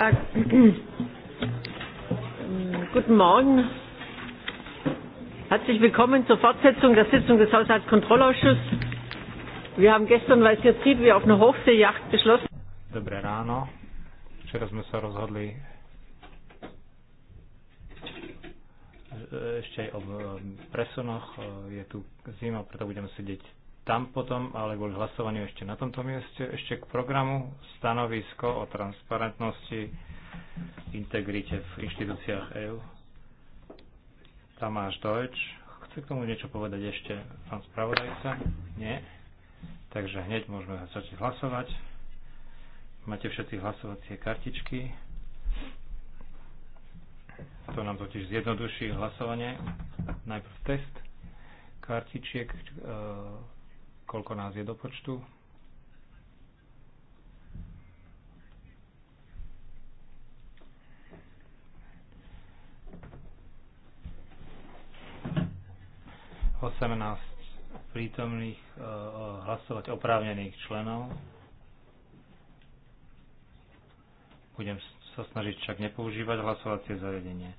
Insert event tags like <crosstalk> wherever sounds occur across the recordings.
<clears throat> guten Morgen. Herzlich willkommen zur Fortsetzung der Sitzung des Haushaltskontrollausschusses. Wir haben gestern, weil es jetzt sieht, wie auf einer Hochseejacht beschlossen. Dobré ráno. Včera sme sa rozhodli e, ešte aj o e, presunoch. E, je tu zima, preto budeme sedieť tam potom, ale kvôli hlasovaniu ešte na tomto mieste, ešte k programu stanovisko o transparentnosti, integrite v inštitúciách EÚ. Tamáš Dojč, chce k tomu niečo povedať ešte pán spravodajca? Nie. Takže hneď môžeme začať hlasovať. Máte všetci hlasovacie kartičky. To nám totiž zjednoduší hlasovanie. Najprv test kartičiek. E, koľko nás je do počtu. Osemnáct prítomných e, e, hlasovať oprávnených členov. Budem sa snažiť však nepoužívať hlasovacie zariadenie.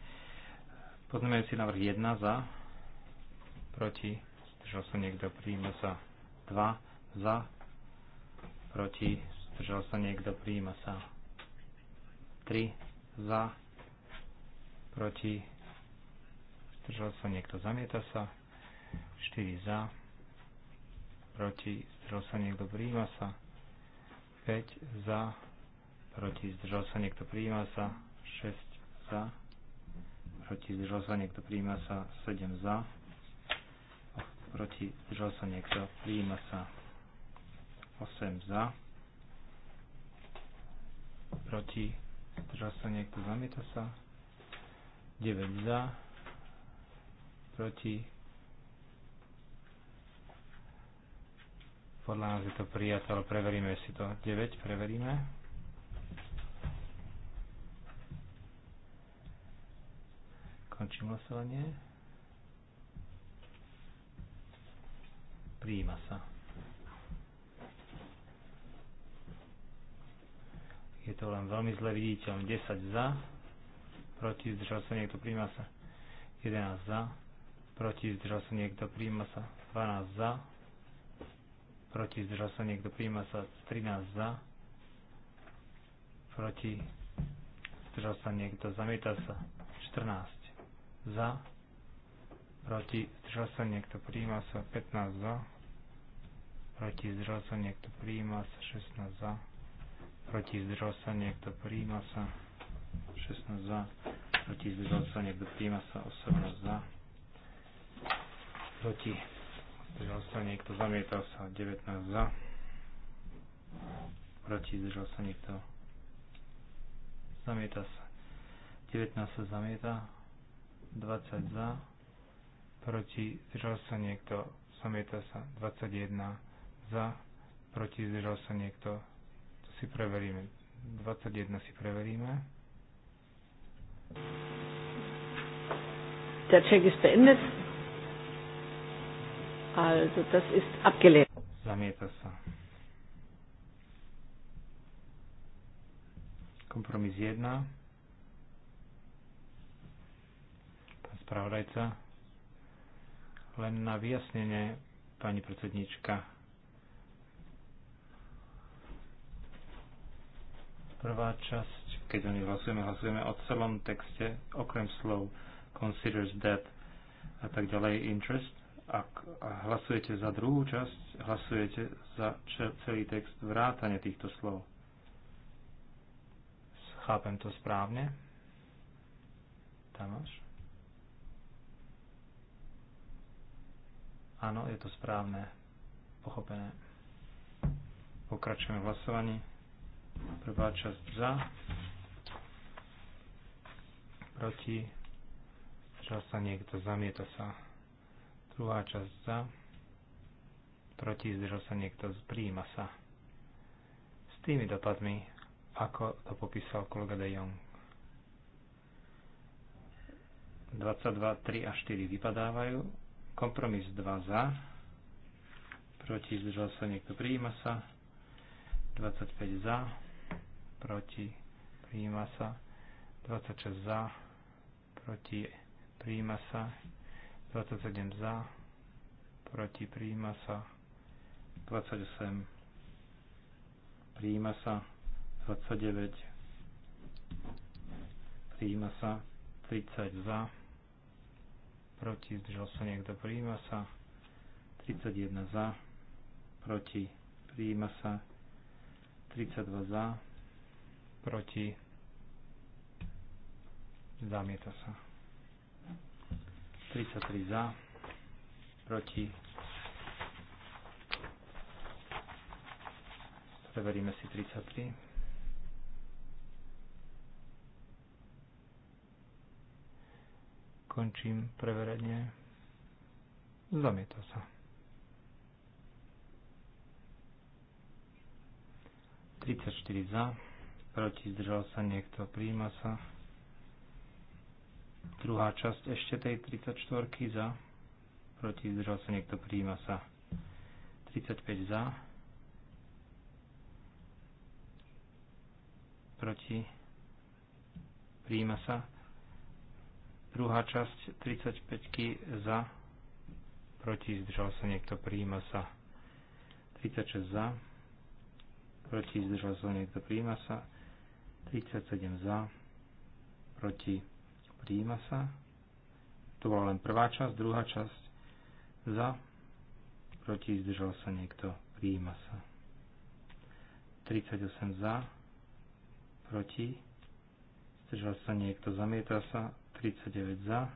Pozmeňujúci návrh 1 za, proti, zdržal sa niekto, príjme sa 2 za, proti, zdržal sa niekto, príjima sa. 3 za, proti, zdržal sa niekto, zamieta sa. 4 za, proti, zdržal sa niekto, príjima sa. 5 za, proti, zdržal sa niekto, príjima sa. 6 za, proti, zdržal sa niekto, príjima sa. 7 za, proti, zdržal sa niekto, prijíma sa 8 za, proti, zdržal sa niekto, zamieta sa 9 za, proti, podľa nás je to prijaté, ale preveríme si to 9, preveríme. Končím hlasovanie. Prijíma sa. Je to len veľmi zle viditeľné. 10 za, proti zdržal sa niekto, prijíma sa. 11 za, proti zdržal sa niekto, prijíma sa. 12 za, proti zdržal sa niekto, prijíma sa. 13 za, proti zdržal sa niekto, zamieta sa. 14 za, proti, zdržal sa niekto, prijíma sa 15 za, proti, zdržal sa niekto, prijíma sa 16 za, proti, zdržal sa niekto, prijíma sa 16 za, proti, zdržal sa niekto, prijíma sa 18 za, proti, zdržal sa niekto, zamieta sa 19 za, proti, zdržal sa niekto, zamieta sa 19 sa zamieta, 20 za, proti zdržal sa niekto, zamieta sa 21 za, proti zdržal sa niekto, to si preveríme. 21 si preveríme. Der Check ist beendet. Also das ist abgelehnt. Zamieta sa. Kompromis 1. Pán spravodajca. Len na vyjasnenie, pani predsednička. Prvá časť, keď o nej hlasujeme, hlasujeme o celom texte, okrem slov considers that a tak ďalej interest. Ak hlasujete za druhú časť, hlasujete za celý text vrátane týchto slov. Chápem to správne? Tamáš? Áno, je to správne. Pochopené. Pokračujeme v hlasovaní. Prvá časť za. Proti. Zdržal sa niekto, zamieta sa. Druhá časť za. Proti, zdržal sa niekto, prijíma sa. S tými dopadmi, ako to popísal kolega De Jong. 22, 3 a 4 vypadávajú, Kompromis 2 za. Proti zdržal sa niekto. Prijíma sa. 25 za. Proti. Prijíma sa. 26 za. Proti. Prijíma sa. 27 za. Proti. Prijíma sa. 28. Prijíma sa. 29. Prijíma sa. 30 za proti, zdržal sa niekto, prijíma sa. 31 za, proti, prijíma sa. 32 za, proti, zamieta sa. 33 za, proti, preveríme si 33. Končím preverenie. Zamieta sa. 34 za, proti zdržal sa niekto, príjma sa. Druhá časť ešte tej 34 za, proti zdržal sa niekto, príjma sa. 35 za, proti, príjma sa. Druhá časť 35 za, proti zdržal sa niekto, prijíma sa. 36 za, proti zdržal sa niekto, prijíma sa. 37 za, proti prijíma sa. To bola len prvá časť, druhá časť za, proti zdržal sa niekto, prijíma sa. 38 za, proti, zdržal sa niekto, zamieta sa, 39 za,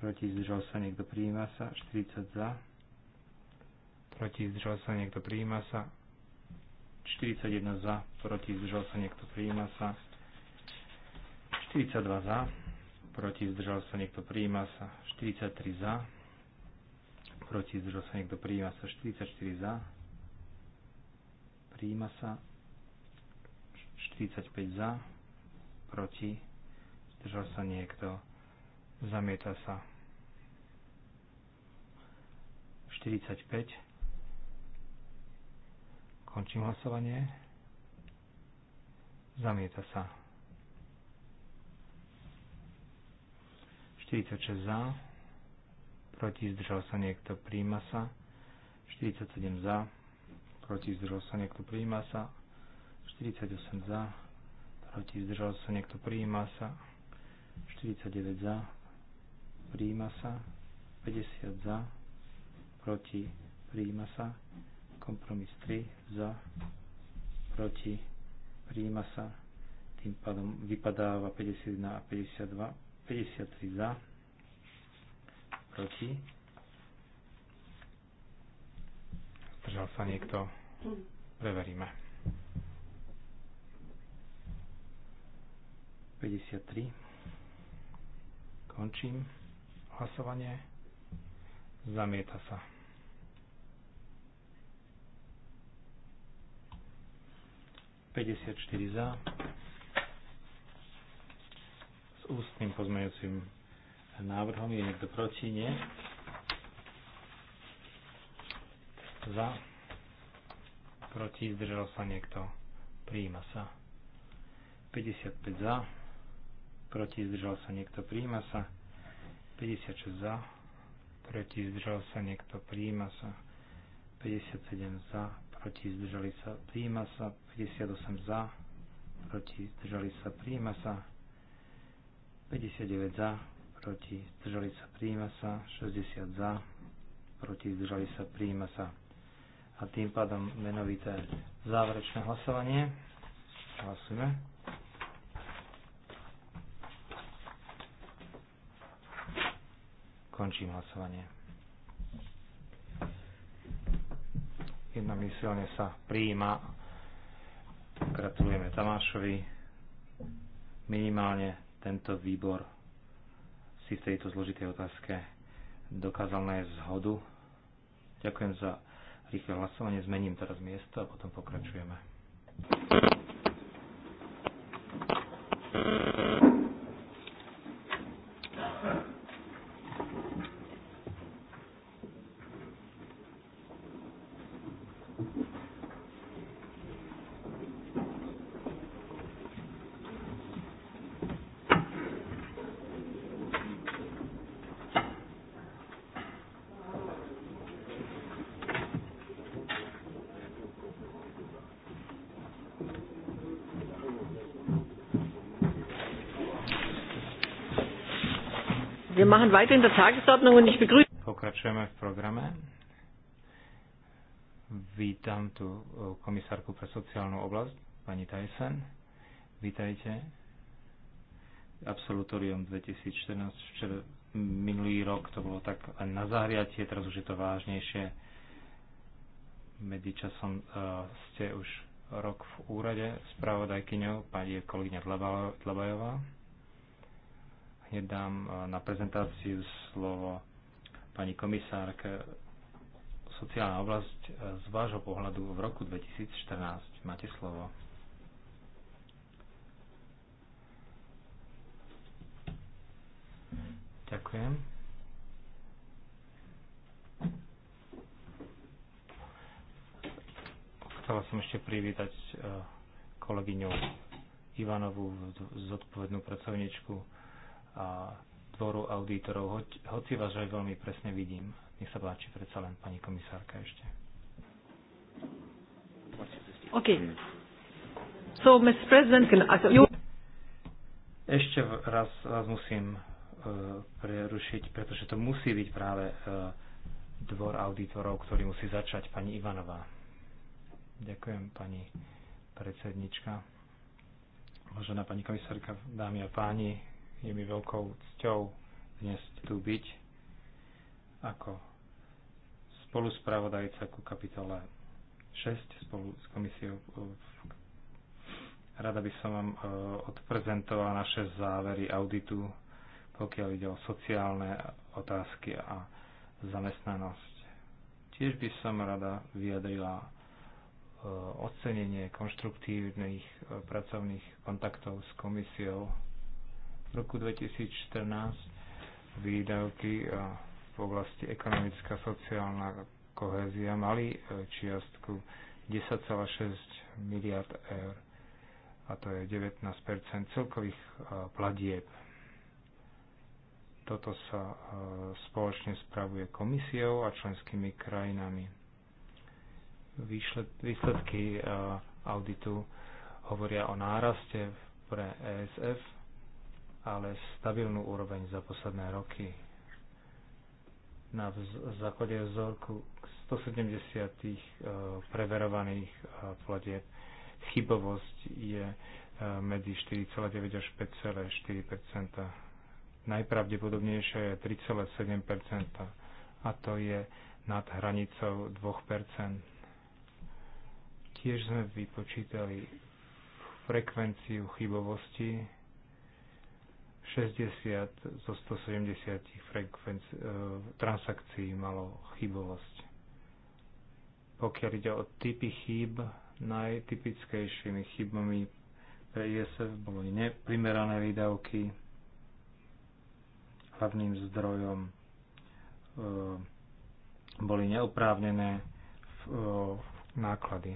proti zdržal sa niekto, prijíma sa, 40 za, proti zdržal sa niekto, prijíma sa, 41 za, proti zdržal sa niekto, prijíma sa, 42 za, proti zdržal sa niekto, prijíma sa, 43 za, proti zdržal sa niekto, prijíma sa, 44 za, prijíma sa, 45 za, proti zdržal sa niekto, zamieta sa. 45. Končím hlasovanie. Zamieta sa. 46 za. Proti zdržal sa niekto, príjma sa. 47 za. Proti zdržal sa niekto, príjma sa. 48 za. Proti zdržal sa niekto, príjma sa. 49 za, príjima sa, 50 za, proti, príjima sa, kompromis 3 za, proti, príjima sa, tým pádom vypadáva 51 a 52, 53 za, proti, zdržal sa niekto, preveríme. 53 Končím hlasovanie. Zamieta sa. za. S ústnym pozmeňujúcim návrhom je niekto proti? Nie. Za. Proti zdržal sa niekto. Prijíma sa. 55 za proti, zdržal sa niekto, príjma sa. 56 za, proti, zdržal sa niekto, príjma sa. 57 za, proti, zdržali sa, príjma sa. 58 za, proti, zdržali sa, príjma sa. 59 za, proti, zdržali sa, príjma sa. 60 za, proti, zdržali sa, príjma sa. A tým pádom menovité záverečné hlasovanie. Hlasujeme. Končím hlasovanie. Jednomyselne sa prijíma. Gratulujeme Tamášovi. Minimálne tento výbor si v tejto zložitej otázke dokázal nájsť zhodu. Ďakujem za rýchle hlasovanie. Zmením teraz miesto a potom pokračujeme. machen weiter in der Tagesordnung und ich begrüße. Pokračujeme v programe. Vítam tu eh, komisárku pre sociálnu oblasť, pani Tyson. Vítajte. Absolutorium 2014 včera, minulý rok to bolo tak len na zahriatie, teraz už je to vážnejšie. Medzičasom uh, ste už rok v úrade spravodajkyňou, pani je kolegyňa Dlabajová pekne dám e, na prezentáciu slovo pani komisárke. Sociálna oblasť e, z vášho pohľadu v roku 2014. Máte slovo. Ďakujem. Chcela som ešte privítať e, kolegyňu Ivanovú, zodpovednú pracovničku a dvoru auditorov, ho, hoci vás aj veľmi presne vidím. Nech sa páči, predsa len pani komisárka ešte. OK. So, Mr. President, can I... You... Ešte raz vás musím uh, prerušiť, pretože to musí byť práve uh, dvor auditorov, ktorý musí začať pani Ivanová. Ďakujem, pani predsednička. Vážená pani komisárka, dámy a páni, je mi veľkou cťou dnes tu byť ako spoluspravodajca ku kapitole 6 spolu s komisiou. Rada by som vám e, odprezentovala naše závery auditu, pokiaľ ide o sociálne otázky a zamestnanosť. Tiež by som rada vyjadrila e, ocenenie konštruktívnych e, pracovných kontaktov s komisiou v roku 2014 výdavky eh, v oblasti ekonomická sociálna kohézia mali eh, čiastku 10,6 miliard eur a to je 19 celkových eh, platieb. Toto sa spoločne spravuje komisiou a členskými krajinami. Výsledky auditu hovoria o náraste pre ESF ale stabilnú úroveň za posledné roky. Na základe vzorku 170 e, preverovaných e, platieb chybovosť je e, medzi 4,9 až 5,4 Najpravdepodobnejšia je 3,7 a to je nad hranicou 2 Tiež sme vypočítali frekvenciu chybovosti 60 zo 170 frekvenc- e, transakcií malo chybovosť. Pokiaľ ide o typy chýb, najtypickejšími chybami pre ISF boli neprimerané výdavky, hlavným zdrojom e, boli neoprávnené e, v, e, náklady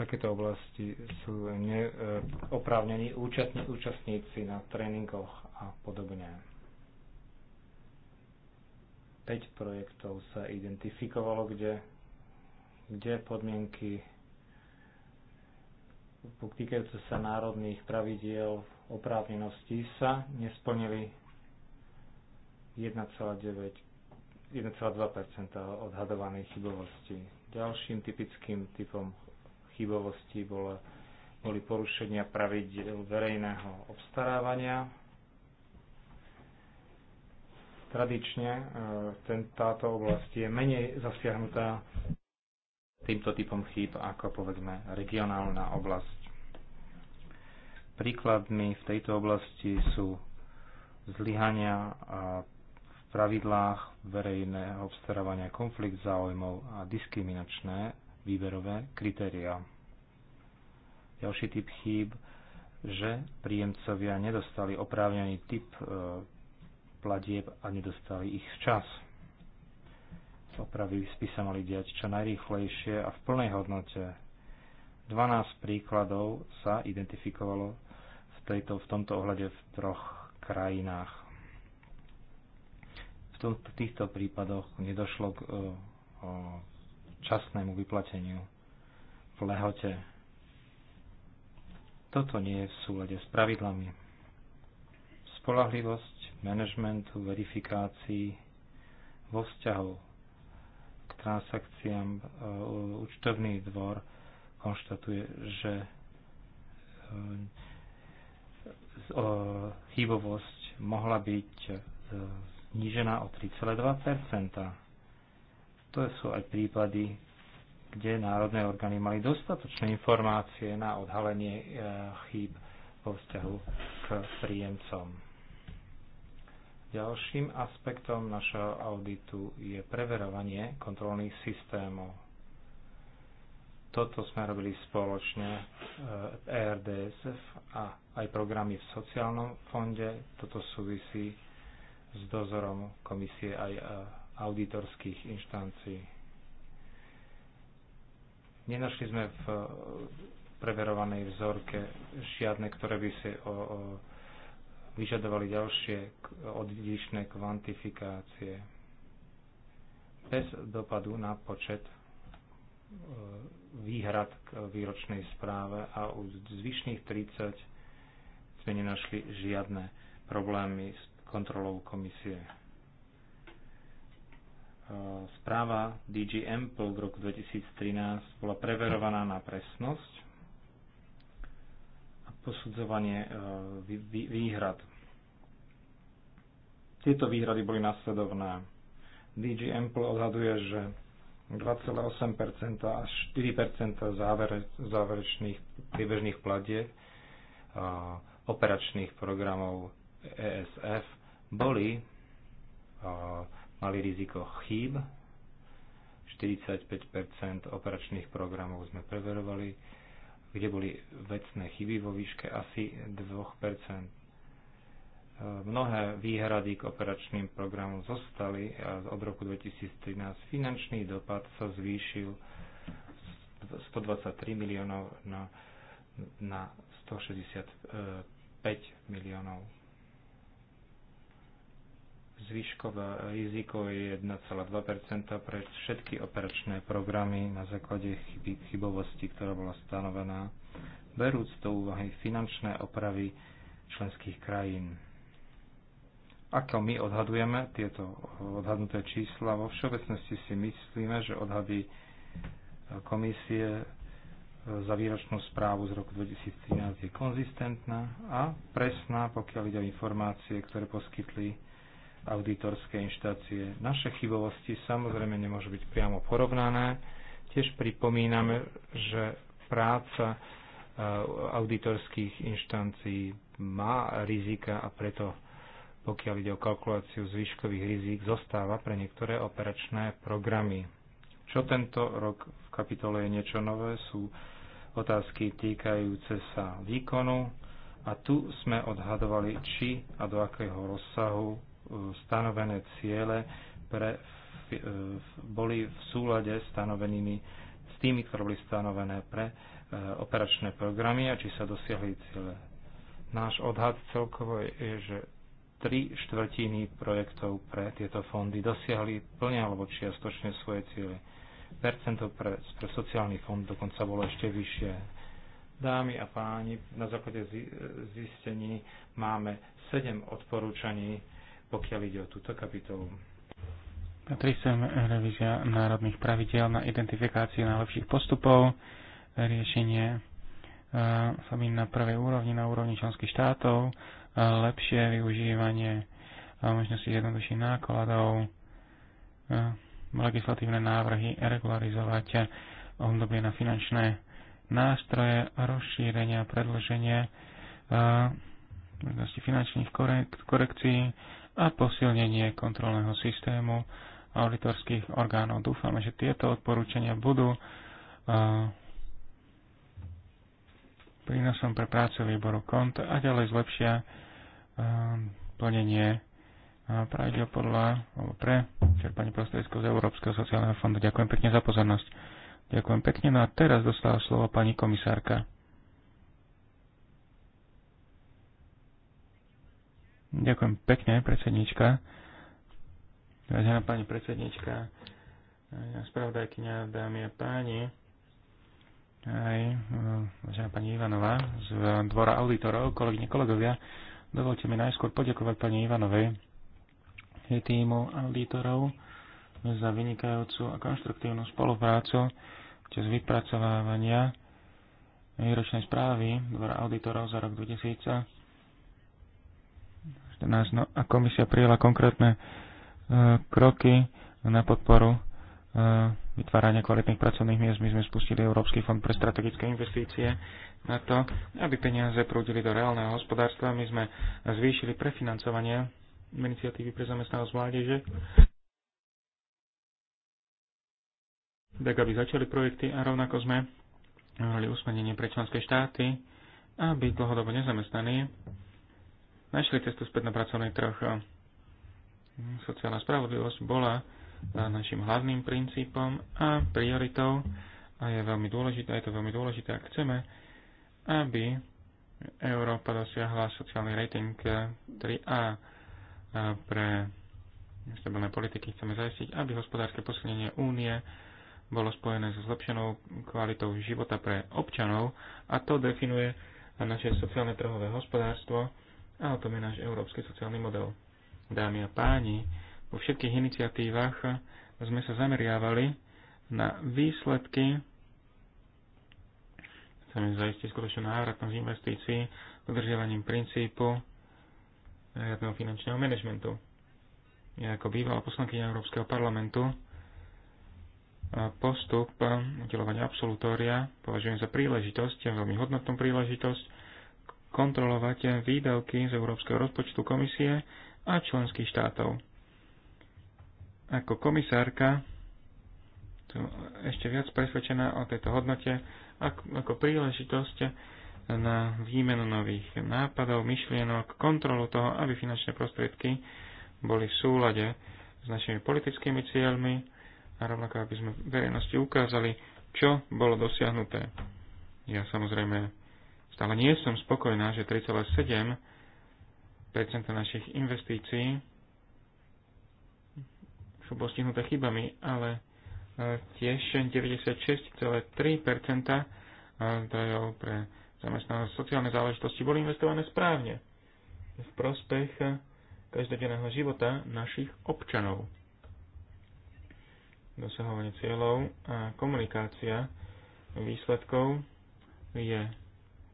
takéto oblasti sú oprávnení účastní, účastníci na tréningoch a podobne. 5 projektov sa identifikovalo, kde, kde podmienky týkajúce sa národných pravidiel oprávnenosti sa nesplnili 1,9 1,2 odhadovanej chybovosti. Ďalším typickým typom chybovosti bolo, boli porušenia pravidel verejného obstarávania. Tradične e, ten, táto oblasť je menej zasiahnutá týmto typom chýb ako povedzme regionálna oblasť. Príkladmi v tejto oblasti sú zlyhania e, v pravidlách verejného obstarávania konflikt záujmov a diskriminačné výberové kritériá. Ďalší typ chýb, že príjemcovia nedostali oprávnený typ e, platieb a nedostali ich včas. Opravy by sa mali diať čo najrýchlejšie a v plnej hodnote. 12 príkladov sa identifikovalo v, tejto, v tomto ohľade v troch krajinách. V týchto prípadoch nedošlo k e, časnému vyplateniu v lehote. Toto nie je v súlade s pravidlami. Spolahlivosť manažmentu verifikácií vo vzťahu k transakciám e, účtovný dvor konštatuje, že e, chybovosť mohla byť e, znížená o 3,2 to sú aj prípady, kde národné orgány mali dostatočné informácie na odhalenie e, chýb vo vzťahu k príjemcom. Ďalším aspektom našeho auditu je preverovanie kontrolných systémov. Toto sme robili spoločne v e, ERDSF a aj programy v sociálnom fonde. Toto súvisí s dozorom komisie aj e, auditorských inštancií. Nenašli sme v preverovanej vzorke žiadne, ktoré by si o, o, vyžadovali ďalšie odlišné kvantifikácie bez dopadu na počet e, výhrad k výročnej správe a u zvyšných 30 sme nenašli žiadne problémy s kontrolou komisie. E, správa DG Ample v roku 2013 bola preverovaná na presnosť a posudzovanie e, výhrad. Tieto výhrady boli nasledovné. DG Ample odhaduje, že 2,8% až 4% záverečných priebežných platieb e, operačných programov ESF boli mali riziko chýb. 45 operačných programov sme preverovali, kde boli vecné chyby vo výške asi 2 e, Mnohé výhrady k operačným programom zostali a od roku 2013 finančný dopad sa zvýšil 123 miliónov na, na 165 miliónov Zvyškové riziko je 1,2 pre všetky operačné programy na základe chyby, chybovosti, ktorá bola stanovená, berúc do úvahy finančné opravy členských krajín. Ako my odhadujeme tieto odhadnuté čísla, vo všeobecnosti si myslíme, že odhady komisie za výročnú správu z roku 2013 je konzistentná a presná, pokiaľ ide o informácie, ktoré poskytli auditorské inštácie. Naše chybovosti samozrejme nemôžu byť priamo porovnané. Tiež pripomíname, že práca e, auditorských inštancií má rizika a preto pokiaľ ide o kalkuláciu zvyškových rizik, zostáva pre niektoré operačné programy. Čo tento rok v kapitole je niečo nové, sú otázky týkajúce sa výkonu a tu sme odhadovali, či a do akého rozsahu stanovené ciele pre, e, boli v súlade stanovenými s tými, ktoré boli stanovené pre e, operačné programy a či sa dosiahli ciele. Náš odhad celkovo je, že tri štvrtiny projektov pre tieto fondy dosiahli plne alebo čiastočne svoje ciele. Percento pre, pre sociálny fond dokonca bolo ešte vyššie. Dámy a páni, na základe zistení máme sedem odporúčaní pokiaľ ide o túto kapitolu. Patrí sem revízia národných pravidel na identifikáciu najlepších postupov, riešenie e, sa na prvej úrovni, na úrovni členských štátov, e, lepšie využívanie e, možnosti jednoduchších nákladov, legislatívne návrhy regularizovať obdobie na finančné nástroje, rozšírenie a predlženie možnosti finančných korek korekcií, a posilnenie kontrolného systému auditorských orgánov. Dúfame, že tieto odporúčania budú prínosom pre prácu výboru kont a ďalej zlepšia plnenie pravidel podľa alebo pre čerpanie prostriedkov z Európskeho sociálneho fondu. Ďakujem pekne za pozornosť. Ďakujem pekne. No a teraz dostala slovo pani komisárka. Ďakujem pekne, predsednička. Vážená pani predsednička, spravodajkynia, dámy a páni, aj eh, vážená pani Ivanová z Dvora auditorov, kolegyne, kolegovia, dovolte mi najskôr poďakovať pani Ivanovej, i týmu auditorov za vynikajúcu a konštruktívnu spoluprácu čas vypracovávania výročnej správy Dvora auditorov za rok 2000 2014 no a komisia prijala konkrétne e, kroky na podporu e, vytvárania kvalitných pracovných miest. My sme spustili Európsky fond pre strategické investície na to, aby peniaze prúdili do reálneho hospodárstva. My sme zvýšili prefinancovanie iniciatívy pre zamestnanosť mládeže, tak aby začali projekty a rovnako sme hovorili usmernenie pre členské štáty, aby dlhodobo nezamestnaní našli cestu späť na pracovný trh. Sociálna spravodlivosť bola našim hlavným princípom a prioritou a je veľmi dôležité, je to veľmi dôležité, ak chceme, aby Európa dosiahla sociálny rating 3A pre stabilné politiky chceme zajistiť, aby hospodárske posilnenie únie bolo spojené so zlepšenou kvalitou života pre občanov a to definuje naše sociálne trhové hospodárstvo a o tom je náš európsky sociálny model. Dámy a páni, vo všetkých iniciatívach sme sa zameriavali na výsledky chceme zaistiť skutočnú návratnosť investícií dodržiavaním princípu riadneho finančného manažmentu. Ja ako bývalá poslankyňa Európskeho parlamentu postup udelovania absolutória považujem za príležitosť, veľmi hodnotnú príležitosť, kontrolovať výdavky z európskeho rozpočtu komisie a členských štátov. Ako komisárka tu ešte viac presvedčená o tejto hodnote ako príležitosť na výmenu nových nápadov, myšlienok, kontrolu toho, aby finančné prostriedky boli v súlade s našimi politickými cieľmi a rovnako, aby sme verejnosti ukázali, čo bolo dosiahnuté. Ja samozrejme Stále nie som spokojná, že 3,7 našich investícií sú postihnuté chybami, ale e, tiež 96,3 e, zdrojov pre zamestnané sociálne záležitosti boli investované správne v prospech e, každodenného života našich občanov. Dosahovanie cieľov a komunikácia výsledkov je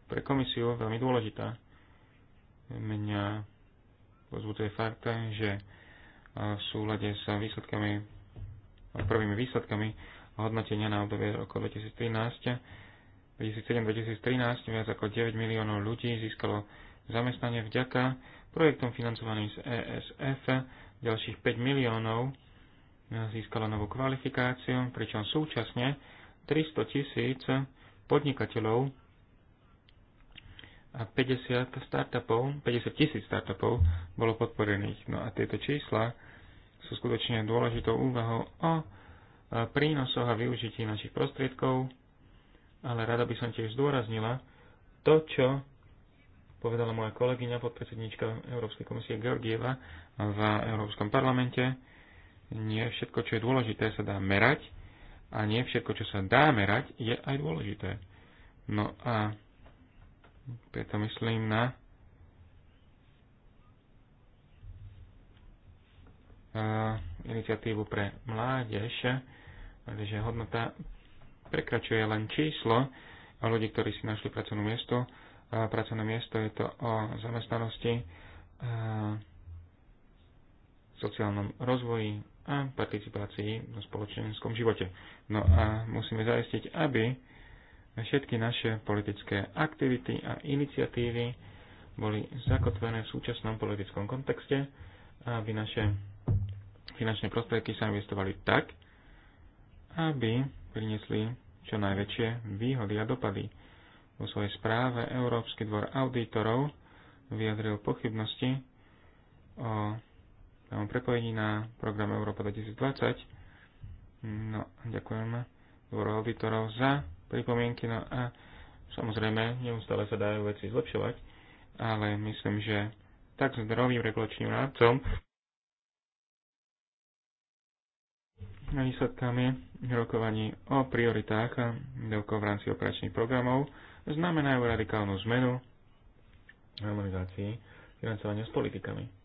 pre komisiu veľmi dôležitá. Mňa pozbuduje fakt, že v súlade s výsledkami, prvými výsledkami hodnotenia na obdobie roku 2013, 2007-2013 viac ako 9 miliónov ľudí získalo zamestnanie vďaka projektom financovaným z ESF, ďalších 5 miliónov získalo novú kvalifikáciu, pričom súčasne 300 tisíc podnikateľov a 50 startupov, 50 tisíc startupov bolo podporených. No a tieto čísla sú skutočne dôležitou úvahou o e, prínosoch a využití našich prostriedkov, ale rada by som tiež zdôraznila to, čo povedala moja kolegyňa, podpredsednička Európskej komisie Georgieva v Európskom parlamente. Nie všetko, čo je dôležité, sa dá merať a nie všetko, čo sa dá merať, je aj dôležité. No a preto myslím na iniciatívu pre mládež, že hodnota prekračuje len číslo ľudí, ktorí si našli pracovné miesto. Pracovné miesto je to o zamestnanosti, sociálnom rozvoji a participácii v spoločenskom živote. No a musíme zaistiť, aby všetky naše politické aktivity a iniciatívy boli zakotvené v súčasnom politickom kontexte, aby naše finančné prostriedky sa investovali tak, aby priniesli čo najväčšie výhody a dopady. Vo svojej správe Európsky dvor auditorov vyjadril pochybnosti o prepojení na program Európa 2020. No, ďakujem dvoru auditorov za pripomienky. No a samozrejme, neustále sa dajú veci zlepšovať, ale myslím, že tak zdravým regulačným rádcom na výsledkami rokovaní o prioritách a v rámci operačných programov znamenajú radikálnu zmenu harmonizácii financovania s politikami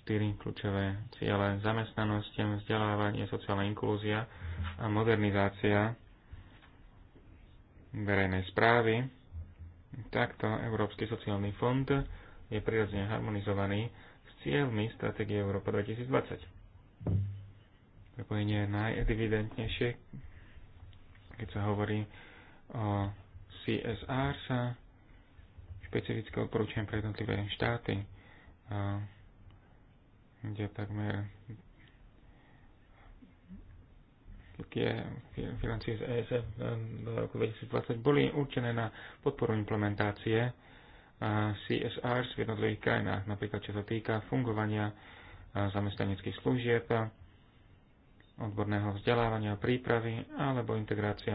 štyri kľúčové ciele. Zamestnanosť, vzdelávanie, sociálna inklúzia a modernizácia verejnej správy. Takto Európsky sociálny fond je prirodzene harmonizovaný s cieľmi stratégie Európa 2020. Prepojenie je najevidentnejšie, keď sa hovorí o CSR, sa špecifické odporúčam pre jednotlivé štáty kde takmer tie financie z ESF do roku 2020 boli určené na podporu implementácie CSR v jednotlivých krajinách, napríklad čo sa týka fungovania zamestnaneckých služieb, odborného vzdelávania, prípravy alebo integrácia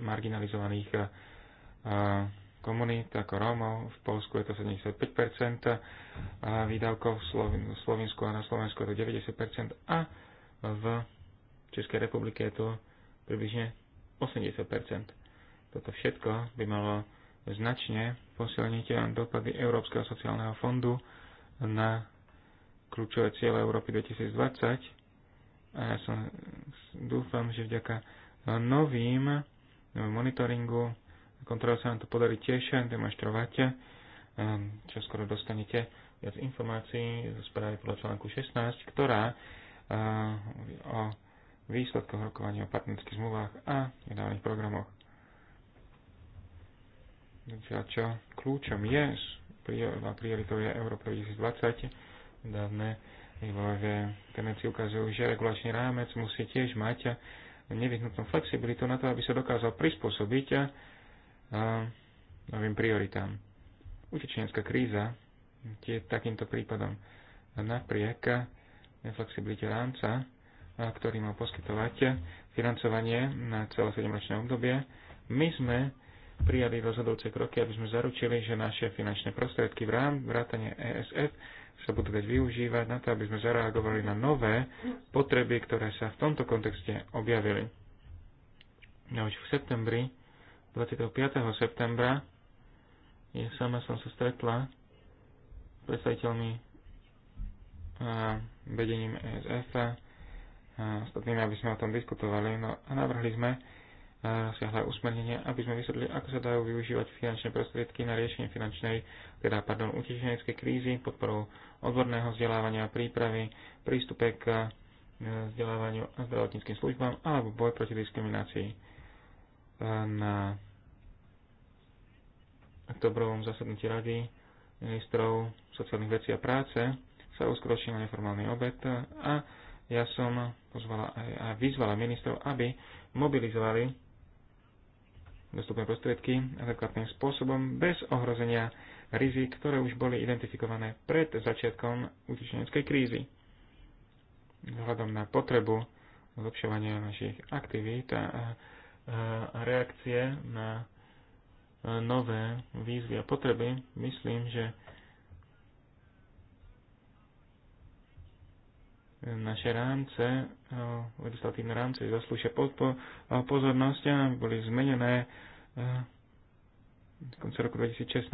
marginalizovaných komunít ako Rómov. V Polsku je to 75% a výdavkov v Slovensku a na Slovensku je to 90% a v Českej republike je to približne 80%. Toto všetko by malo značne posilniť dopady Európskeho sociálneho fondu na kľúčové ciele Európy 2020 a ja som dúfam, že vďaka novým monitoringu kontrole sa vám to podarí tiež demonstrovate, ehm, Čo skoro dostanete viac informácií zo správy podľa článku 16, ktorá eh, o výsledkoch rokovania o partnerských zmluvách a nedávnych programoch. Zatiaľ čo kľúčom je, prioritou je Európa 2020, dávne vývojové tendencie ukazujú, že regulačný rámec musí tiež mať nevyhnutnú flexibilitu na to, aby sa dokázal prispôsobiť novým prioritám. Utečenecká kríza je takýmto prípadom napriek neflexibilite rámca, ktorý mal poskytovať financovanie na celé 7-ročné obdobie. My sme prijali rozhodujúce kroky, aby sme zaručili, že naše finančné prostriedky v rám, vrátane ESF sa budú dať využívať na to, aby sme zareagovali na nové potreby, ktoré sa v tomto kontexte objavili. No už v septembri 25. septembra ja sama som sa stretla s predstaviteľmi a vedením ESF a ostatnými, aby sme o tom diskutovali. No a navrhli sme rozsiahle usmernenie, aby sme vysvetlili, ako sa dajú využívať finančné prostriedky na riešenie finančnej, teda, pardon, utečeneckej krízy, podporou odborného vzdelávania, prípravy, prístupe k e, vzdelávaniu a zdravotníckým službám alebo boj proti diskriminácii na oktobrovom zasadnutí rady ministrov sociálnych vecí a práce sa uskročil na neformálny obed a ja som pozvala aj, a vyzvala ministrov, aby mobilizovali dostupné prostriedky adekvátnym spôsobom bez ohrozenia rizik, ktoré už boli identifikované pred začiatkom utečeneckej krízy. Vzhľadom na potrebu zlepšovania našich aktivít a, a reakcie na e, nové výzvy a potreby, myslím, že naše rámce, e, legislatívne rámce zaslúšia e, pozornosť a boli zmenené v konce roku 2016.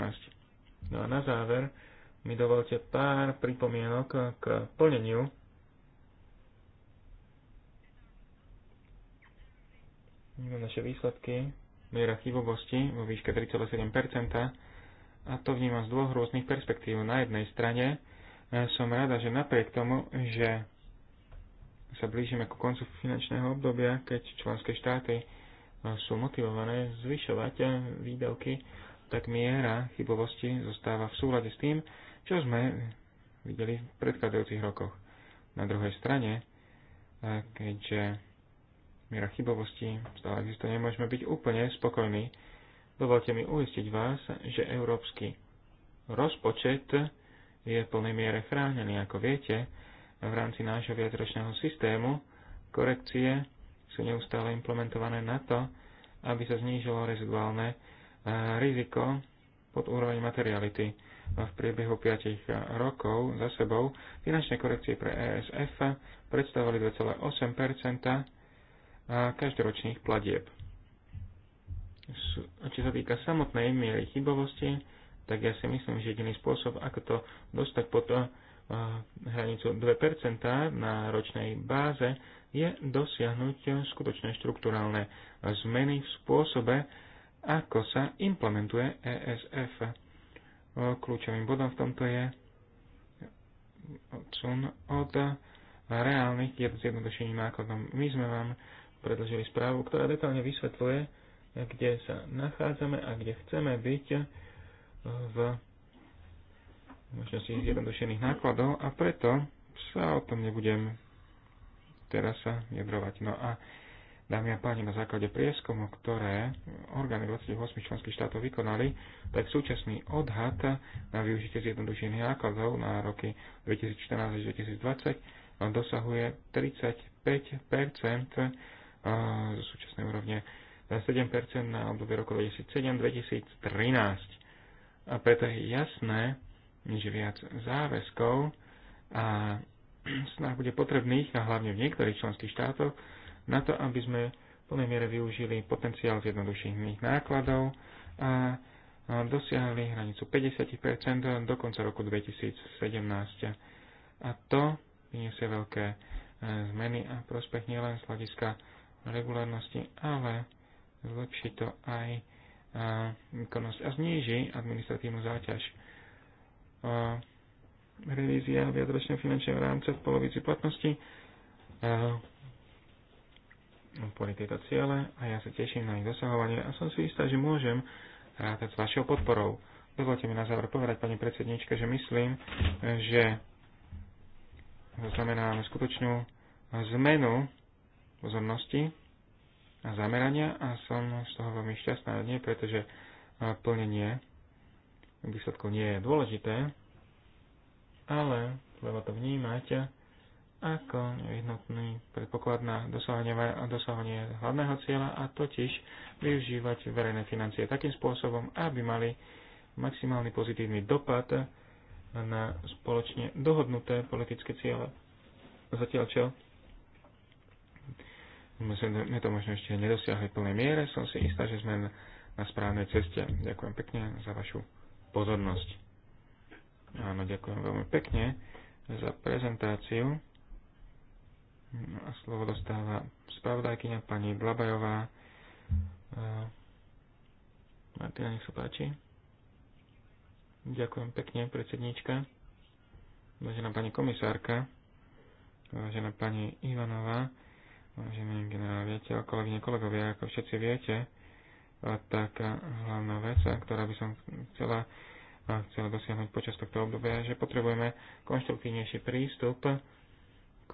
No a na záver mi dovolte pár pripomienok k plneniu naše výsledky, miera chybovosti vo výške 3,7% a to vnímam z dvoch rôznych perspektív. Na jednej strane e, som rada, že napriek tomu, že sa blížime ku koncu finančného obdobia, keď členské štáty e, sú motivované zvyšovať e, výdavky, tak miera chybovosti zostáva v súlade s tým, čo sme videli v predchádzajúcich rokoch. Na druhej strane, keďže miera chybovosti stále existuje, nemôžeme byť úplne spokojní. Dovolte mi uistiť vás, že európsky rozpočet je v plnej miere chránený. Ako viete, v rámci nášho viacročného systému korekcie sú neustále implementované na to, aby sa znížilo reziduálne eh, riziko pod úroveň materiality. V priebehu 5 eh, rokov za sebou finančné korekcie pre ESF predstavovali 2,8 každoročných platieb. Čo sa týka samotnej miery chybovosti, tak ja si myslím, že jediný spôsob, ako to dostať pod eh, hranicu 2% na ročnej báze, je dosiahnuť skutočné štruktúralne zmeny v spôsobe, ako sa implementuje ESF. Eh, kľúčovým bodom v tomto je odsun od reálnych jednodušení nákladom. My sme vám predložili správu, ktorá detálne vysvetľuje, kde sa nachádzame a kde chceme byť eh, v možnosti zjednodušených nákladov a preto sa o tom nebudem teraz sa jadrovať. No a dámy a páni, na základe prieskumu, ktoré orgány 28 členských štátov vykonali, tak súčasný odhad na využitie zjednodušených nákladov na roky 2014 až 2020 eh, dosahuje 35 zo súčasnej úrovne na 7% na obdobie roku 2007-2013. A preto je jasné, že viac záväzkov a <clears throat> snah bude potrebných, a hlavne v niektorých členských štátoch, na to, aby sme v plnej miere využili potenciál zjednodušených nákladov a dosiahli hranicu 50% do konca roku 2017. A to vyniesie veľké e, zmeny a prospech nielen z hľadiska regulárnosti, ale zlepší to aj výkonnosť a zníži administratívnu záťaž. Revízia viacročného finančného rámca v polovici platnosti boli tieto ciele a ja sa teším na ich dosahovanie a som si istá, že môžem rátať s vašou podporou. Dovolte mi na záver povedať, pani predsednička, že myslím, že zaznamenáme skutočnú zmenu pozornosti a zamerania a som z toho veľmi šťastná dne, pretože plnenie výsledkov nie je dôležité, ale treba to vnímať ako jednotný predpoklad na dosahovanie, dosahovanie hlavného cieľa a totiž využívať verejné financie takým spôsobom, aby mali maximálny pozitívny dopad na spoločne dohodnuté politické ciele. Zatiaľ čo sme to možno ešte nedosiahli v plnej miere, som si istá, že sme na správnej ceste. Ďakujem pekne za vašu pozornosť. Áno, ďakujem veľmi pekne za prezentáciu. No a slovo dostáva spravodajkyňa pani Blabajová. Martina, nech sa páči. Ďakujem pekne, predsedníčka. Vážená pani komisárka, vážená pani Ivanová, vážený generál viete, kolegyne, kolegovia, ako všetci viete, tak hlavná vec, ktorá by som chcela, chcela dosiahnuť počas tohto obdobia, že potrebujeme konštruktívnejší prístup k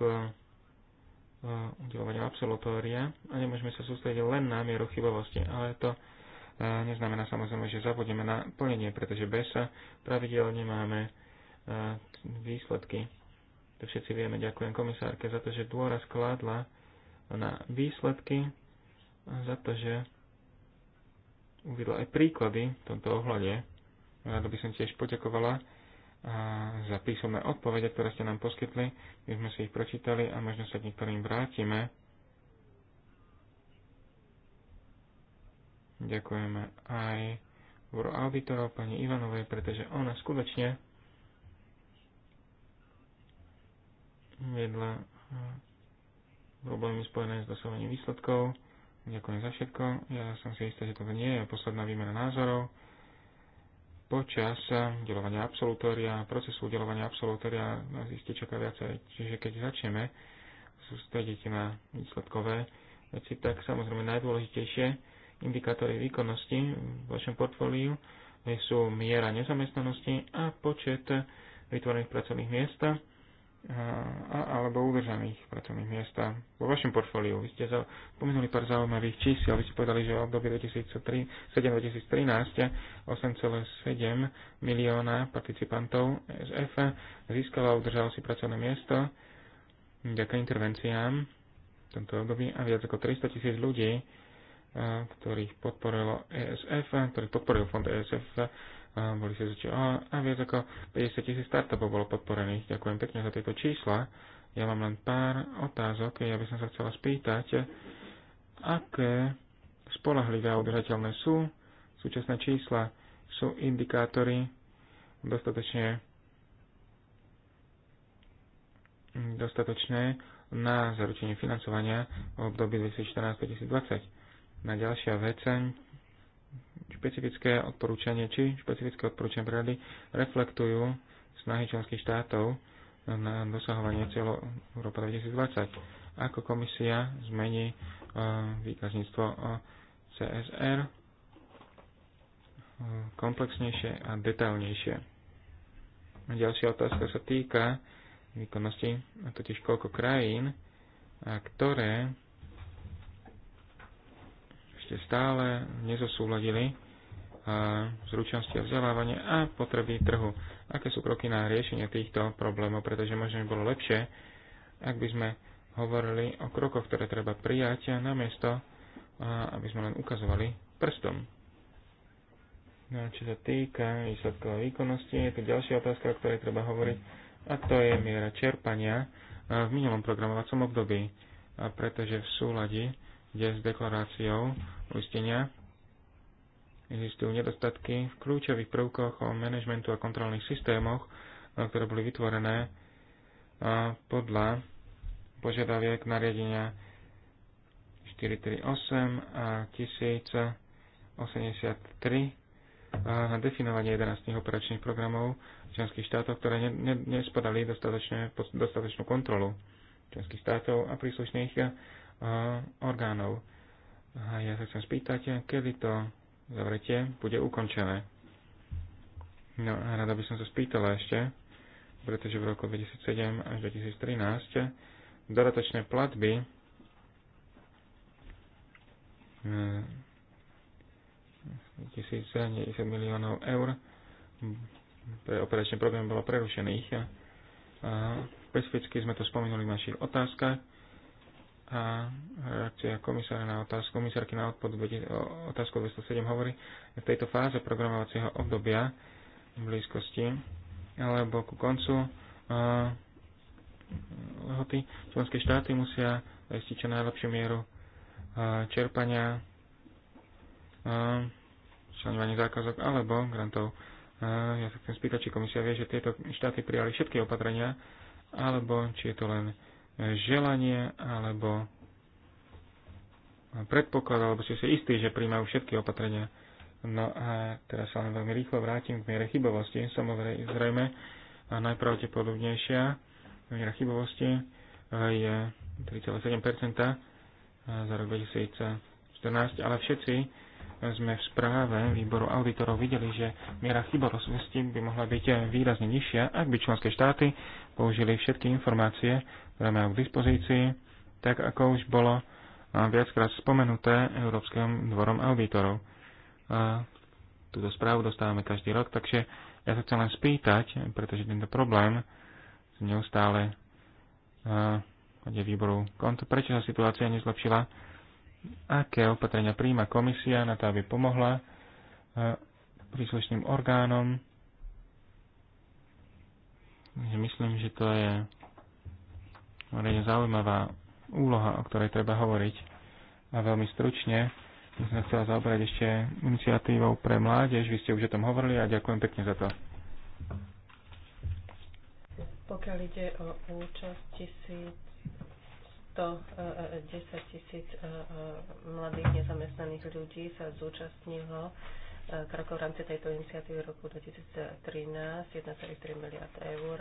udelovaniu absolutória a nemôžeme sa sústrediť len na mieru chybovosti, ale to neznamená samozrejme, že zabudneme na plnenie, pretože bez pravidel nemáme výsledky. To všetci vieme. Ďakujem komisárke za to, že dôraz kladla na výsledky za to, že uvidla aj príklady v tomto ohľade. Rado by som tiež poďakovala za písomné odpovede, ktoré ste nám poskytli. My sme si ich prečítali a možno sa k niektorým vrátime. Ďakujeme aj dvoru auditorov pani Ivanovej, pretože ona skutočne vedla problémy spojené s dosahovaním výsledkov. Ďakujem za všetko. Ja som si istý, že toto nie je posledná výmena názorov. Počas udelovania absolutória, procesu udelovania absolutória nás iste čaká viacej. Čiže keď začneme sústrediť na výsledkové veci, tak samozrejme najdôležitejšie indikátory výkonnosti v vašom portfóliu sú miera nezamestnanosti a počet vytvorených pracovných miest a, alebo udržaných pracovných miesta. vo vašom portfóliu. Vy ste spomenuli pár zaujímavých čísiel. Vy ste povedali, že v období 2007-2013 8,7 milióna participantov SF získalo a udržalo si pracovné miesto vďaka intervenciám v tomto období a viac ako 300 tisíc ľudí, ktorých podporilo ESF, ktorých podporil fond ESF, boli sa a viac ako 50 tisíc startupov bolo podporených. Ďakujem pekne za tieto čísla. Ja mám len pár otázok. Ja by som sa chcela spýtať, aké spolahlivé a udržateľné sú súčasné čísla, sú indikátory dostatočne dostatočné na zaručenie financovania v období 2014-2020. Na ďalšia vec, špecifické odporúčanie či špecifické odporúčania rady reflektujú snahy členských štátov na dosahovanie cieľov Európa 2020. Ako komisia zmení e, výkazníctvo e, CSR e, komplexnejšie a detailnejšie. Ďalšia otázka sa týka výkonnosti, totiž koľko krajín, ktoré ešte stále nezosúladili zručnosti a vzdelávanie a potreby trhu. Aké sú kroky na riešenie týchto problémov, pretože možno by bolo lepšie, ak by sme hovorili o krokoch, ktoré treba prijať a namiesto, aby sme len ukazovali prstom. No, čo sa týka výsledkov výkonnosti, je tu ďalšia otázka, o ktorej treba hovoriť, a to je miera čerpania v minulom programovacom období, pretože v súladi kde s deklaráciou uistenia existujú nedostatky v kľúčových prvkoch o manažmentu a kontrolných systémoch, eh, ktoré boli vytvorené eh, podľa požiadaviek nariadenia 438 a 1083 eh, na definovanie 11 operačných programov členských štátov, ktoré ne, nespadali dostatočne, dostatočnú kontrolu členských štátov a príslušných uh, orgánov. A ja sa chcem spýtať, kedy to zavretie bude ukončené. No a rada by som sa spýtala ešte, pretože v roku 2007 až 2013 dodatočné platby e, miliónov eur pre operačný program bolo prerušených. A, a, specificky sme to spomenuli v našich otázkach a reakcia komisára na otázku, komisárky na odpoveď otázku 207 hovorí, v tejto fáze programovacieho obdobia v blízkosti alebo ku koncu lehoty členské štáty musia zistiť čo najlepšiu mieru čerpania členovanie zákazok alebo grantov. Ja sa chcem spýtať, či komisia vie, že tieto štáty prijali všetky opatrenia, alebo či je to len želanie alebo predpoklad, alebo ste si istí, že príjmajú všetky opatrenia. No a teraz sa len veľmi rýchlo vrátim k miere chybovosti. Samozrejme, najpravdepodobnejšia miera chybovosti e, je 3,7% za rok 2014, ale všetci sme v správe výboru auditorov videli, že miera chyborosvesti by mohla byť výrazne nižšia, ak by členské štáty použili všetky informácie, ktoré majú k dispozícii, tak ako už bolo viackrát spomenuté Európskym dvorom auditorov. A túto správu dostávame každý rok, takže ja sa chcem len spýtať, pretože tento problém neustále uh, výboru konto, prečo sa situácia nezlepšila aké opatrenia príjma komisia na to, aby pomohla e, príslušným orgánom. Myslím, že to je veľmi zaujímavá úloha, o ktorej treba hovoriť. A veľmi stručne by som chcela zaobrať ešte iniciatívou pre mládež. Vy ste už o tom hovorili a ďakujem pekne za to. Pokiaľ ide o účasť tisíc 210 e, e, e, tisíc mladých nezamestnaných ľudí sa zúčastnilo krokov v rámci tejto iniciatívy roku 2013 1,3 miliard eur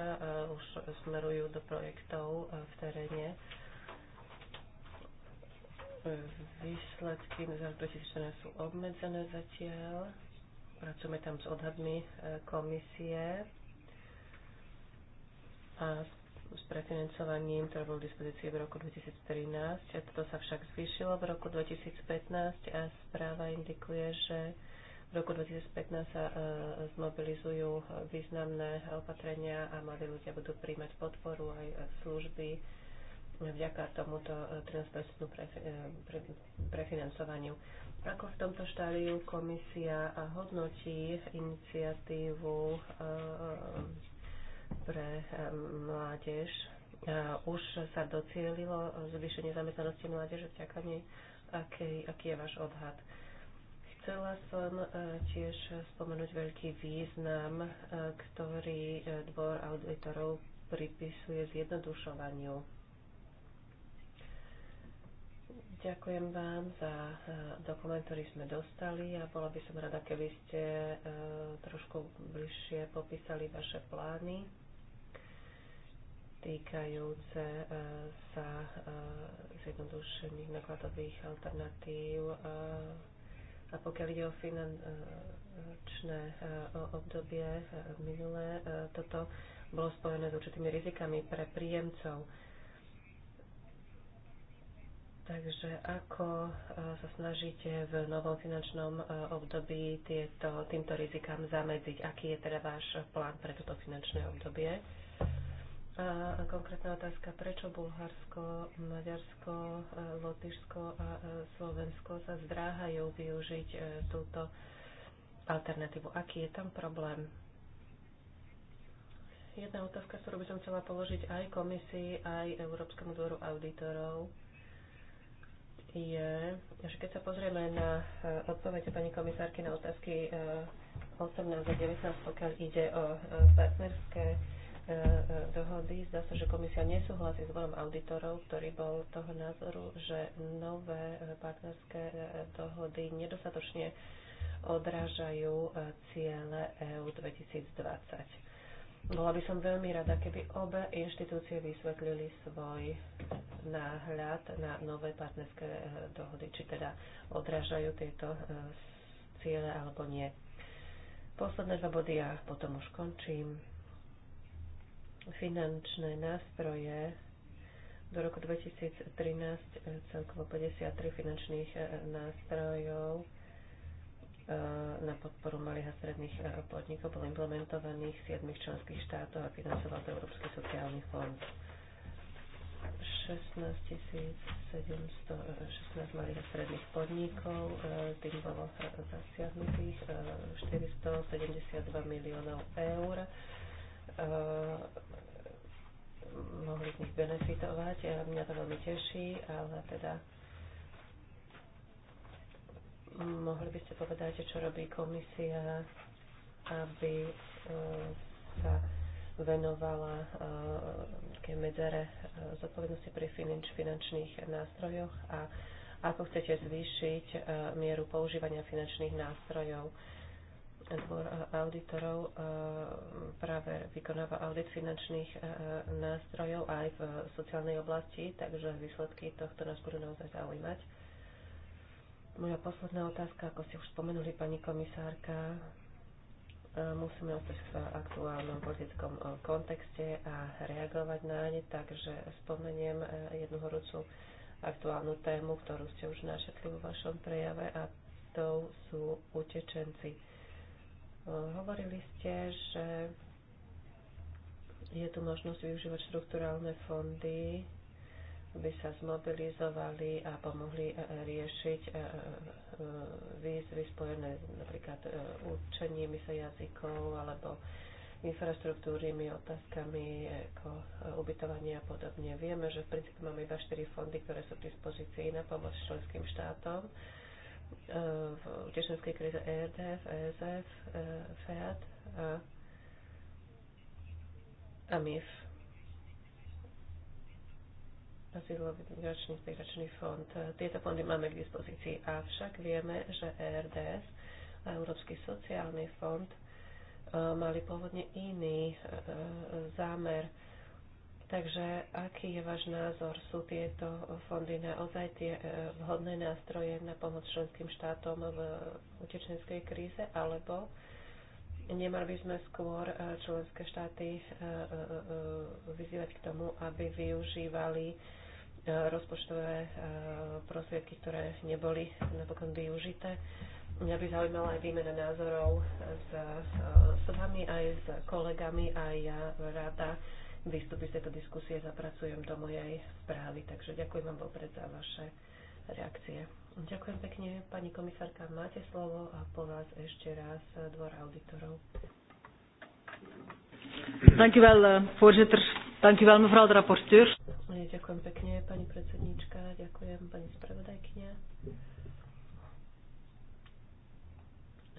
už smerujú do projektov v teréne. Výsledky za 2014 sú obmedzené zatiaľ. Pracujeme tam s odhadmi komisie a s s prefinancovaním, ktoré bolo v dispozícii v roku 2013. toto sa však zvýšilo v roku 2015 a správa indikuje, že v roku 2015 sa e, zmobilizujú významné opatrenia a mladí ľudia budú príjmať podporu aj e, služby vďaka tomuto 13% e, prefinancovaniu. Ako v tomto štáliu komisia hodnotí iniciatívu pre eh, mládež. Eh, už sa docielilo zvýšenie zamestnanosti mládeže vďaka nej. Aký, aký je váš odhad? Chcela som eh, tiež spomenúť veľký význam, ktorý dvor auditorov pripisuje zjednodušovaniu. Ďakujem vám za dokument, ktorý sme dostali a bola by som rada, keby ste trošku bližšie popísali vaše plány týkajúce e, sa e, zjednodušených nakladových alternatív. E, a pokiaľ ide o finančné obdobie minulé, toto bolo spojené s určitými rizikami pre príjemcov. Takže ako sa snažíte v novom finančnom období tieto, týmto rizikám zamedziť? Aký je teda váš plán pre toto finančné obdobie? A konkrétna otázka, prečo Bulharsko, Maďarsko, e, Lotyšsko a e, Slovensko sa zdráhajú využiť e, túto alternatívu? Aký je tam problém? Jedna otázka, ktorú by som chcela položiť aj komisii, aj Európskemu dvoru auditorov, je, že keď sa pozrieme na odpovede pani komisárky na otázky 18 a 19, pokiaľ ide o partnerské E, e, dohody. Zdá sa, že komisia nesúhlasí s dvorom auditorov, ktorý bol toho názoru, že nové e, partnerské dohody nedostatočne odrážajú ciele EU 2020. Bola by som veľmi rada, keby obe inštitúcie vysvetlili svoj náhľad na nové partnerské dohody, či teda odrážajú tieto ciele alebo nie. Posledné dva body a potom už končím finančné nástroje. Do roku 2013 e, celkovo 53 finančných e, nástrojov e, na podporu malých a stredných podnikov bolo implementovaných v 7 členských štátoch a financoval to Európsky sociálny fond. 16 716 malých a stredných podnikov, tým bolo zasiahnutých 472 miliónov eur Eh, mohli z nich benefitovať. Eh, mňa to veľmi teší, ale teda mohli by ste povedať, čo robí komisia, aby eh, sa venovala ke medzere zodpovednosti pri finančných nástrojoch a ako chcete zvýšiť mieru používania finančných nástrojov dvor eh, auditorov eh, práve vykonáva audit finančných eh, nástrojov aj v sociálnej oblasti, takže výsledky tohto nás budú naozaj zaujímať. Moja posledná otázka, ako ste už spomenuli, pani komisárka, musíme ostať v aktuálnom politickom kontexte a reagovať na ne, takže spomeniem jednu horúcu aktuálnu tému, ktorú ste už našetli vo vašom prejave a to sú utečenci. Hovorili ste, že je tu možnosť využívať štrukturálne fondy, aby sa zmobilizovali a pomohli e, e, riešiť e, výzvy spojené napríklad učeními sa jazykov alebo infraštruktúrymi, otázkami ako ubytovania a podobne. Vieme, že v princípe máme iba 4 fondy, ktoré sú k dispozícii na pomoc členským štátom v utečenskej kríze ERDF, ESF, e, FEAT a, e, a MIF. Azylový migračný fond. Tieto fondy máme k dispozícii, avšak vieme, že ERDF a Európsky sociálny fond e, mali pôvodne iný zámer Takže aký je váš názor? Sú tieto fondy naozaj tie e, vhodné nástroje na pomoc členským štátom v utečenskej kríze, alebo nemali by sme skôr e, členské štáty e, vyzývať k tomu, aby využívali rozpočtové prostriedky, ktoré neboli napokon využité? Mňa by zaujímala aj výmena názorov s, s vami, aj s kolegami, aj ja rada výstupy z tejto diskusie zapracujem do mojej správy. Takže ďakujem vám vopred za vaše reakcie. Ďakujem pekne, pani komisárka, máte slovo a po vás ešte raz dvor auditorov. Uh, eh, ďakujem pekne, pani predsednička, ďakujem, pani spravodajkňa.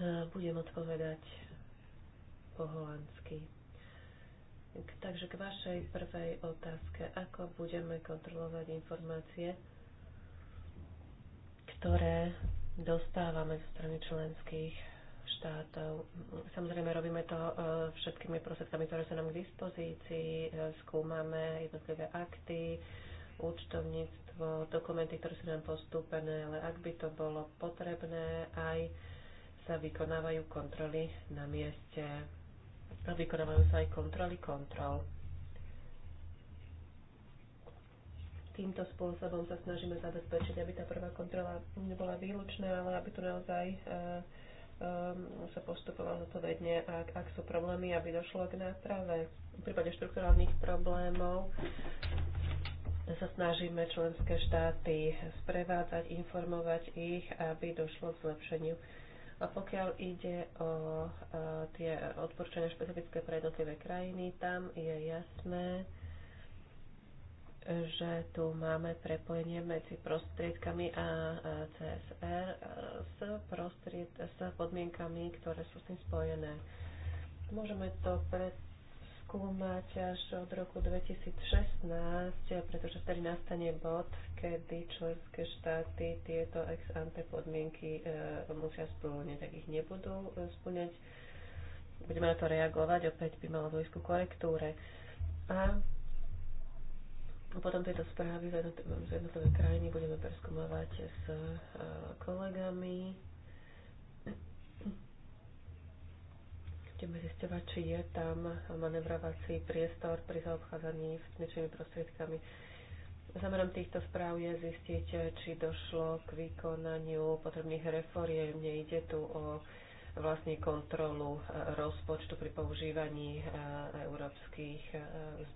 Eh, budem odpovedať po holandsky. Takže k vašej prvej otázke, ako budeme kontrolovať informácie, ktoré dostávame zo strany členských štátov. Samozrejme, robíme to e, všetkými prostriedkami, ktoré sú nám k dispozícii, e, skúmame jednotlivé akty, účtovníctvo, dokumenty, ktoré sú nám postúpené, ale ak by to bolo potrebné, aj sa vykonávajú kontroly na mieste a vykonávajú sa aj kontroly kontrol. Týmto spôsobom sa snažíme zabezpečiť, aby tá prvá kontrola nebola výlučná, ale aby tu naozaj e, e, um, sa postupovalo zodpovedne ak, ak sú problémy, aby došlo k náprave. V prípade štrukturálnych problémov sa snažíme členské štáty sprevádzať, informovať ich, aby došlo k zlepšeniu a pokiaľ ide o e, tie odporúčania špecifické pre jednotlivé krajiny, tam je jasné, že tu máme prepojenie medzi prostriedkami a CSR e, s, prostried, s podmienkami, ktoré sú s tým spojené. Môžeme to pred skúmať až od roku 2016, pretože vtedy nastane bod, kedy členské štáty tieto ex ante podmienky e, musia splňať. Ak ich nebudú e, splňať, budeme na to reagovať, opäť by malo dôjsť ku korektúre. A potom tieto správy z jednotlivé krajiny budeme preskúmovať s e, kolegami. Budeme zistovať, či je tam manevrovací priestor pri zaobchádzaní s finančnými prostriedkami. Zamerom týchto správ je zistiť, či došlo k vykonaniu potrebných reforiem. Nejde tu o vlastne kontrolu rozpočtu pri používaní e, európskych e,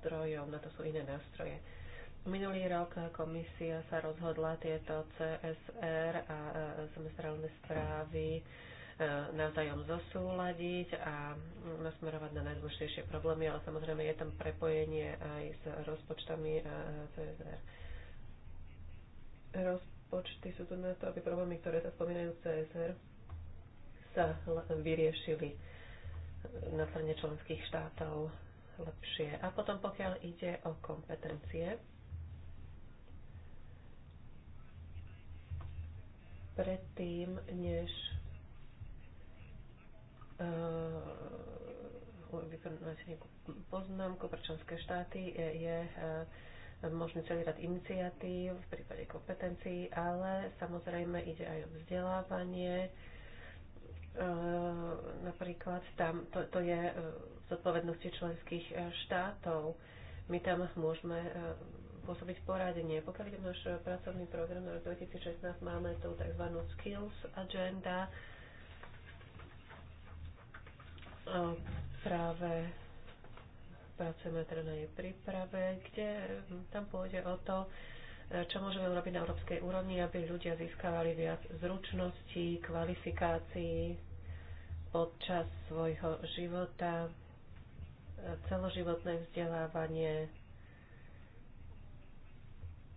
zdrojov. Na to sú iné nástroje. Minulý rok komisia sa rozhodla tieto CSR a semestrálne e, správy E, navzájom zosúľadiť a nasmerovať na najdôležitejšie problémy, ale samozrejme je tam prepojenie aj s rozpočtami e, CSR. Rozpočty sú tu na to, aby problémy, ktoré sa spomínajú v CSR, sa vyriešili na strane členských štátov lepšie. A potom pokiaľ ide o kompetencie, predtým, než Eh, poznámku pre členské štáty eh, je, eh, možný celý rad iniciatív v prípade kompetencií, ale samozrejme ide aj o vzdelávanie. Napríklad tam to, to je v zodpovednosti členských štátov. My tam môžeme pôsobiť poradenie. Pokiaľ ide náš pracovný program na rok 2016, máme tu tzv. Skills Agenda, práve pracujeme teda na jej príprave, kde tam pôjde o to, čo môžeme urobiť na európskej úrovni, aby ľudia získavali viac zručností, kvalifikácií počas svojho života, celoživotné vzdelávanie,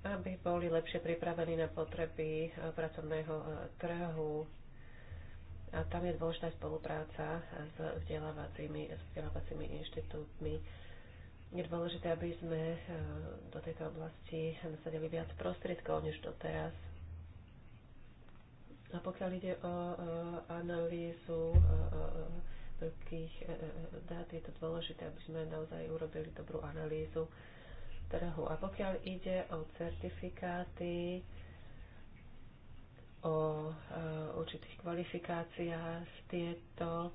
aby boli lepšie pripravení na potreby pracovného trhu, a tam je dôležitá spolupráca s vzdelávacími, s vzdelávacími inštitútmi. Je dôležité, aby sme e, do tejto oblasti nasadili viac prostriedkov než doteraz. A pokiaľ ide o e, analýzu e, veľkých dát, je to dôležité, aby sme naozaj urobili dobrú analýzu trhu. A pokiaľ ide o certifikáty, o e, určitých kvalifikáciách. Tieto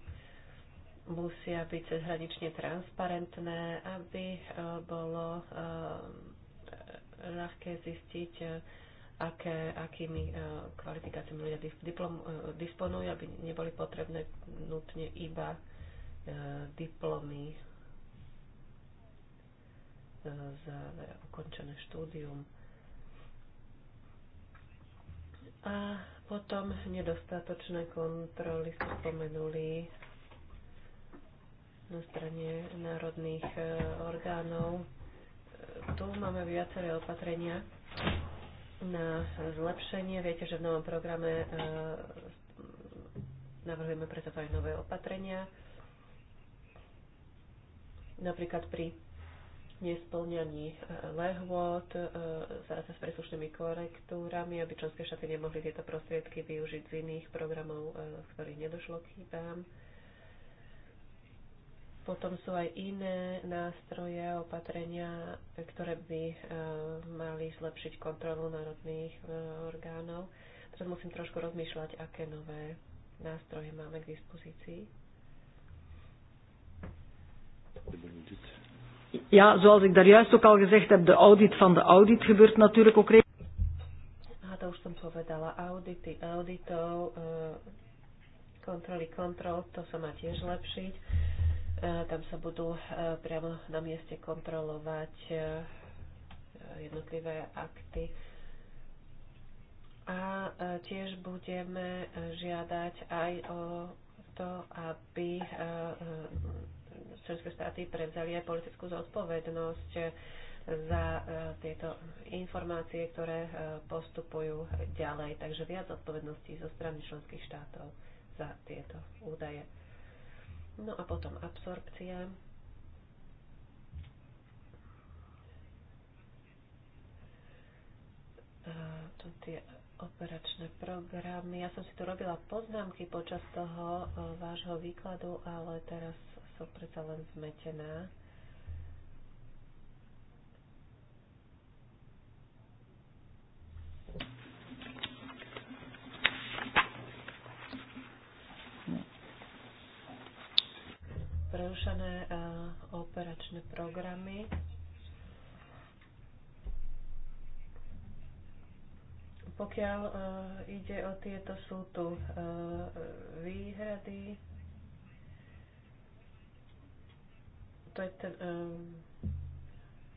musia byť cezhranične transparentné, aby e, bolo e, ľahké zistiť, aké, akými kvalifikáciami ľudia diplom, disponujú, aby neboli potrebné nutne iba diplomy za ukončené štúdium. A potom nedostatočné kontroly ste spomenuli na strane národných e, orgánov. Tu máme viaceré opatrenia na zlepšenie. Viete, že v novom programe e, navrhujeme preto aj nové opatrenia. Napríklad pri nesplňaní e, lehôd, e, zaraz s príslušnými korektúrami, aby členské štáty nemohli tieto prostriedky využiť z iných programov, e, z ktorých nedošlo k chybám. Potom sú aj iné nástroje, opatrenia, ktoré by mali zlepšiť kontrolu národných orgánov. Teraz musím trošku rozmýšľať, aké nové nástroje máme k dispozícii. Dobre, ja, zoals ik daar juist ook al gezegd heb, de audit van de audit gebeurt natuurlijk ook A to už som povedala, audity auditov, eh, kontroly kontrol, to sa má tiež lepšiť. Eh, tam sa budú eh, priamo na mieste kontrolovať jednotlivé akty. A tiež budeme žiadať aj o to, aby členské štáty prevzali aj politickú zodpovednosť za e, tieto informácie, ktoré e, postupujú ďalej. Takže viac odpovedností zo strany členských štátov za tieto údaje. No a potom absorpcia. E, tu tie operačné programy. Ja som si tu robila poznámky počas toho vášho výkladu, ale teraz som predsa len zmetená. Prerušené e, operačné programy. Pokiaľ e, ide o tieto, sú tu e, výhrady. to je ehm,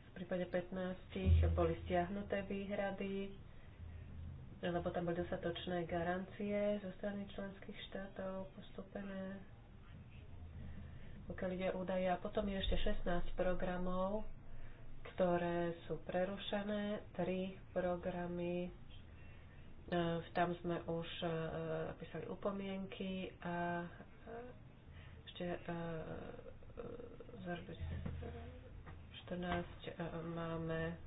v prípade 15 boli stiahnuté výhrady, lebo tam boli dostatočné garancie zo strany členských štátov postupené, pokiaľ ide údaje. A potom je ešte 16 programov, ktoré sú prerušené, 3 programy, ehm, tam sme už ehm, napísali upomienky a ešte 14 máme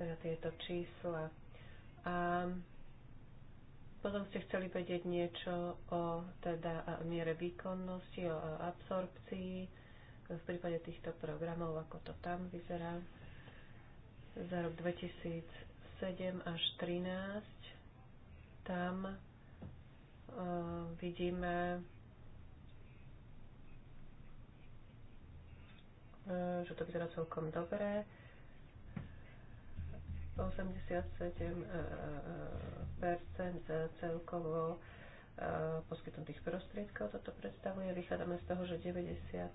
teda tieto čísla. A potom ste chceli vedieť niečo o teda miere výkonnosti, o absorpcii v prípade týchto programov, ako to tam vyzerá za rok 2007 až 2013. Tam uh, vidíme Eh, že to vyzerá celkom dobre. 87% eh, eh, celkovo poskytnutých prostriedkov toto predstavuje. Vychádzame z toho, že 90%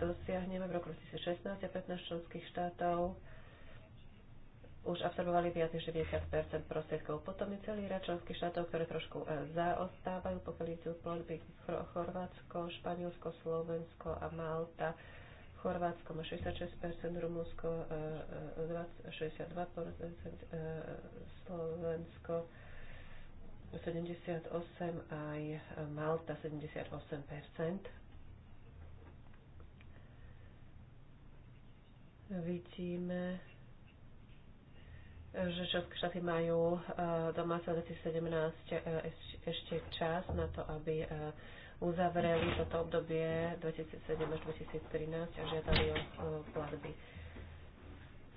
dosiahneme v roku 2016 a 15 členských štátov už absorbovali viac než 90 prostriedkov. Potom je celý rad členských štátov, ktoré trošku e, zaostávajú, pokiaľ idú platby Chorvátsko, Španielsko, Slovensko a Malta. Chorvátsko má 66 Rumunsko 62 e, e, Slovensko 78 aj Malta 78 Vidíme, že České štáty majú do marca 2017 ešte čas na to, aby eh, uzavreli toto obdobie 2007 až 2013 a žiadali o platby.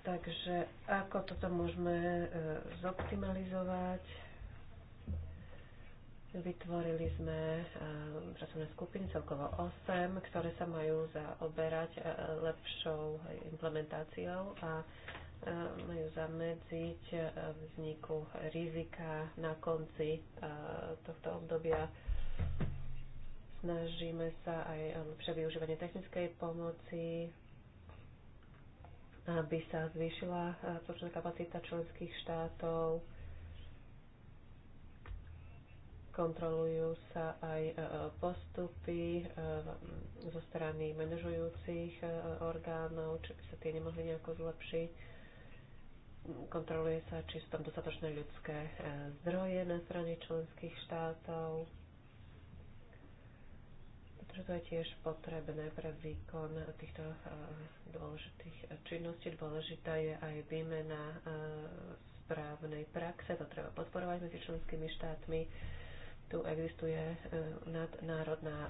Takže ako toto môžeme eh, zoptimalizovať? Vytvorili sme eh, pracovné skupiny, celkovo 8, ktoré sa majú zaoberať lepšou implementáciou a majú zamedziť e, vzniku rizika na konci e, tohto obdobia. Snažíme sa aj e, lepšie využívanie technickej pomoci, aby sa zvýšila absorpčná kapacita členských štátov. Kontrolujú sa aj postupy zo strany manažujúcich orgánov, či by sa tie nemohli nejako zlepšiť kontroluje sa, či sú tam dostatočné ľudské e, zdroje na strane členských štátov, pretože to je tiež potrebné pre výkon týchto e, dôležitých činností. Dôležitá je aj výmena e, správnej praxe, to treba podporovať medzi členskými štátmi. Tu existuje nadnárodná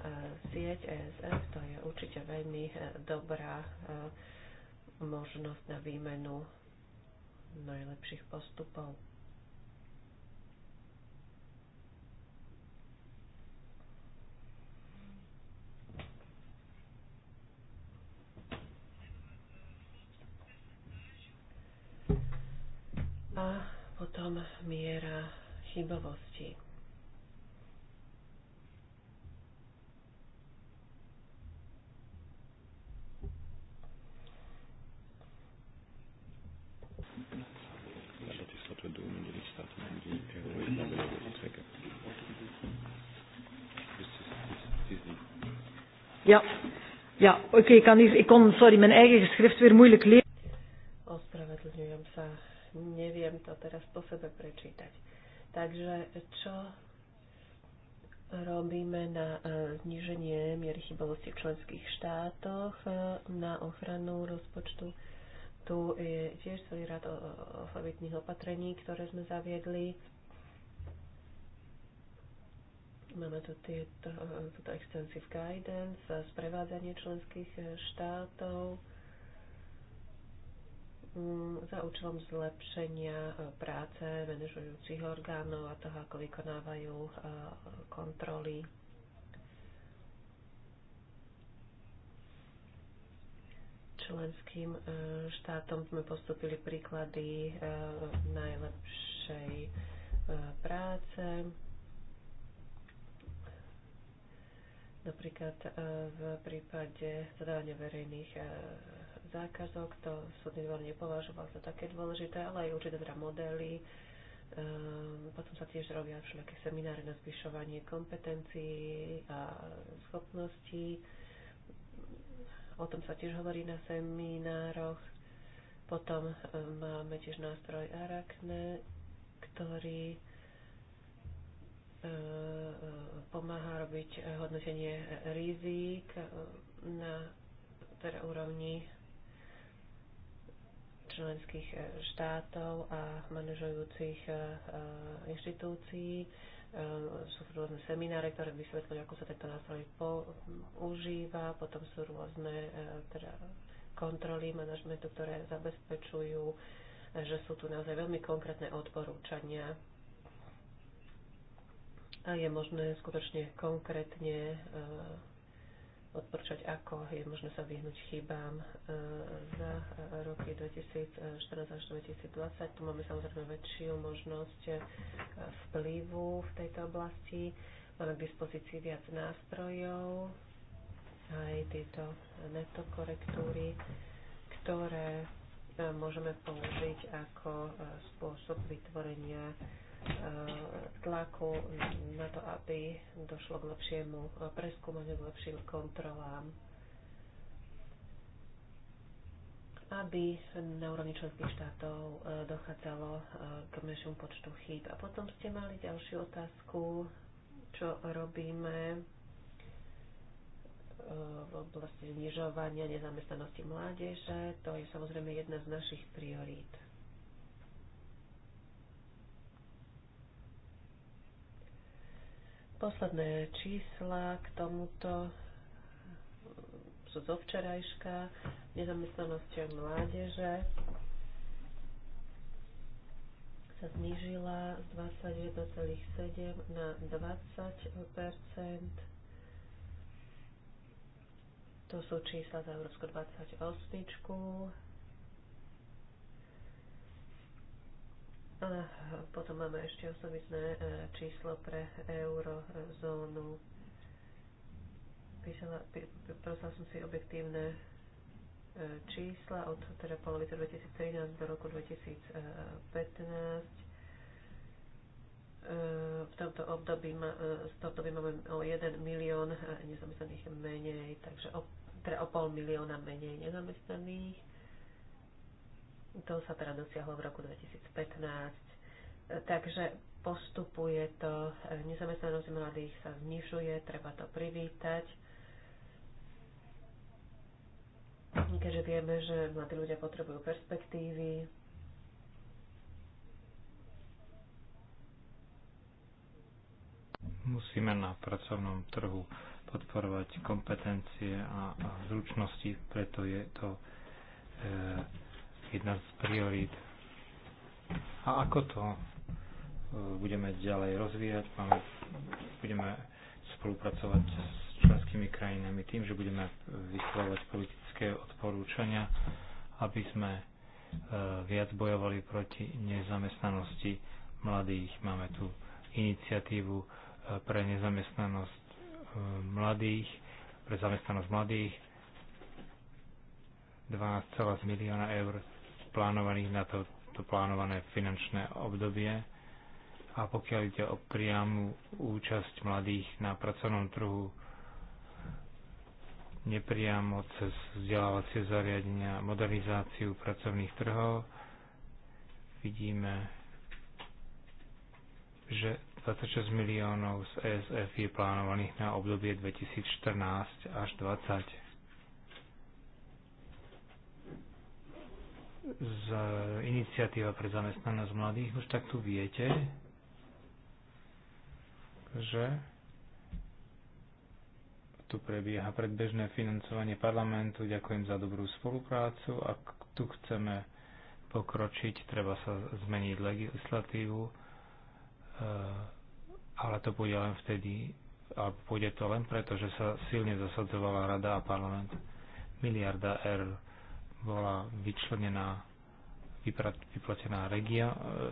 sieť ESF, to je určite veľmi dobrá možnosť na výmenu najlepších postupov. A potom miera chybovosti. Ja, ja oké, okay, ik, kan hier, ik kon, sorry, mijn eigen geschrift weer moeilijk lezen. Ospravedlňujem sa, neviem to teraz po sebe prečítať. Takže čo robíme na e, zniženie miery chybovosti v členských štátoch, e, na ochranu rozpočtu? Tu je tiež celý rad e, o opatrení, ktoré sme zaviedli Máme tu tieto, túto extensive guidance, sprevádzanie členských eh, štátov mm, za účelom zlepšenia eh, práce manažujúcich orgánov a toho, ako vykonávajú eh, kontroly. Členským štátom sme postupili príklady najlepšej práce Napríklad e, v prípade zadávania verejných e, zákazok, to súdny dvor nepovažoval za také dôležité, ale aj určite teda modely. E, potom sa tiež robia všelijaké semináre na zvyšovanie kompetencií a schopností. O tom sa tiež hovorí na seminároch. Potom máme tiež nástroj Arakne, ktorý E, pomáha robiť hodnotenie rizík e, na teda úrovni členských e, štátov a manažujúcich inštitúcií. Sú rôzne semináre, ktoré vysvetľujú, ako sa tento nástroj používa. Potom sú rôzne teda, kontroly manažmentu, ktoré zabezpečujú, že sú tu naozaj veľmi konkrétne odporúčania a je možné skutočne konkrétne e, odporčať, ako je možné sa vyhnúť chybám e, za roky 2014 až 2020. Tu máme samozrejme väčšiu možnosť e, vplyvu v tejto oblasti. Máme k dispozícii viac nástrojov, aj tieto netokorektúry, ktoré môžeme použiť ako spôsob vytvorenia Eh, tlaku na to, aby došlo k lepšiemu preskúmaniu, k lepším kontrolám, aby na úrovni členských štátov eh, dochádzalo eh, k menšiemu počtu chýb. A potom ste mali ďalšiu otázku, čo robíme v oblasti znižovania nezamestnanosti mládeže. To je samozrejme jedna z našich priorít. Posledné čísla k tomuto sú zo včerajška. Nezamestnanosť mládeže sa znížila z 21,7 na 20 to sú čísla za Európsku 28. Potom máme ešte osobitné e, číslo pre eurozónu. Písala, prosila som si objektívne e, čísla od teda polovice 2013 do roku 2015. E, v tomto období, z období máme o 1 milión nezamestnaných menej, takže o, teda o pol milióna menej nezamestnaných to sa teda dosiahlo v roku 2015. Takže postupuje to, nezamestnanosť mladých sa znižuje, treba to privítať. Keďže vieme, že mladí ľudia potrebujú perspektívy, musíme na pracovnom trhu podporovať kompetencie a, a zručnosti, preto je to e, jedna z priorít. A ako to e, budeme ďalej rozvíjať, máme, budeme spolupracovať s členskými krajinami tým, že budeme vyslovať politické odporúčania, aby sme e, viac bojovali proti nezamestnanosti mladých. Máme tu iniciatívu e, pre nezamestnanosť mladých, pre zamestnanosť mladých 12,5 milióna eur plánovaných na to, to plánované finančné obdobie. A pokiaľ ide o priamu účasť mladých na pracovnom trhu, nepriamo cez vzdelávacie zariadenia, modernizáciu pracovných trhov, vidíme, že 26 miliónov z ESF je plánovaných na obdobie 2014 až 2020 z iniciatíva pre zamestnanosť mladých, už tak tu viete, že tu prebieha predbežné financovanie parlamentu. Ďakujem za dobrú spoluprácu. Ak tu chceme pokročiť, treba sa zmeniť legislatívu, e, ale to pôjde len vtedy, a pôjde to len preto, že sa silne zasadzovala rada a parlament. Miliarda eur bola vyčlenená vyplatená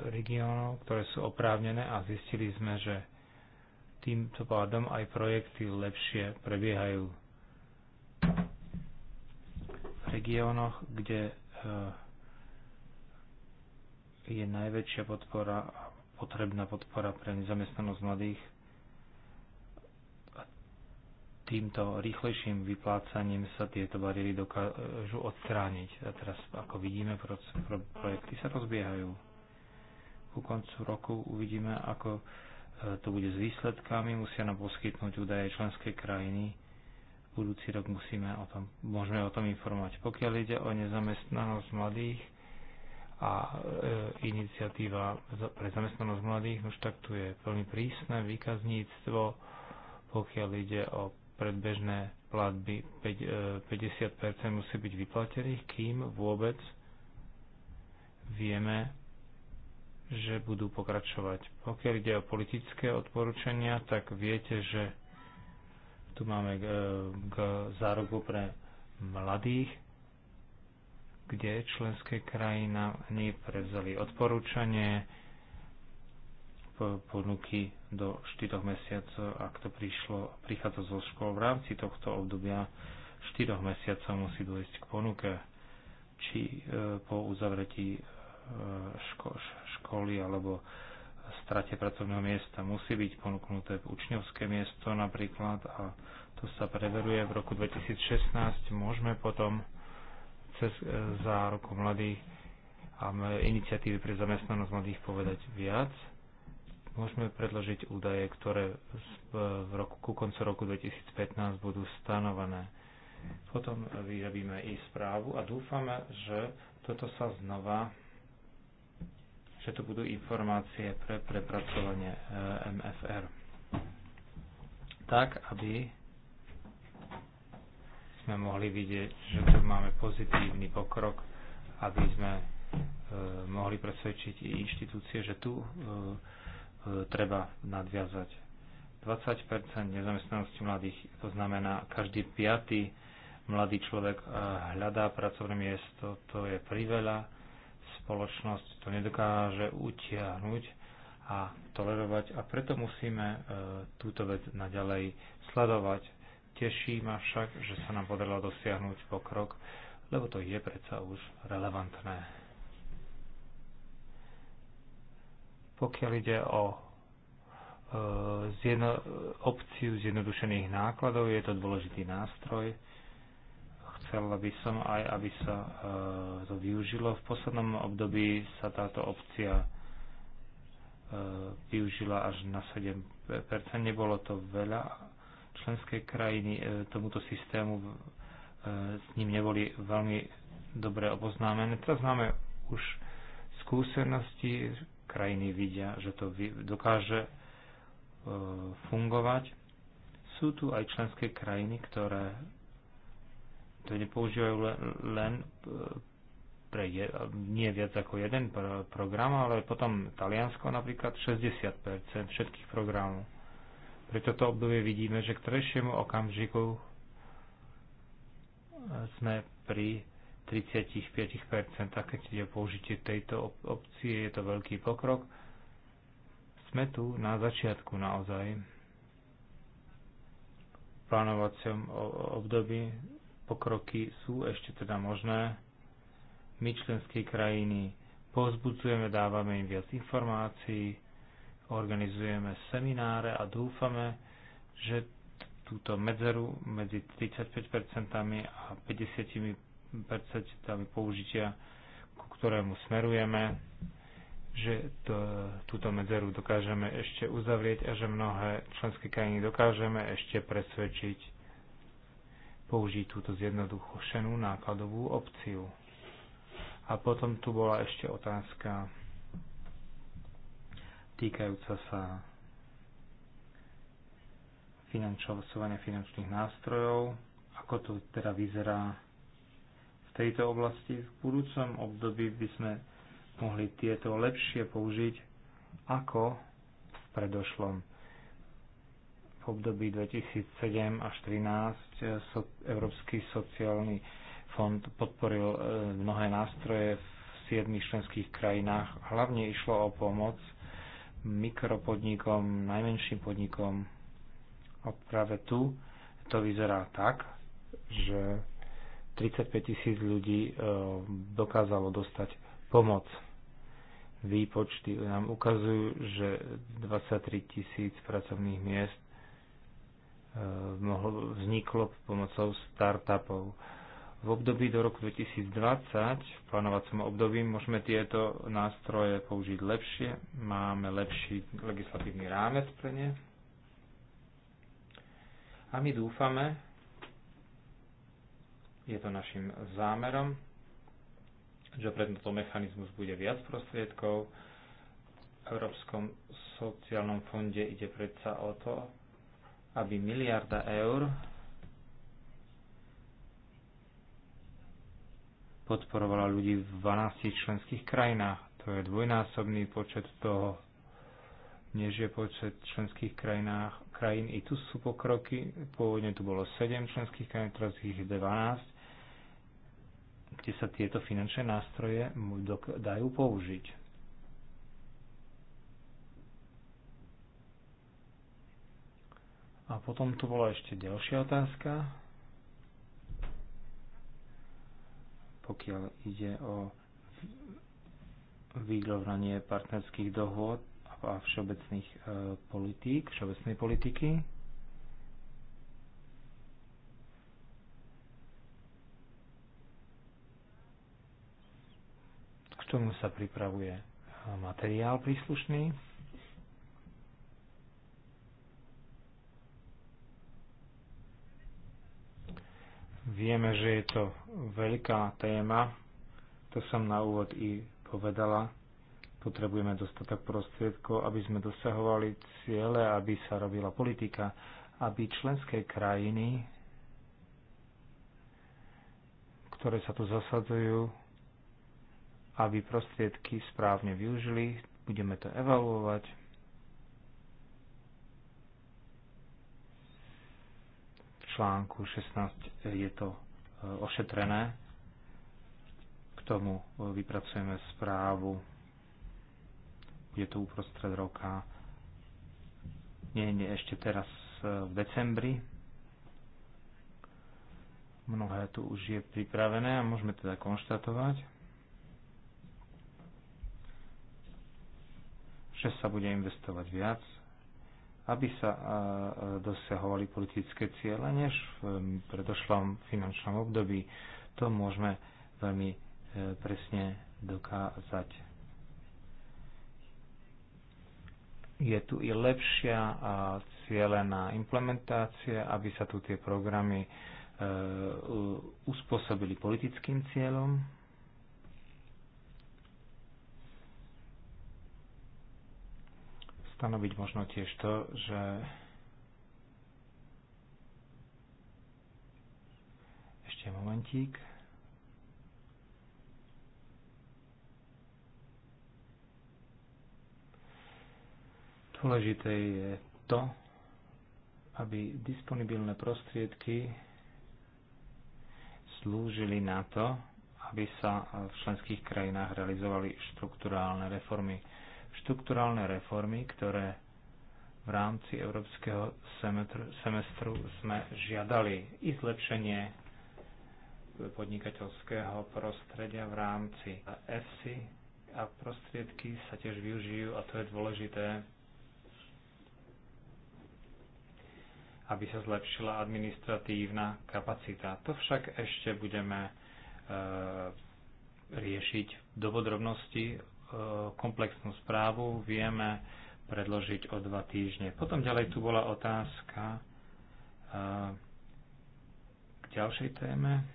regiónov, ktoré sú oprávnené a zistili sme, že týmto pádom aj projekty lepšie prebiehajú v regiónoch, kde eh, je najväčšia podpora, potrebná podpora pre nezamestnanosť mladých týmto rýchlejším vyplácaním sa tieto bariéry dokážu odstrániť. A teraz, ako vidíme, projekty sa rozbiehajú. Ku koncu roku uvidíme, ako e, to bude s výsledkami. Musia nám poskytnúť údaje členskej krajiny. Budúci rok musíme o tom, môžeme o tom informovať. Pokiaľ ide o nezamestnanosť mladých a e, iniciatíva pre zamestnanosť mladých, už tak tu je veľmi prísne výkazníctvo pokiaľ ide o predbežné platby 50% e, musí byť vyplatených, kým vôbec vieme, že budú pokračovať. Pokiaľ ide o politické odporúčania, tak viete, že tu máme e, k, k záruku pre mladých, kde členské krajiny prevzali odporúčanie, ponuky do 4 mesiacov, ak to prišlo, prichádza zo škôl v rámci tohto obdobia 4 mesiacov musí dôjsť k ponuke, či e, po uzavretí e, ško- školy alebo strate pracovného miesta musí byť ponúknuté učňovské miesto napríklad a to sa preveruje v roku 2016. Môžeme potom cez e, záruku mladých a iniciatívy pre zamestnanosť mladých povedať viac. Môžeme predložiť údaje, ktoré v roku, ku koncu roku 2015 budú stanované. Potom vyrobíme i správu a dúfame, že toto sa znova že to budú informácie pre prepracovanie e, MFR. Tak, aby sme mohli vidieť, že tu máme pozitívny pokrok, aby sme e, mohli presvedčiť i inštitúcie, že tu e, E, treba nadviazať. 20 nezamestnanosti mladých, to znamená každý piatý mladý človek e, hľadá pracovné miesto, to je priveľa, spoločnosť to nedokáže utiahnuť a tolerovať a preto musíme e, túto vec naďalej sledovať. Teší ma však, že sa nám podarilo dosiahnuť pokrok, lebo to je predsa už relevantné. Pokiaľ ide o e, zjedno, opciu zjednodušených nákladov, je to dôležitý nástroj. Chcela by som aj, aby sa e, to využilo. V poslednom období sa táto opcia e, využila až na 7%. Nebolo to veľa. Členské krajiny tomuto systému s ním neboli veľmi dobre oboznámené. Teraz máme už skúsenosti, krajiny vidia, že to dokáže e, fungovať. Sú tu aj členské krajiny, ktoré to nepoužívajú len e, pre je, nie viac ako jeden program, ale potom Taliansko napríklad 60% všetkých programov. Pre toto obdobie vidíme, že k trešiemu okamžiku e, sme pri 35%. A keď ide použitie tejto opcie, je to veľký pokrok. Sme tu na začiatku naozaj v plánovacom období pokroky sú ešte teda možné. My členské krajiny pozbudzujeme, dávame im viac informácií, organizujeme semináre a dúfame, že túto medzeru medzi 35% a 50% percentami použitia, ku ktorému smerujeme, že to, túto medzeru dokážeme ešte uzavrieť a že mnohé členské krajiny dokážeme ešte presvedčiť použiť túto zjednoduchošenú nákladovú opciu. A potom tu bola ešte otázka týkajúca sa financovania finančných nástrojov, ako to teda vyzerá tejto oblasti. V budúcom období by sme mohli tieto lepšie použiť ako v predošlom. V období 2007 až 2013 eh, so, Európsky sociálny fond podporil e, mnohé nástroje v siedmých členských krajinách. Hlavne išlo o pomoc mikropodnikom, najmenším podnikom. A práve tu to vyzerá tak, že 35 tisíc ľudí eh, dokázalo dostať pomoc. Výpočty nám ukazujú, že 23 tisíc pracovných miest eh, vzniklo pomocou startupov. V období do roku 2020, v plánovacom období, môžeme tieto nástroje použiť lepšie. Máme lepší legislatívny rámec pre ne. A my dúfame, je to našim zámerom, že pre tento mechanizmus bude viac prostriedkov. V Európskom sociálnom fonde ide predsa o to, aby miliarda eur podporovala ľudí v 12 členských krajinách. To je dvojnásobný počet toho, než je počet členských krajinách, krajín. I tu sú pokroky. Pôvodne tu bolo 7 členských krajín, teraz ich je 12 kde sa tieto finančné nástroje dajú použiť. A potom tu bola ešte ďalšia otázka. Pokiaľ ide o vyrovnanie partnerských dohôd a všeobecných e, politík, všeobecnej politiky, tomu sa pripravuje e, materiál príslušný. Vieme, že je to veľká téma, to som na úvod i povedala. Potrebujeme dostatok prostriedkov, aby sme dosahovali ciele, aby sa robila politika, aby členské krajiny, ktoré sa tu zasadzujú, aby prostriedky správne využili. Budeme to evaluovať. V článku 16 je to e, ošetrené. K tomu e, vypracujeme správu. Bude to uprostred roka. Nie, nie, ešte teraz e, v decembri. Mnohé tu už je pripravené a môžeme teda konštatovať, že sa bude investovať viac, aby sa dosahovali politické ciele, než v predošlom finančnom období. To môžeme veľmi e, presne dokázať. Je tu i lepšia a cieľená implementácia, aby sa tu tie programy e, uspôsobili politickým cieľom, stanoviť možno tiež to, že ešte momentík. Dôležité je to, aby disponibilné prostriedky slúžili na to, aby sa v členských krajinách realizovali štrukturálne reformy štrukturálne reformy, ktoré v rámci európskeho semestru, semestru sme žiadali i zlepšenie podnikateľského prostredia v rámci EFSI a prostriedky sa tiež využijú a to je dôležité, aby sa zlepšila administratívna kapacita. To však ešte budeme e, riešiť do podrobnosti E, komplexnú správu vieme predložiť o dva týždne. Potom ďalej tu bola otázka e, k ďalšej téme.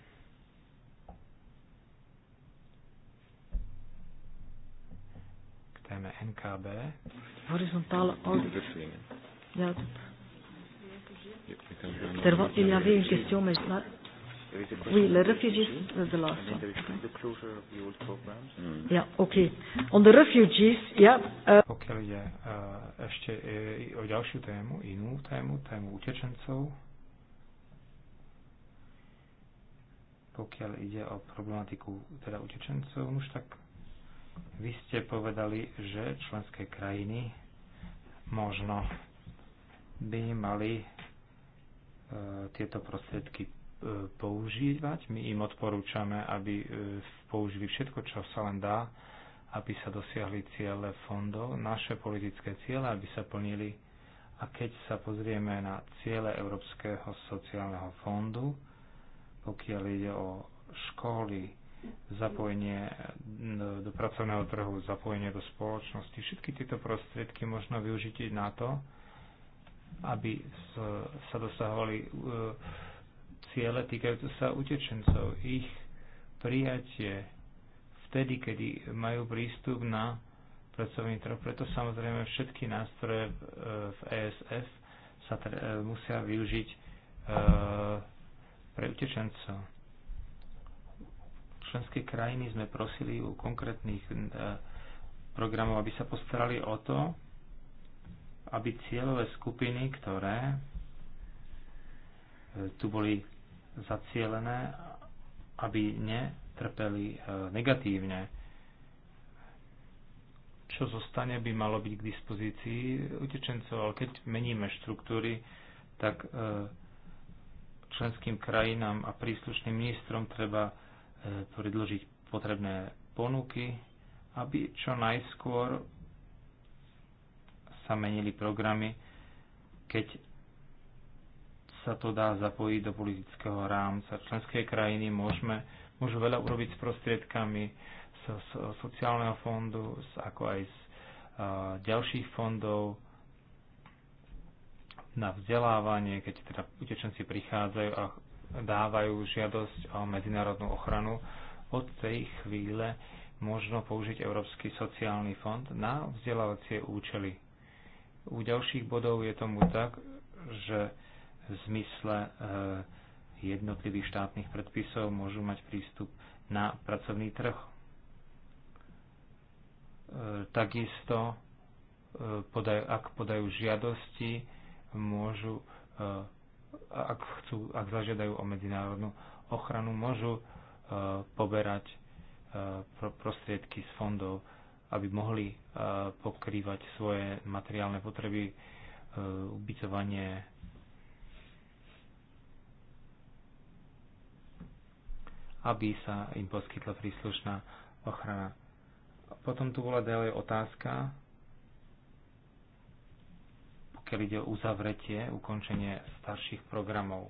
K téme NKB. Horizontál od... Ja... Ja viem, že ste je Oui, le refugees the last one. The closure of the old programs. Mm. Yeah, okay. On the refugees, yeah. Uh... Pokiaľ ide uh, ešte uh, o ďalšiu tému, inú tému, tému utečencov, pokiaľ ide o problematiku teda utečencov, už tak vy ste povedali, že členské krajiny možno by mali uh, tieto prostriedky používať. My im odporúčame, aby e, použili všetko, čo sa len dá, aby sa dosiahli ciele fondov, naše politické ciele, aby sa plnili. A keď sa pozrieme na ciele Európskeho sociálneho fondu, pokiaľ ide o školy, zapojenie do pracovného trhu, zapojenie do spoločnosti. Všetky tieto prostriedky možno využiť na to, aby sa dosahovali e, ciele týkajúce sa utečencov, ich prijatie vtedy, kedy majú prístup na pracovný trh. Preto samozrejme všetky nástroje e, v ESF sa e, musia využiť e, pre utečencov. Členské krajiny sme prosili u konkrétnych programov, aby sa postarali o to, aby cieľové skupiny, ktoré tu boli zacielené, aby netrpeli e, negatívne. Čo zostane, by malo byť k dispozícii utečencov, ale keď meníme štruktúry, tak e, členským krajinám a príslušným ministrom treba e, predložiť potrebné ponuky, aby čo najskôr sa menili programy, keď sa to dá zapojiť do politického rámca. Členské krajiny môžeme, môžu veľa urobiť s prostriedkami z, so, sociálneho fondu, ako aj z a, ďalších fondov na vzdelávanie, keď teda utečenci prichádzajú a dávajú žiadosť o medzinárodnú ochranu. Od tej chvíle možno použiť Európsky sociálny fond na vzdelávacie účely. U ďalších bodov je tomu tak, že v zmysle eh, jednotlivých štátnych predpisov môžu mať prístup na pracovný trh. Eh, takisto, eh, ak podajú žiadosti, môžu, ak, chcú, ak zažiadajú o medzinárodnú ochranu, môžu poberať prostriedky z fondov, aby mohli pokrývať svoje materiálne potreby, ubytovanie, aby sa im poskytla príslušná ochrana. Potom tu bola ďalej otázka, pokiaľ ide o uzavretie, ukončenie starších programov.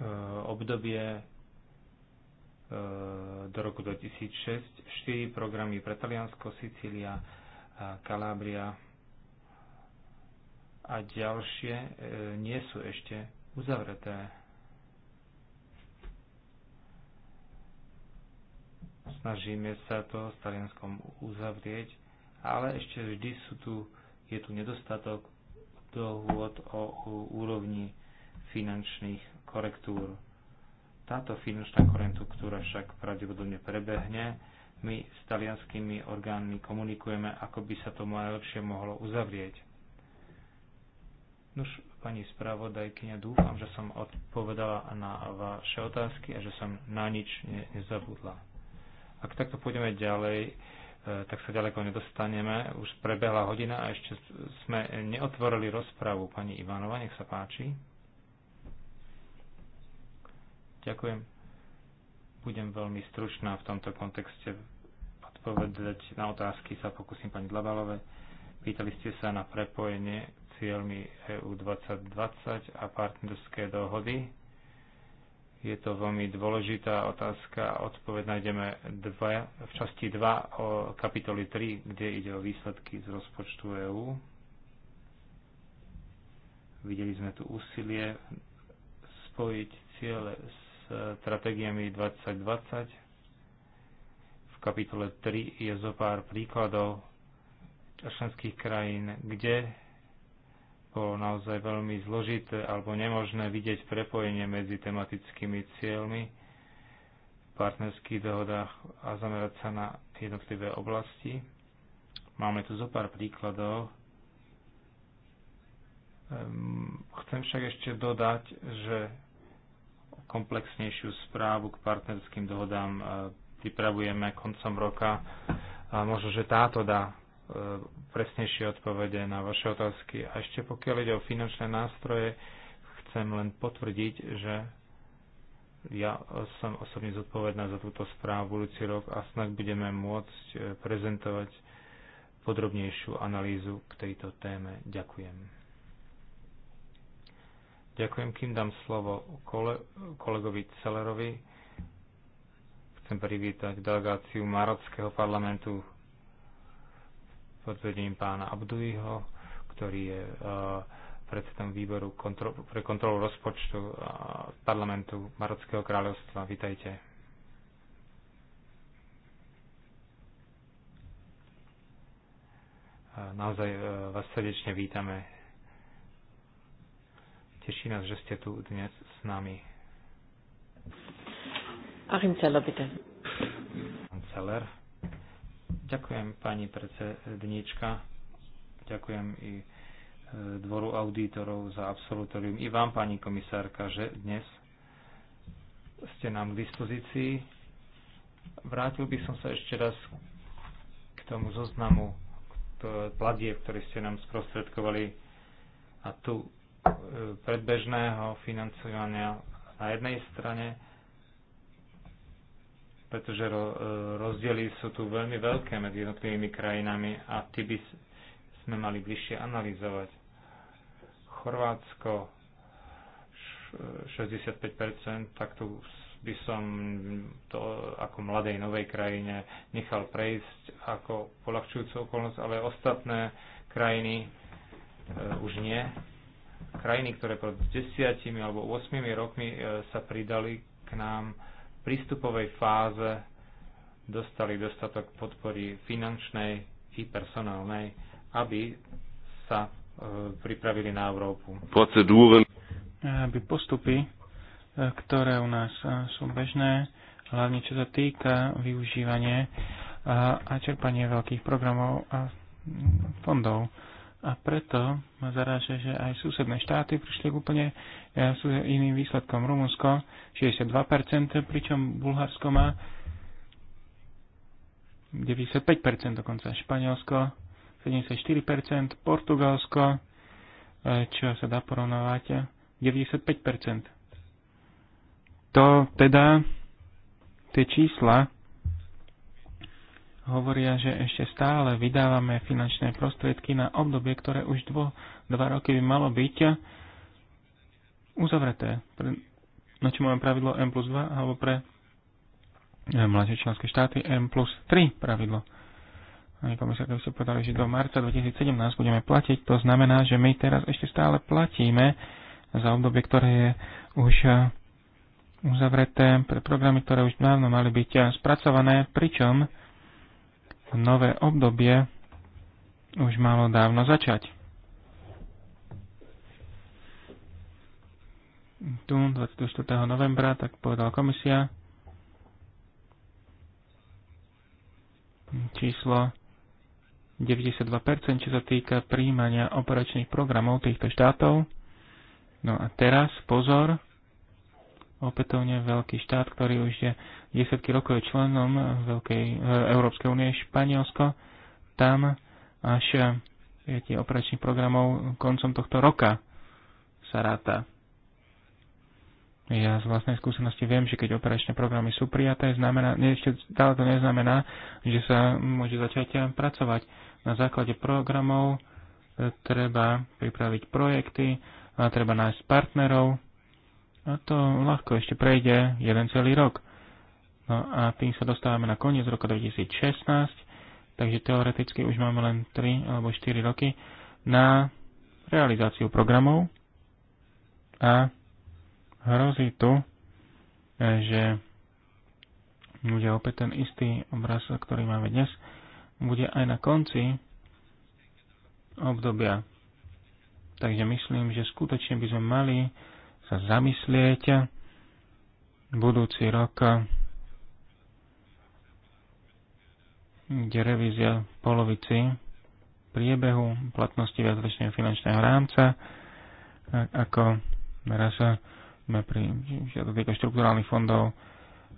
E, obdobie e, do roku 2006 4 programy pre Taliansko, Sicília, Kalábria, a ďalšie e, nie sú ešte uzavreté. Snažíme sa to s Talianskom uzavrieť, ale ešte vždy sú tu, je tu nedostatok dohôd o, o úrovni finančných korektúr. Táto finančná korektúra však pravdepodobne prebehne. My s talianskými orgánmi komunikujeme, ako by sa to najlepšie mohlo uzavrieť Nož, pani spravodajkyňa, dúfam, že som odpovedala na vaše otázky a že som na nič ne- nezabudla. Ak takto pôjdeme ďalej, e, tak sa ďaleko nedostaneme. Už prebehla hodina a ešte sme neotvorili rozpravu. Pani Ivanova, nech sa páči. Ďakujem. Budem veľmi stručná v tomto kontexte odpovedať na otázky sa pokúsim pani Dlabalove. Pýtali ste sa na prepojenie cieľmi EU 2020 a partnerské dohody. Je to veľmi dôležitá otázka a odpoveď nájdeme dva, v časti 2 o kapitoli 3, kde ide o výsledky z rozpočtu EÚ. Videli sme tu úsilie spojiť ciele s stratégiami 2020. V kapitole 3 je zo pár príkladov členských krajín, kde bolo naozaj veľmi zložité alebo nemožné vidieť prepojenie medzi tematickými cieľmi v partnerských dohodách a zamerať sa na jednotlivé oblasti. Máme tu zo pár príkladov. Ehm, chcem však ešte dodať, že komplexnejšiu správu k partnerským dohodám e, pripravujeme koncom roka a možno, že táto dá E, presnejšie odpovede na vaše otázky. A ešte pokiaľ ide o finančné nástroje, chcem len potvrdiť, že ja som osobne zodpovedná za túto správu budúci rok a snak budeme môcť e, prezentovať podrobnejšiu analýzu k tejto téme. Ďakujem. Ďakujem, kým dám slovo kole, kolegovi Celerovi. Chcem privítať delegáciu Marockého parlamentu pod vedením pána Abduiho, ktorý je eh, predsedom výboru kontrol, pre kontrolu rozpočtu eh, parlamentu Marockého kráľovstva. Vítajte. Eh, naozaj vás srdečne vítame. Teší nás, že ste tu dnes s nami. Achim Celler, bitte. Celler. Ďakujem pani predsedníčka, ďakujem i e, dvoru auditorov za absolutorium i vám, pani komisárka, že dnes ste nám k dispozícii. Vrátil by som sa ešte raz k tomu zoznamu platieb, ktorý ste nám sprostredkovali a tu e, predbežného financovania na jednej strane pretože e, rozdiely sú tu veľmi veľké medzi jednotlivými krajinami a ty by sme mali bližšie analyzovať. Chorvátsko 65%, e, tak tu by som to ako mladej novej krajine nechal prejsť ako polahčujúcu okolnosť, ale ostatné krajiny e, už nie. Krajiny, ktoré pred desiatimi alebo 8 rokmi e, sa pridali k nám, prístupovej fáze dostali dostatok podpory finančnej i personálnej, aby sa e, pripravili na Európu. Procedúre. Aby postupy, e, ktoré u nás e, sú bežné, hlavne čo sa týka využívanie a čerpanie veľkých programov a fondov. A preto ma zaráža, že aj susedné štáty prišli k úplne e, sú iným výsledkom. Rumunsko 62%, pričom Bulharsko má 95% dokonca. Španielsko 74%, Portugalsko, e, čo sa dá porovnávať, 95%. To teda tie čísla hovoria, že ešte stále vydávame finančné prostriedky na obdobie, ktoré už dvo, dva roky by malo byť uzavreté. Pre, na čo máme pravidlo M plus 2 alebo pre eh, mladšie členské štáty M plus 3 pravidlo. Ani komisia, keby ste povedali, že do marca 2017 budeme platiť, to znamená, že my teraz ešte stále platíme za obdobie, ktoré je už eh, uzavreté pre programy, ktoré už dávno mali byť eh, spracované, pričom nové obdobie už malo dávno začať. Tu 24. novembra, tak povedala komisia, číslo 92%, čo sa týka príjmania operačných programov týchto štátov. No a teraz pozor, opätovne veľký štát, ktorý už je desiatky rokov je členom Veľkej e, Európskej únie, Španielsko. Tam až e, tie operačných programov koncom tohto roka sa ráta. Ja z vlastnej skúsenosti viem, že keď operačné programy sú prijaté, znamená, ešte stále to neznamená, že sa môže začať pracovať. Na základe programov e, treba pripraviť projekty, treba nájsť partnerov, a to ľahko ešte prejde jeden celý rok. No a tým sa dostávame na koniec roka 2016, takže teoreticky už máme len 3 alebo 4 roky na realizáciu programov a hrozí tu, e, že bude opäť ten istý obraz, ktorý máme dnes, bude aj na konci obdobia. Takže myslím, že skutočne by sme mali sa zamyslieť. Budúci rok kde revízia polovici priebehu platnosti viacročného finančného rámca, ako teraz sme pri, čo týka štruktúrálnych fondov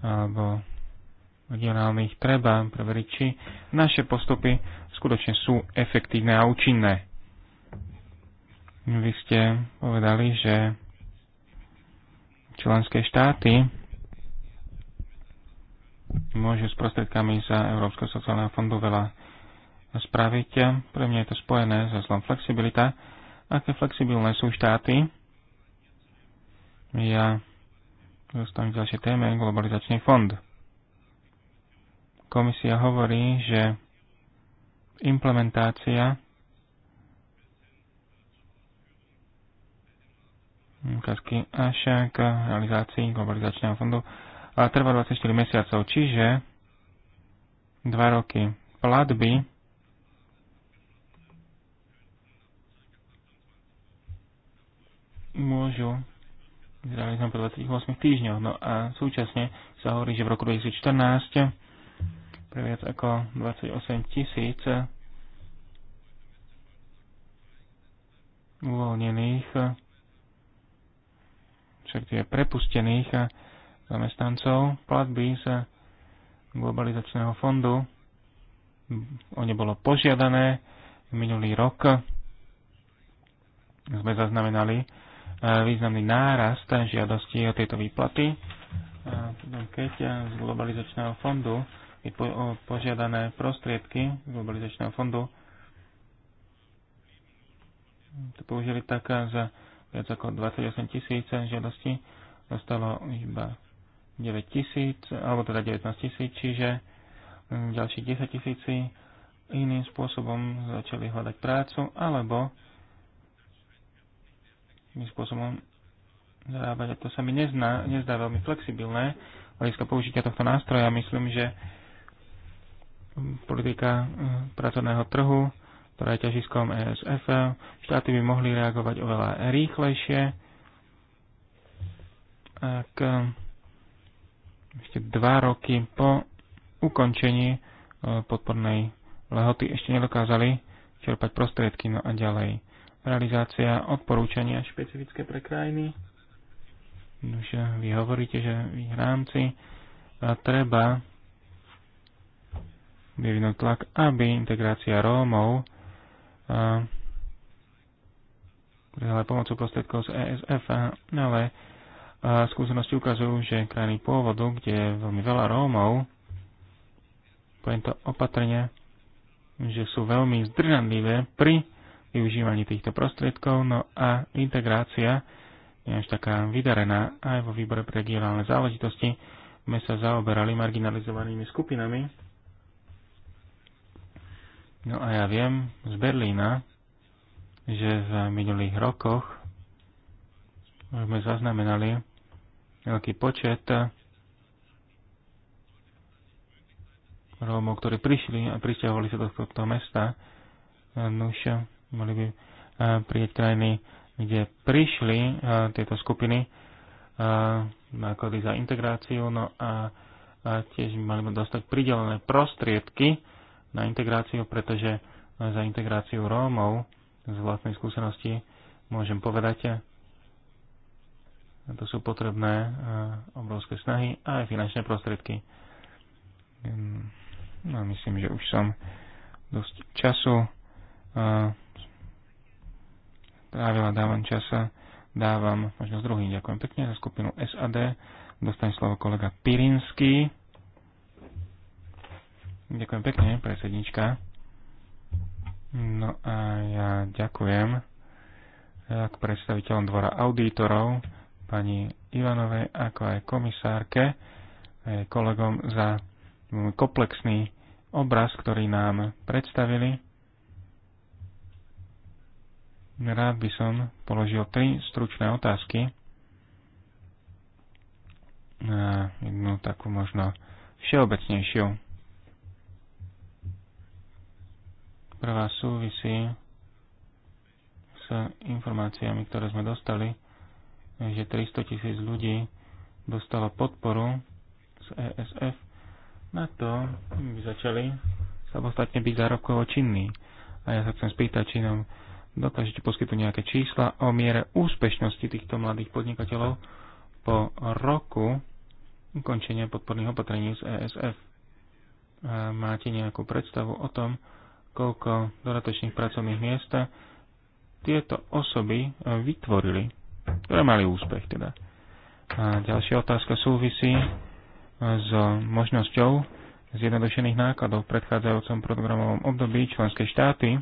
alebo regionálnych, treba preveriť, či naše postupy skutočne sú efektívne a účinné. Vy ste povedali, že členské štáty môžu s prostriedkami za Európskeho sociálneho fondu veľa spraviť. Pre mňa je to spojené so zlom flexibilita. Aké flexibilné sú štáty? Ja dostanem ďalšie téme, globalizačný fond. Komisia hovorí, že implementácia ukázky, k realizácii globalizačného fondu a trvá 24 mesiacov, čiže 2 roky platby môžu zrealizovať po 28 týždňoch. No a súčasne sa hovorí, že v roku 2014 pre viac ako 28 tisíc uvoľnených respektíve prepustených eh, zamestnancov, platby z eh, globalizačného fondu. Mm, o ne bolo požiadané minulý rok. Sme zaznamenali eh, významný nárast žiadosti o tieto výplaty. Keď z globalizačného fondu je požiadané prostriedky z globalizačného fondu, to použili tak za viac ako 28 tisíc žiadostí, dostalo iba 9 tisíc, alebo teda 19 tisíc, čiže mm, ďalší 10 tisíci iným spôsobom začali hľadať prácu, alebo iným spôsobom zarábať. A to sa mi nezná, nezdá veľmi flexibilné, hľadiska použitia tohto nástroja. Myslím, že politika mm, pracovného trhu ktorá je ťažiskom ESF. Štáty by mohli reagovať oveľa rýchlejšie. Ak ehm, ešte dva roky po ukončení e, podpornej lehoty ešte nedokázali čerpať prostriedky, no a ďalej. Realizácia odporúčania špecifické pre krajiny. Už vy hovoríte, že v ich rámci treba vyvinúť tlak, aby integrácia Rómov ale pomocou prostriedkov z ESF, ale skúsenosti ukazujú, že krajiny pôvodu, kde je veľmi veľa Rómov, poviem to opatrne, že sú veľmi zdržanlivé pri využívaní týchto prostriedkov, no a integrácia je až taká vydarená aj vo výbore pre regionálne záležitosti. My sa zaoberali marginalizovanými skupinami, No a ja viem z Berlína, že v minulých rokoch sme zaznamenali veľký počet Rómov, ktorí prišli a pristahovali sa do tohto mesta. Nuž, mali by prieť krajiny, kde prišli tieto skupiny náklady za integráciu, no a, a tiež mali by dostať pridelené prostriedky na integráciu, pretože za integráciu Rómov z vlastnej skúsenosti môžem povedať, to sú potrebné e, obrovské snahy a aj finančné prostriedky. No, myslím, že už som dosť času e, trávila, dávam časa, e, dávam možno s druhým. Ďakujem pekne za skupinu SAD. Dostane slovo kolega Pirinsky. Ďakujem pekne, predsednička. No a ja ďakujem eh, k predstaviteľom dvora auditorov, pani Ivanovej, ako aj komisárke, aj kolegom za komplexný obraz, ktorý nám predstavili. Rád by som položil tri stručné otázky. na jednu takú možno všeobecnejšiu. Prvá súvisí s informáciami, ktoré sme dostali, že 300 tisíc ľudí dostalo podporu z ESF na to, by začali samostatne byť zárobkovo činní. A ja sa chcem spýtať, či nám dokážete poskytnúť nejaké čísla o miere úspešnosti týchto mladých podnikateľov po roku ukončenia podporných opatrení z ESF. A máte nejakú predstavu o tom, koľko dodatočných pracovných miest tieto osoby e, vytvorili, ktoré mali úspech teda. A ďalšia otázka súvisí e, s možnosťou zjednodušených nákladov v predchádzajúcom programovom období členské štáty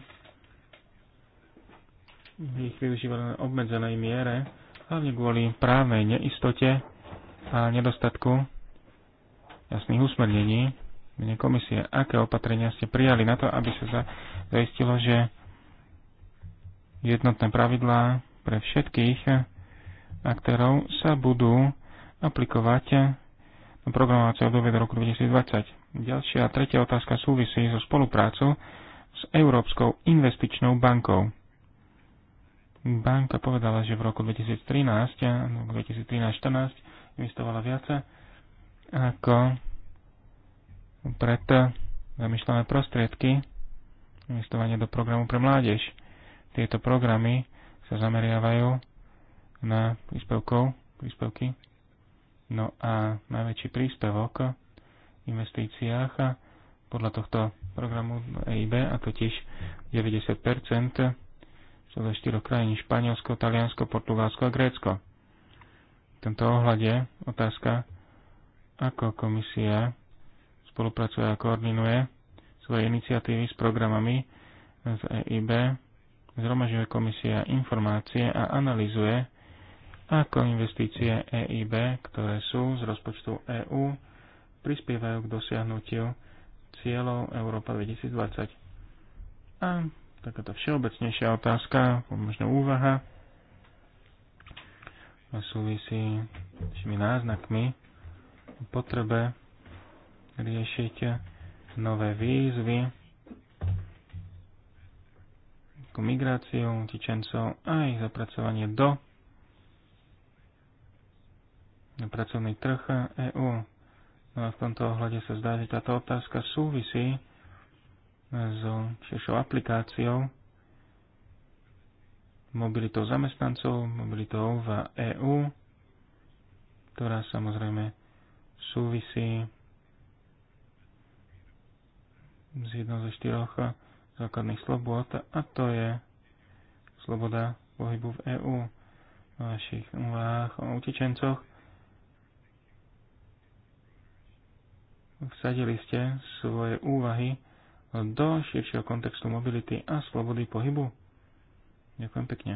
ich využívali na obmedzenej miere, hlavne kvôli právnej neistote a nedostatku jasných usmernení mene komisie, aké opatrenia ste prijali na to, aby sa zaistilo, že jednotné pravidlá pre všetkých aktérov sa budú aplikovať na programovacie obdobie do roku 2020. Ďalšia a tretia otázka súvisí so spoluprácou s Európskou investičnou bankou. Banka povedala, že v roku 2013 a 2013-2014 investovala viac ako preto zamýšľame prostriedky investovanie do programu pre mládež. Tieto programy sa zameriavajú na príspevkov, príspevky. No a najväčší príspevok v investíciách podľa tohto programu EIB, a totiž 90 sú ve štyroch krajín Španielsko, Taliansko, Portugalsko a Grécko. V tomto ohľade otázka, ako komisia spolupracuje a koordinuje svoje iniciatívy s programami z EIB, zhromažuje komisia informácie a analizuje, ako investície EIB, ktoré sú z rozpočtu EÚ, prispievajú k dosiahnutiu cieľov Európa 2020. A takáto všeobecnejšia otázka, možno úvaha, súvisí s tými náznakmi potrebe riešiť nové výzvy ku migráciu tičencov a ich zapracovanie do na pracovný trh EÚ. No a v tomto ohľade sa zdá, že táto otázka súvisí so širšou aplikáciou mobilitou zamestnancov, mobilitou v EÚ, ktorá samozrejme súvisí z jednou zo štyroch eh, základných slobod a to je sloboda pohybu v EÚ. o našich úvahách o utečencoch vsadili ste svoje úvahy do širšieho kontextu mobility a slobody pohybu. Ďakujem pekne.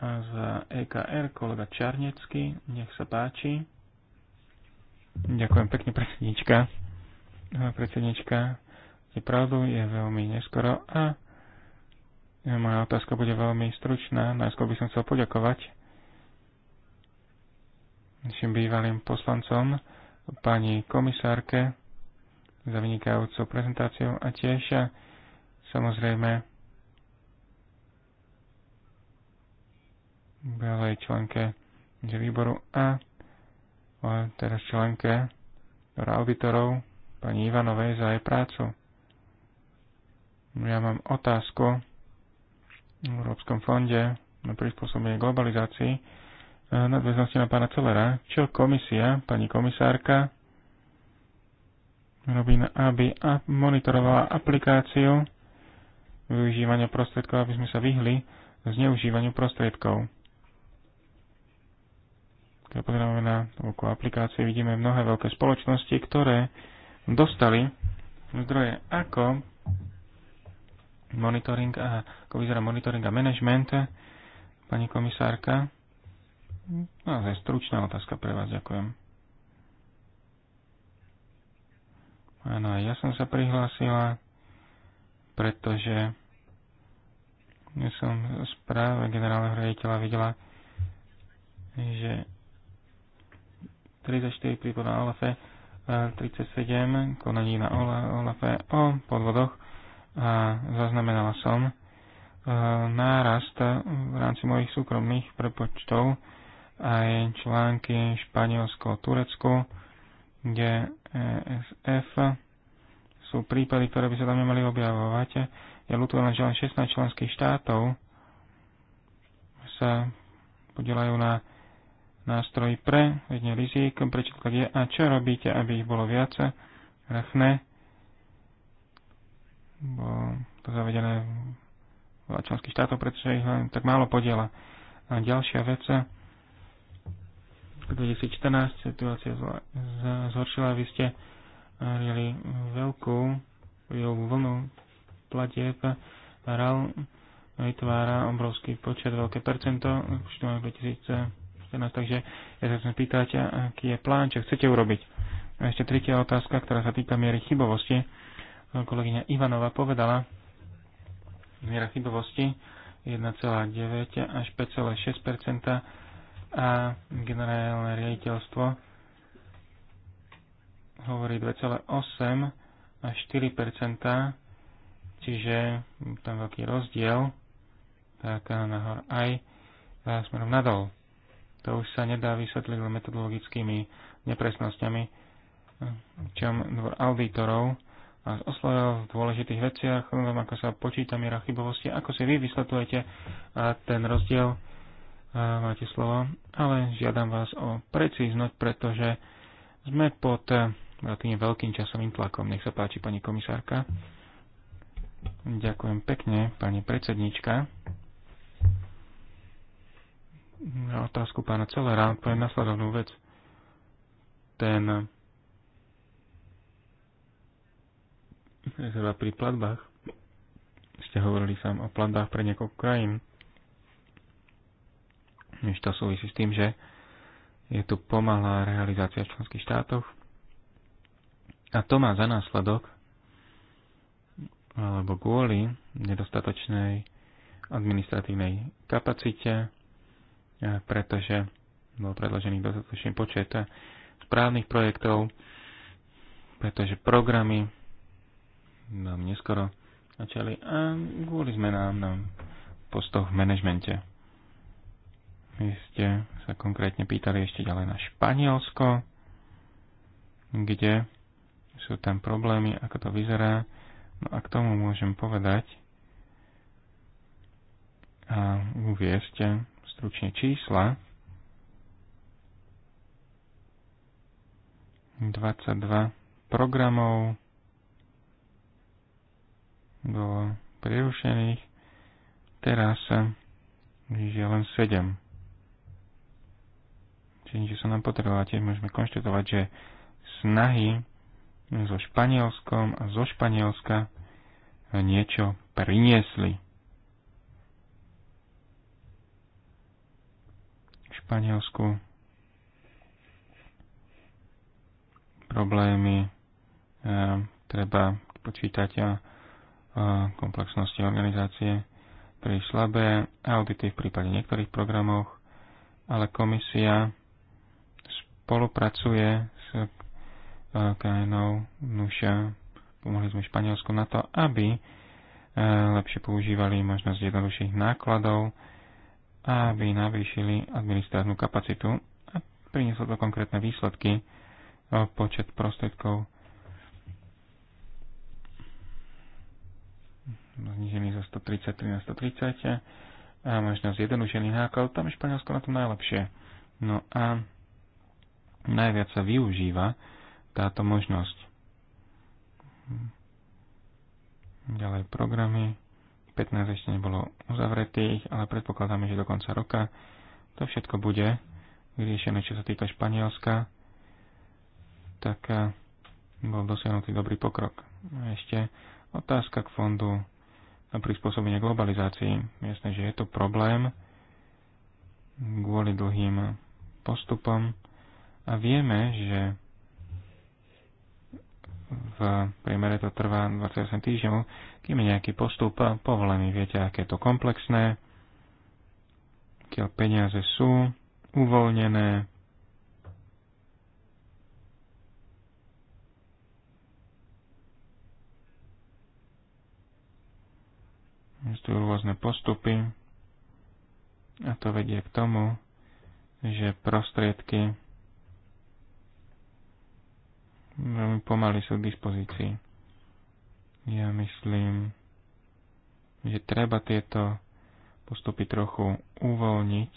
A za EKR kolega Čarnecký, nech sa páči. Ďakujem pekne, predsednička predsednička, je pravdu, je veľmi neskoro a moja otázka bude veľmi stručná. Najskôr by som chcel poďakovať našim bývalým poslancom, pani komisárke za vynikajúcu prezentáciu a tiež samozrejme bývalej členke výboru a teraz členke auditorov pani Ivanovej za jej prácu. Ja mám otázku v Európskom fonde na prispôsobenie globalizácii nadväznosti na pána Celera. Čo komisia, pani komisárka, robí, aby monitorovala aplikáciu využívania prostriedkov, aby sme sa vyhli zneužívaniu prostriedkov. Keď pozrieme na aplikácie, vidíme mnohé veľké spoločnosti, ktoré dostali zdroje ako monitoring a ako vyzerá monitoring a management. Pani komisárka, je stručná otázka pre vás, ďakujem. Áno, ja som sa prihlásila, pretože ja som správe generálneho riaditeľa videla, že 34 prípadov Alefe 37 konaní na OLAFE o podvodoch a zaznamenala som e, nárast v rámci mojich súkromných prepočtov aj články Španielsko, Turecko, kde ESF sú prípady, ktoré by sa tam nemali objavovať. Ja ľutujem, že len 16 členských štátov sa podielajú na nástroj pre vedne rizik, prečo to je a čo robíte, aby ich bolo viac rachné. bo to zavedené v členských štátov, pretože ich len tak málo podiela. A ďalšia vec, 2014 situácia zhoršila, vy ste riali veľkú vlnu platieb, RAL vytvára obrovský počet, veľké percento, už to máme 2000 nás, takže ja sa chcem pýtať, aký je plán, čo chcete urobiť. A ešte tretia otázka, ktorá sa týka miery chybovosti. Kolegyňa Ivanova povedala, miera chybovosti 1,9 až 5,6 a generálne riaditeľstvo hovorí 2,8 až 4 čiže tam veľký rozdiel, tak nahor aj smerom nadol. To už sa nedá vysvetliť metodologickými nepresnosťami, čom dvor auditorov a oslovil v dôležitých veciach, len ako sa počíta miera chybovosti, ako si vy vysvetľujete ten rozdiel, máte slovo, ale žiadam vás o precíznosť, pretože sme pod relatívne veľkým časovým tlakom. Nech sa páči, pani komisárka. Ďakujem pekne, pani predsednička na otázku pána Celera poviem nasledovnú vec. Ten rezerva pri platbách, ste hovorili sám o platbách pre niekoľko krajín, než to súvisí s tým, že je tu pomalá realizácia v členských štátoch a to má za následok, alebo kvôli nedostatočnej administratívnej kapacite, E, pretože bol predložený dostatočný počet správnych projektov, pretože programy nám neskoro začali a kvôli zmenám na postoch v manažmente. Vy ste sa konkrétne pýtali ešte ďalej na Španielsko, kde sú tam problémy, ako to vyzerá. No a k tomu môžem povedať a uviezte, stručne čísla. 22 programov bolo prerušených, teraz je len 7. Čiže sa nám potrebovala, tiež môžeme konštatovať, že snahy so Španielskom a zo Španielska niečo priniesli. Španielsku problémy e, treba počítať a komplexnosti organizácie pri slabé audity v prípade niektorých programoch, ale komisia spolupracuje s e, krajinou Nuša, pomohli sme Španielsku na to, aby e, lepšie používali možnosť jednoduchších nákladov, aby navýšili administrátnu kapacitu a prinieslo to konkrétne výsledky, počet prostriedkov znižený zo 133 na 130 a možno zjednodušený náklad, tam je Španielsko na tom najlepšie. No a najviac sa využíva táto možnosť. Hm. Ďalej programy. 15 ešte nebolo uzavretých, ale predpokladáme, že do konca roka to všetko bude vyriešené, čo sa týka Španielska, tak eh, bol dosiahnutý dobrý pokrok. A ešte otázka k fondu na prispôsobenie globalizácii. Jasné, že je to problém kvôli dlhým postupom a vieme, že v priemere to trvá 28 týždňov, kým je nejaký postup povolený. Viete, aké je to komplexné, pokiaľ peniaze sú uvoľnené, Existujú rôzne postupy a to vedie k tomu, že prostriedky veľmi pomaly sú k dispozícii. Ja myslím, že treba tieto postupy trochu uvoľniť,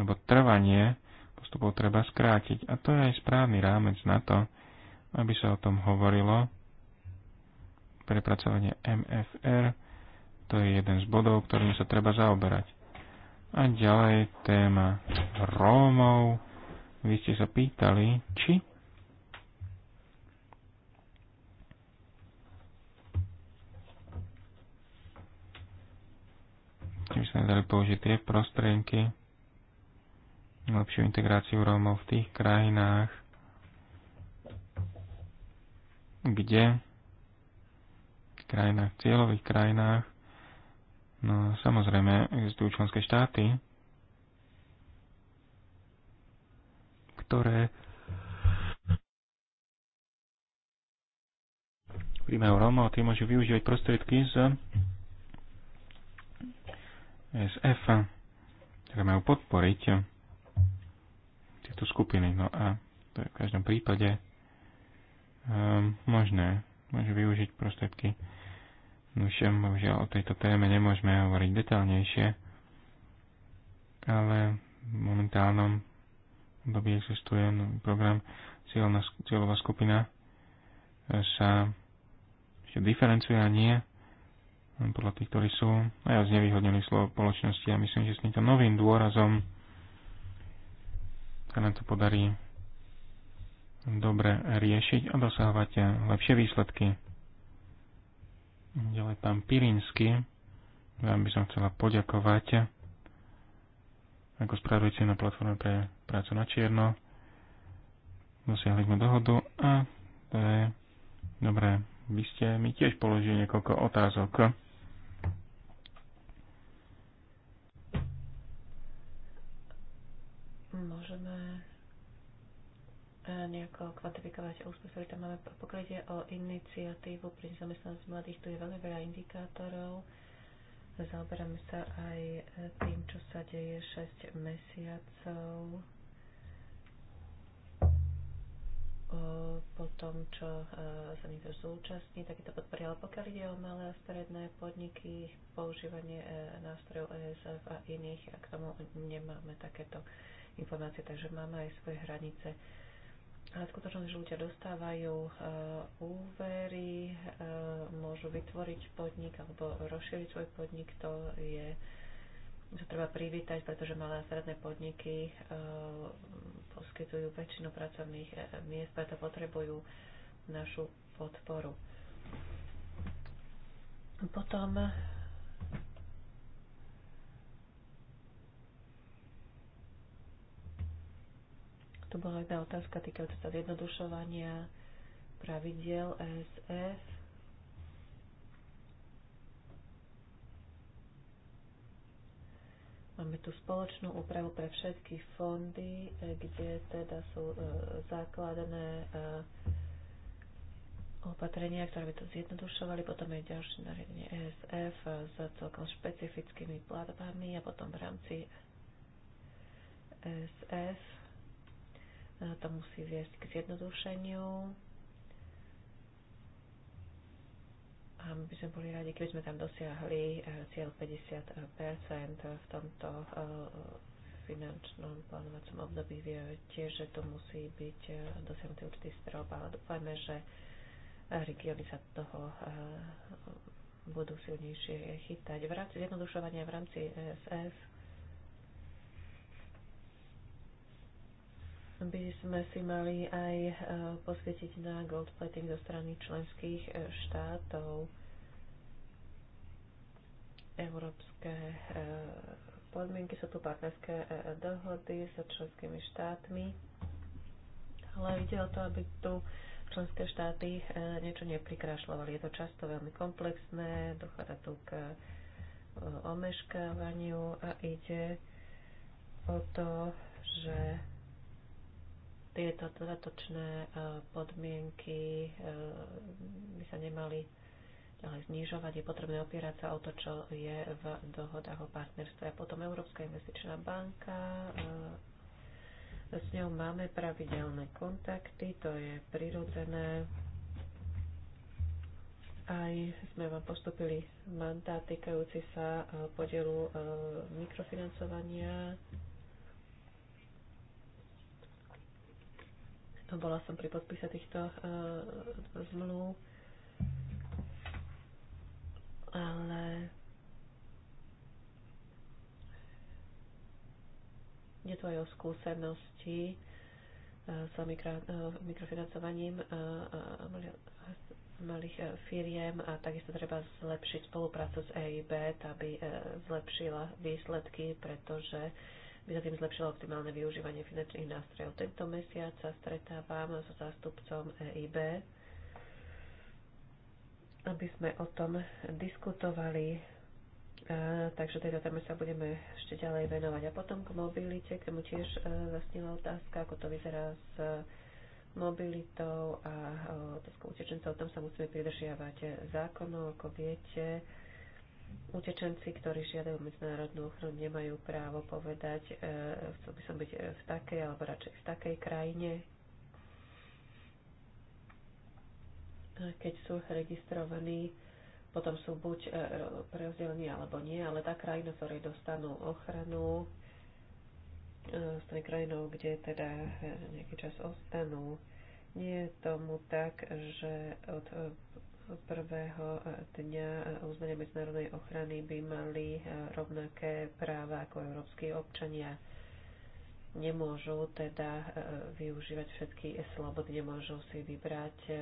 alebo trvanie postupov treba skrátiť. A to je aj správny rámec na to, aby sa o tom hovorilo. Prepracovanie MFR, to je jeden z bodov, ktorým sa treba zaoberať. A ďalej téma Rómov. Vy ste sa pýtali, či by sme dali použiť tie na lepšiu integráciu Rómov v tých krajinách, kde v krajinách, v cieľových krajinách, no samozrejme existujú členské štáty, ktoré príjmajú Rómov, tie môžu využívať prostriedky z SF ktoré teda majú podporiť tieto skupiny. No a to je v každom prípade um, možné. Môže využiť prostriedky. No všem, bohužiaľ, o tejto téme nemôžeme hovoriť detálnejšie, ale v momentálnom období existuje nový program cieľová skupina e, sa ešte diferencuje a nie podľa tých, ktorí sú aj znevýhodnení slovo spoločnosti. A ja myslím, že s týmto novým dôrazom sa nám to podarí dobre riešiť a dosahovať lepšie výsledky. Ďalej pán Pirinsky, vám by som chcela poďakovať ako spravujúci na platforme pre prácu na čierno. Dosiahli sme dohodu a to je dobré. Vy ste mi tiež položili niekoľko otázok. môžeme eh, nejako kvantifikovať úspech, ktorý tam máme. Pokiaľ ide o iniciatívu pri zamestnanosti mladých, tu je veľmi veľa indikátorov. Zaoberáme sa aj eh, tým, čo sa deje 6 mesiacov po tom, čo eh, sa niekto zúčastní, tak je to podporí. Ale pokiaľ ide o malé a stredné podniky, používanie nástrojov ESF a iných, a k tomu nemáme takéto informácie, takže máme aj svoje hranice. Ale skutočnosť, že ľudia dostávajú e, úvery, e, môžu vytvoriť podnik alebo rozšíriť svoj podnik, to je to treba privítať, pretože malé a stredné podniky e, poskytujú väčšinu pracovných miest, preto potrebujú našu podporu. Potom To bola jedna otázka týkajúca sa zjednodušovania pravidiel ESF. Máme tu spoločnú úpravu pre všetky fondy, e, kde teda sú e, základané e, opatrenia, ktoré by to zjednodušovali. Potom je ďalšie nariadenie ESF e, s celkom špecifickými platbami a potom v rámci ESF to musí viesť k zjednodušeniu. A my by sme boli radi, keby sme tam dosiahli eh, cieľ 50 v tomto eh, finančnom plánovacom období vie tiež, že to musí byť eh, dosiahnutý určitý strop, ale dúfajme, že regióny sa toho budú silnejšie chytať. V rámci zjednodušovania v rámci SS. by sme si mali aj e, posvietiť na gold plating zo strany členských e, štátov. Európske e, podmienky sú tu partnerské dohody so členskými štátmi, ale ide o to, aby tu členské štáty niečo neprikrašľovali. Je to často veľmi komplexné, dochádza tu k omeškávaniu a ide o to, že tieto dodatočné e, podmienky e, by sa nemali ďalej znižovať. Je potrebné opierať sa o to, čo je v dohodách o partnerstve. Potom Európska investičná banka e, s ňou máme pravidelné kontakty, to je prirodzené. Aj sme vám postupili mandát týkajúci sa podielu mikrofinancovania Bola som pri podpise týchto e, zmluv, ale je to aj o skúsenosti e, s e, mikrofinancovaním malých firiem a takisto treba zlepšiť spoluprácu s EIB, aby zlepšila výsledky, pretože by sa tým zlepšilo optimálne využívanie finančných nástrojov. Tento mesiac sa stretávam so zástupcom EIB, aby sme o tom diskutovali. A, takže tejto téme sa budeme ešte ďalej venovať. A potom k mobilite, k tomu tiež e, zasnila otázka, ako to vyzerá s mobilitou a e, otázkou utečencov. O tom sa musíme pridržiavať zákonov, ako viete Utečenci, ktorí žiadajú medzinárodnú ochranu, nemajú právo povedať, e, chcel by som byť e, v takej alebo radšej v takej krajine. Keď sú registrovaní, potom sú buď e, prerozdelení alebo nie, ale tá krajina, z ktorej dostanú ochranu, s tej krajinou, kde teda nejaký čas ostanú. Nie je tomu tak, že od prvého dňa uznania medzinárodnej ochrany by mali eh, rovnaké práva ako európsky občania. Nemôžu teda eh, využívať všetky slobody, nemôžu si vybrať eh,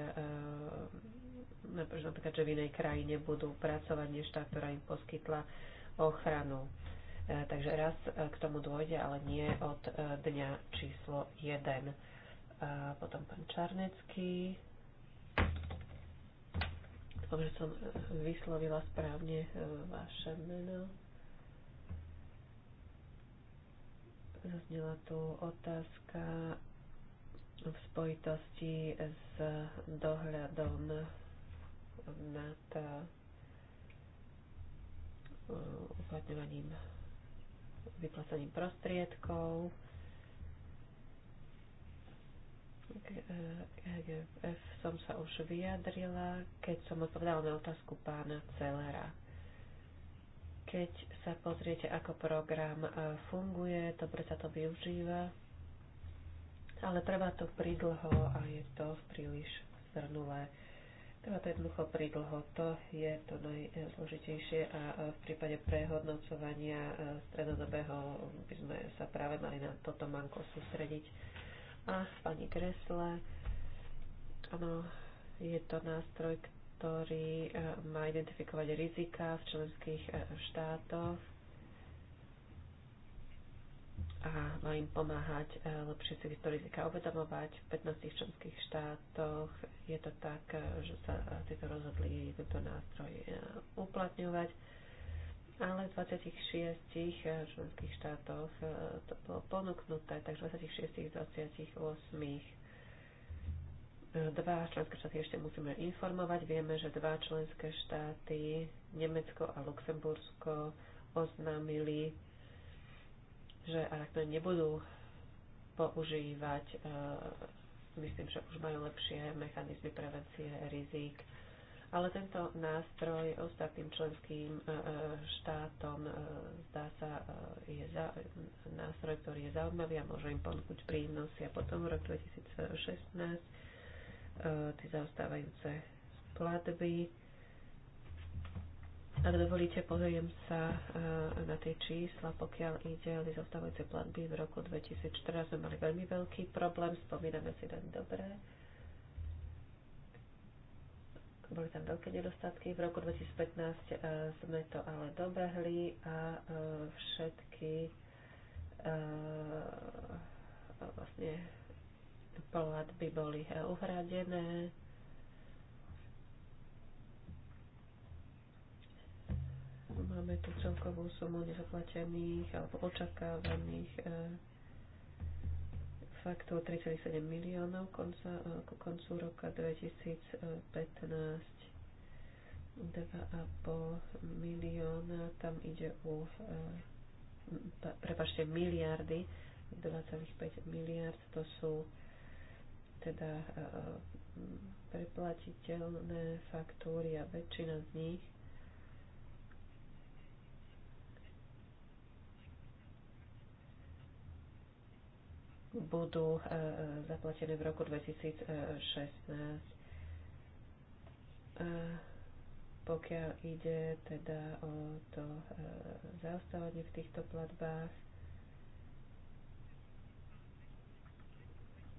napríklad, že v inej krajine budú pracovať než tá, ktorá im poskytla ochranu. Takže raz k tomu dôjde, ale nie od dňa číslo 1. Potom pán Čarnecký. Dúfam, že som e, vyslovila správne e, vaše meno. Zaznela tu otázka v spojitosti s dohľadom nad e, uplatňovaním vyplacaním prostriedkov. E, e, F som sa už vyjadrila, keď som odpovedala na otázku pána Celera. Keď sa pozriete, ako program e, funguje, dobre sa to využíva, ale trvá to pridlho a je to príliš zrnulé. Trvá to jednoducho pridlho, to je to najzložitejšie a v prípade prehodnocovania stredodobého by sme sa práve mali na toto manko sústrediť a pani Kresle, áno, je to nástroj, ktorý e, má identifikovať rizika v členských e, štátoch a má im pomáhať e, lepšie si tieto rizika uvedomovať. V 15 členských štátoch je to tak, že sa tieto rozhodli tento nástroj uplatňovať ale v 26 eh, členských štátoch eh, to bolo ponúknuté, takže 26 z 28. Dva členské štáty ešte musíme informovať. Vieme, že dva členské štáty, Nemecko a Luxembursko, oznámili, že Arakne nebudú používať, eh, myslím, že už majú lepšie mechanizmy prevencie rizik ale tento nástroj ostatným členským e, e, štátom e, zdá sa je za, nástroj, ktorý je zaujímavý a môže im ponúknuť prínosy. A potom v roku 2016 tie zaostávajúce platby. Ak dovolíte, pozriem sa na tie čísla. Pokiaľ ide o zaostávajúce platby, v roku 2014 sme mali veľmi veľký problém, spomíname si len dobré boli tam veľké nedostatky. V roku 2015 e, sme to ale dobehli a e, všetky e, vlastne platby boli uhradené. Máme tu celkovú sumu nezaplatených alebo očakávaných faktu 3,7 miliónov konca, e, ku koncu roka 2015 2,5 milióna, tam ide o, e, prepašte, miliardy, 2,5 miliard, to sú teda e, preplatiteľné faktúry a väčšina z nich budú e, e, zaplatené v roku 2016. E, pokiaľ ide teda o to zaostávanie v týchto platbách,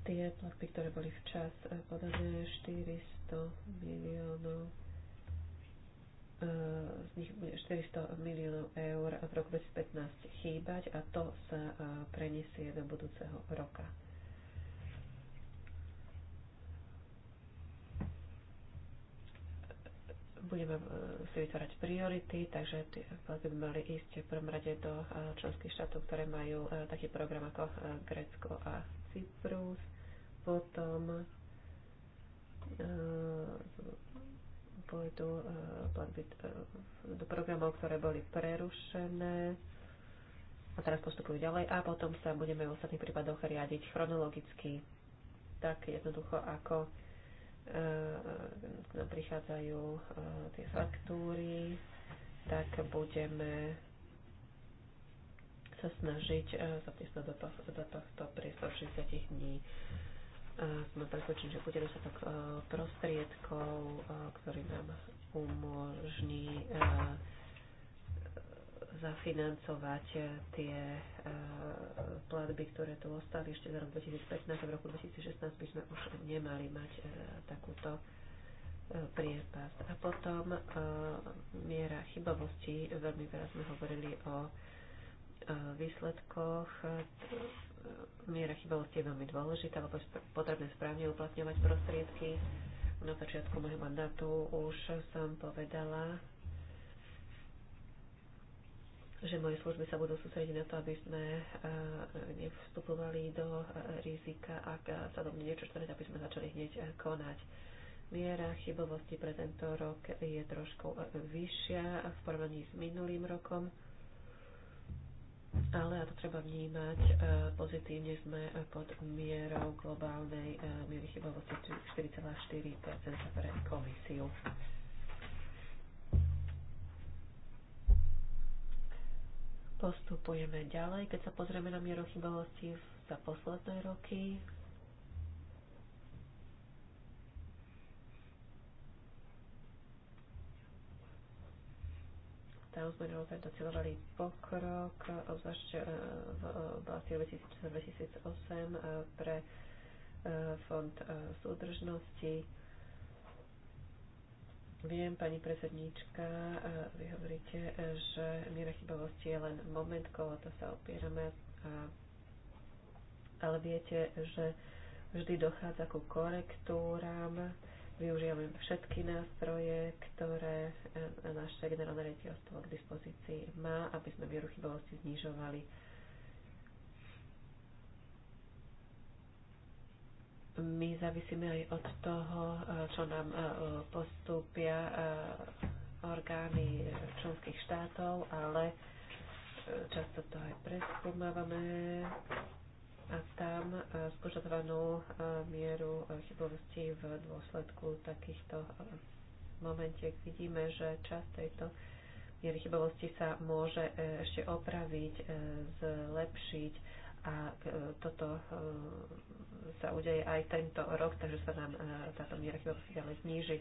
tie platby, ktoré boli včas podané 400 miliónov z nich bude 400 miliónov eur v roku 2015 chýbať a to sa e, preniesie do budúceho roka. budeme e, si vytvárať priority, takže tie platby by mali ísť v prvom rade do e, členských štátov, ktoré majú taký program ako Grécko a Cyprus. Potom pôjdu e, platby e, do programov, ktoré boli prerušené a teraz postupujú ďalej a potom sa budeme v ostatných prípadoch riadiť chronologicky tak jednoducho ako e, nám prichádzajú tie faktúry, tak budeme sa snažiť zapísať do tohto priestor 60 dní sme presvedčení, že bude dostatok e, prostriedkov, e, ktorý nám umožní e, zafinancovať tie platby, ktoré tu ostali ešte za rok 2015 a v roku 2016 by sme už nemali mať takúto priepasť. A potom miera chybovosti, veľmi veľa sme hovorili o výsledkoch miera chybovosti je veľmi dôležitá, lebo je potrebné správne uplatňovať prostriedky. Na začiatku môjho mandátu už som povedala, že moje služby sa budú sústrediť na to, aby sme eh, nevstupovali do eh, rizika, ak eh, sa do mne niečo stane, aby sme začali hneď konať. Miera chybovosti pre tento rok je trošku vyššia v porovnaní s minulým rokom ale, a to treba vnímať, e, pozitívne sme pod mierou globálnej e, miery chybovosti 4,4 pre komisiu. Postupujeme ďalej. Keď sa pozrieme na mieru chybovosti za posledné roky, ozbrojené rozhľad docelovali pokrok, obzvlášť e, e, v oblasti 2008 e, pre fond súdržnosti. Viem, pani predsedníčka, vy hovoríte, že miera chybovosti je len moment, koho to sa opierame, ale viete, že vždy dochádza ku korektúram využívame všetky nástroje, ktoré e, naše generálne rejiteľstvo k dispozícii má, aby sme mieru chybovosti znižovali. My závisíme aj od toho, e, čo nám e, postúpia orgány členských štátov, ale často to aj preskúmávame, a tam e, spožadovanú e, mieru e, chybovosti v dôsledku takýchto momentiek vidíme, že čas tejto miery chybovosti sa môže ešte opraviť, zlepšiť a toto sa udeje aj tento rok, takže sa nám táto miera chybovosti ďalej zníži.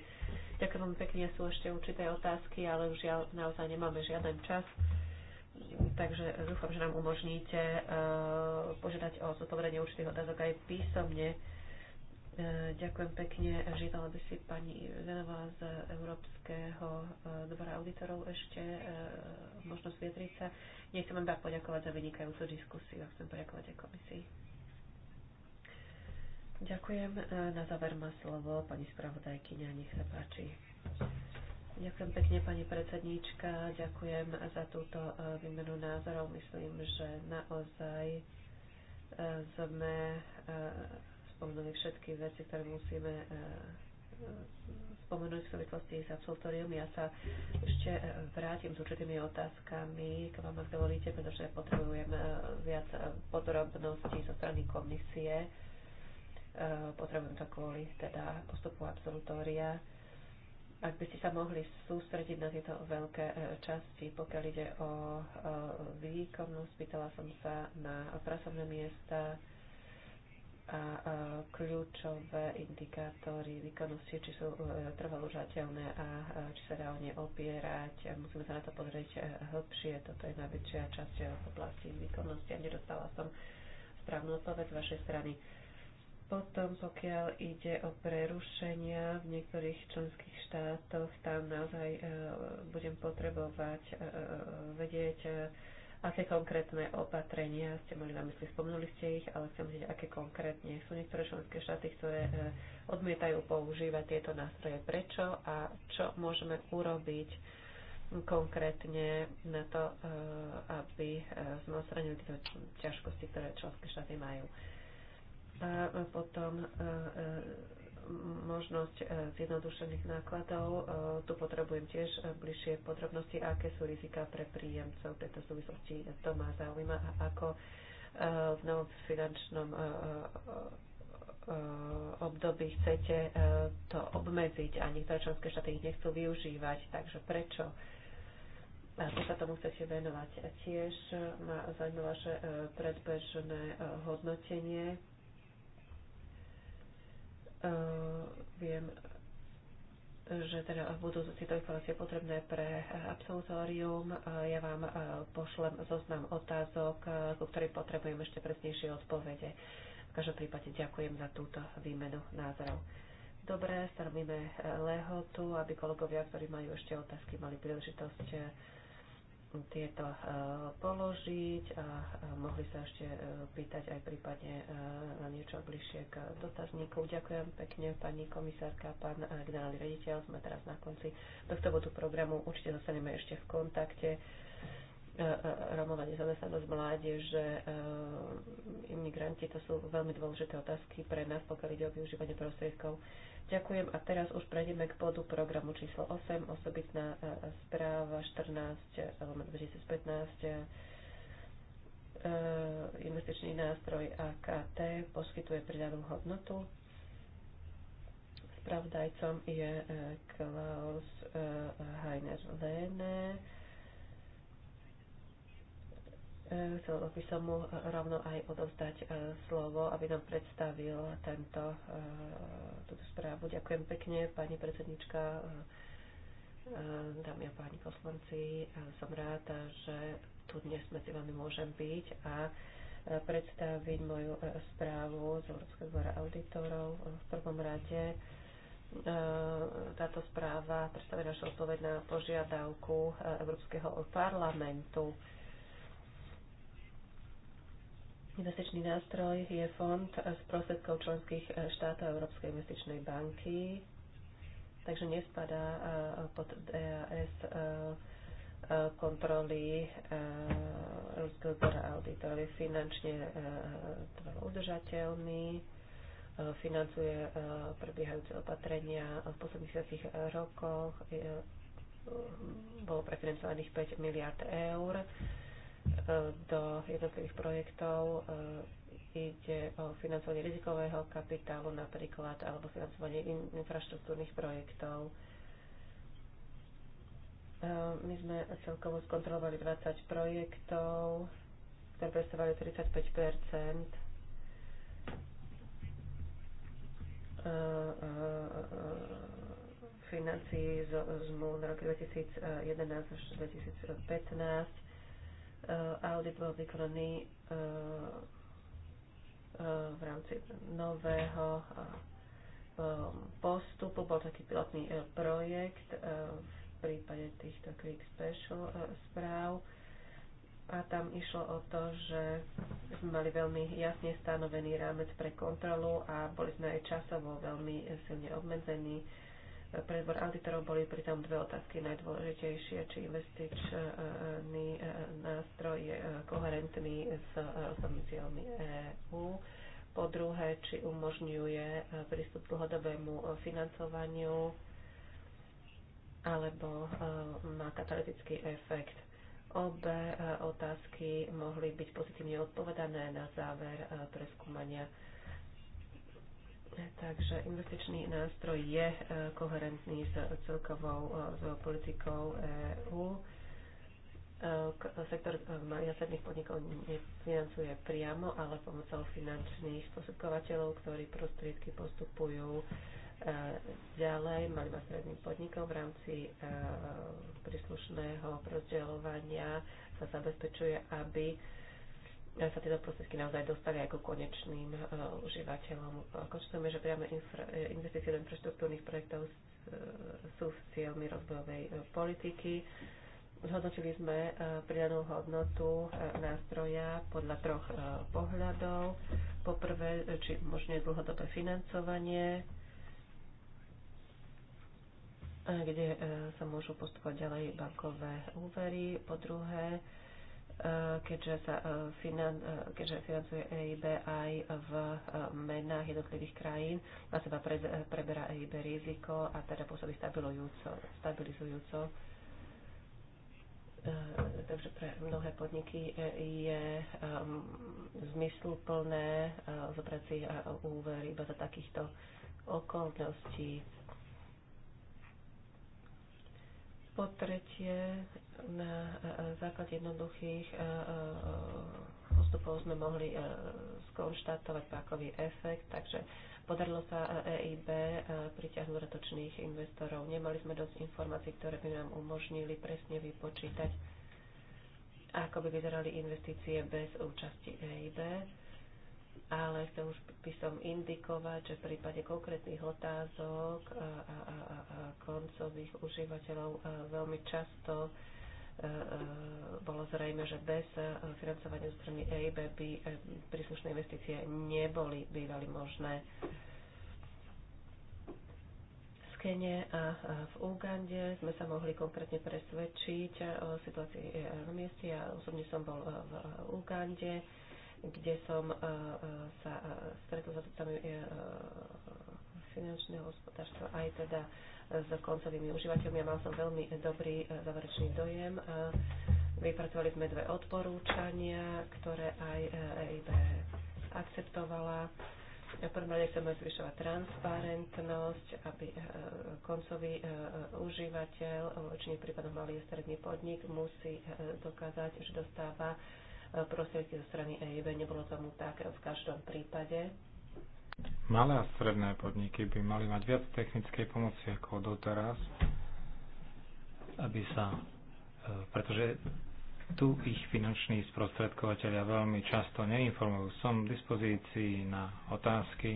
Ďakujem veľmi pekne, sú ešte určité otázky, ale už žiaľ, naozaj nemáme žiaden čas takže dúfam, že nám umožníte e, požiadať o zodpovedanie určitých otázok aj písomne. E, ďakujem pekne. Žiadala by si pani Zenová z Európskeho e, dvora auditorov ešte možnosť vyjadriť sa. Nechcem iba poďakovať za vynikajúcu diskusiu a chcem poďakovať aj komisii. Ďakujem. Na záver má slovo pani spravodajkyňa. Nech sa páči. Ďakujem pekne, pani predsedníčka. Ďakujem za túto e, výmenu názorov. Myslím, že naozaj e, sme e, spomenuli všetky veci, ktoré musíme spomenúť v súvislosti s absolutorium. Ja sa ešte vrátim s určitými otázkami k vám, ak dovolíte, pretože potrebujem viac podrobností zo strany komisie. Potrebujem to kvôli teda postupu absolutória ak by ste sa mohli sústrediť na tieto veľké e, časti, pokiaľ ide o e, výkonnosť, pýtala som sa na pracovné miesta a e, kľúčové indikátory výkonnosti, či sú trvalo užateľné a či sa dá o ne opierať. Musíme sa na to pozrieť hĺbšie. Toto je najväčšia časť v oblasti výkonnosti a nedostala som správnu odpoveď z vašej strany. Potom, pokiaľ ide o prerušenia v niektorých členských štátoch, tam naozaj e, budem potrebovať e, e, vedieť, aké konkrétne opatrenia ste mali na mysli. Spomnuli ste ich, ale chcem vedieť, aké konkrétne. Sú niektoré členské štáty, ktoré odmietajú používať tieto nástroje. Prečo a čo môžeme urobiť konkrétne na to, aby sme odstranili tieto ťažkosti, ktoré členské štáty majú? a potom možnosť e, zjednodušených nákladov. E, tu potrebujem tiež e, bližšie podrobnosti, aké sú rizika pre príjemcov tejto súvislosti. To má zaujíma a ako v novom finančnom období chcete to obmedziť a niektoré členské štáty ich nechcú využívať, takže prečo? Ako sa tomu chcete venovať? Tiež ma zaujíma vaše predbežné hodnotenie Eh, viem, že teda budú tieto informácie potrebné pre eh, absolutórium. Eh, ja vám pošlem zoznam otázok, ku ktorým potrebujem ešte presnejšie odpovede. V každom prípade ďakujem za túto výmenu názorov. Dobre, stanovíme lehotu, aby kolegovia, ktorí majú ešte otázky, mali príležitosť tieto e, položiť a mohli sa ešte e, pýtať aj prípadne e, na niečo bližšie k dotazníku. Ďakujem pekne pani komisárka, pán generálny rediteľ. Sme teraz na konci tohto bodu programu. Určite zostaneme ešte v kontakte. zamestnanosť nezamestnanosť mládeže, imigranti, to sú veľmi dôležité otázky pre nás, pokiaľ ide o využívanie prostriedkov Ďakujem a teraz už prejdeme k bodu programu číslo 8, osobitná e, správa 14 2015 e, e, investičný nástroj AKT poskytuje pridanú hodnotu. Spravdajcom je Klaus Heiner Lehne. Chcel by som mu rovno aj odovzdať e, slovo, aby nám predstavil tento, e, túto správu. Ďakujem pekne, pani predsednička, e, dámy a páni poslanci. Som ráda, že tu dnes medzi vami môžem byť a predstaviť moju správu z Európskeho dvora auditorov. V prvom rade táto správa predstavuje našu odpoveď na požiadavku Európskeho parlamentu Investičný nástroj je fond z prostredkov členských štátov Európskej investičnej banky, takže nespadá eh, pod DAS e eh, eh, kontroly Európskeho zbora auditorov. Je finančne udržateľný, financuje prebiehajúce opatrenia v posledných 10 rokoch bolo prefinancovaných 5 miliard eur E, do jednotlivých projektov. E, ide o financovanie rizikového kapitálu napríklad, alebo financovanie infraštruktúrnych projektov. E, my sme celkovo skontrolovali 20 projektov, ktoré predstavovali 35 financí z zmluv na roky 2011 až 2015 Eh, audit bol vykonaný eh, eh, v rámci nového postupu. Bol taký pilotný projekt v prípade týchto Quick Special správ. A tam išlo o to, že sme mali veľmi jasne stanovený rámec pre kontrolu a boli sme aj časovo veľmi silne obmedzení pre dvor auditorov boli pritom dve otázky najdôležitejšie, či investičný e, e, nástroj je e, koherentný s rozhodnými cieľmi EÚ. Po druhé, či umožňuje prístup k dlhodobému financovaniu alebo má katalytický efekt. Obe otázky mohli byť pozitívne odpovedané na záver preskúmania Takže investičný nástroj je e, koherentný s celkovou e, politikou EÚ. E, sektor malých podnikov nefinancuje priamo, ale pomocou finančných spôsobkovateľov, ktorí prostriedky postupujú ďalej malým a stredným podnikom v rámci príslušného rozdielovania sa zabezpečuje, aby sa tieto prostriedky naozaj dostali ako konečným uh, užívateľom. Konštatujeme, že priame eh, investície do infraštruktúrnych projektov s, eh, sú s cieľmi rozvojovej uh, politiky. Zhodnotili sme uh, pridanú hodnotu uh, nástroja podľa troch uh, pohľadov. Poprvé, či možne dlhodobé financovanie, kde sa môžu postupovať ďalej bankové úvery. Po druhé, keďže, sa e, finan, e, keďže financuje EIB aj v e, menách jednotlivých krajín, na seba pre, preberá EIB riziko a teda pôsobí stabilizujúco. Takže pre mnohé podniky je zmysluplné zobrať si úver iba za takýchto okolností. Po tretie, na eh, základe jednoduchých eh, eh, postupov sme mohli skonštatovať pákový efekt, takže podarilo sa EIB e priťahnuť dodatočných investorov. Nemali sme dosť informácií, ktoré by nám umožnili presne vypočítať, ako by vyzerali investície bez účasti EIB, ale chcem už by som indikovať, že v prípade konkrétnych otázok a, a, a, a koncových užívateľov veľmi často E, e, bolo zrejme, že bez e, financovania zo strany EIB by príslušné investície neboli bývali možné. V Kene a v Ugande sme sa mohli konkrétne presvedčiť o situácii na mieste. Ja osobne som bol v Ugande, kde som sa stretol s zástupcami finančného hospodárstva aj teda s koncovými užívateľmi a mal som veľmi dobrý e, záverečný dojem. E, Vypracovali sme dve odporúčania, ktoré aj EIB e akceptovala. V prvom rade chceme zvyšovať transparentnosť, aby koncový užívateľ, či väčšine prípadov malý a stredný podnik, musí dokázať, že dostáva prostriedky zo strany EIB. Nebolo tomu tak v každom prípade. Malé a stredné podniky by mali mať viac technickej pomoci ako doteraz, aby sa, e, pretože tu ich finanční sprostredkovateľia veľmi často neinformujú. Som v dispozícii na otázky.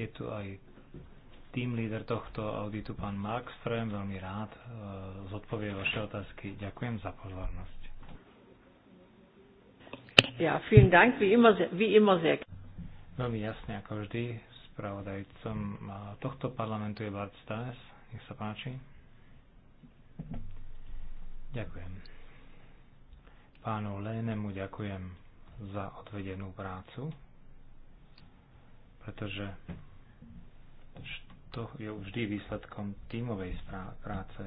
Je tu aj tým líder tohto auditu, pán Mark Strem, veľmi rád e, zodpovie vaše otázky. Ďakujem za pozornosť. Ja, vielen Dank, wie immer, wie immer sehr. Veľmi jasne, ako vždy, spravodajcom tohto parlamentu je Bart Stas. Nech sa páči. Ďakujem. Pánu Lénemu ďakujem za odvedenú prácu, pretože to je vždy výsledkom tímovej práce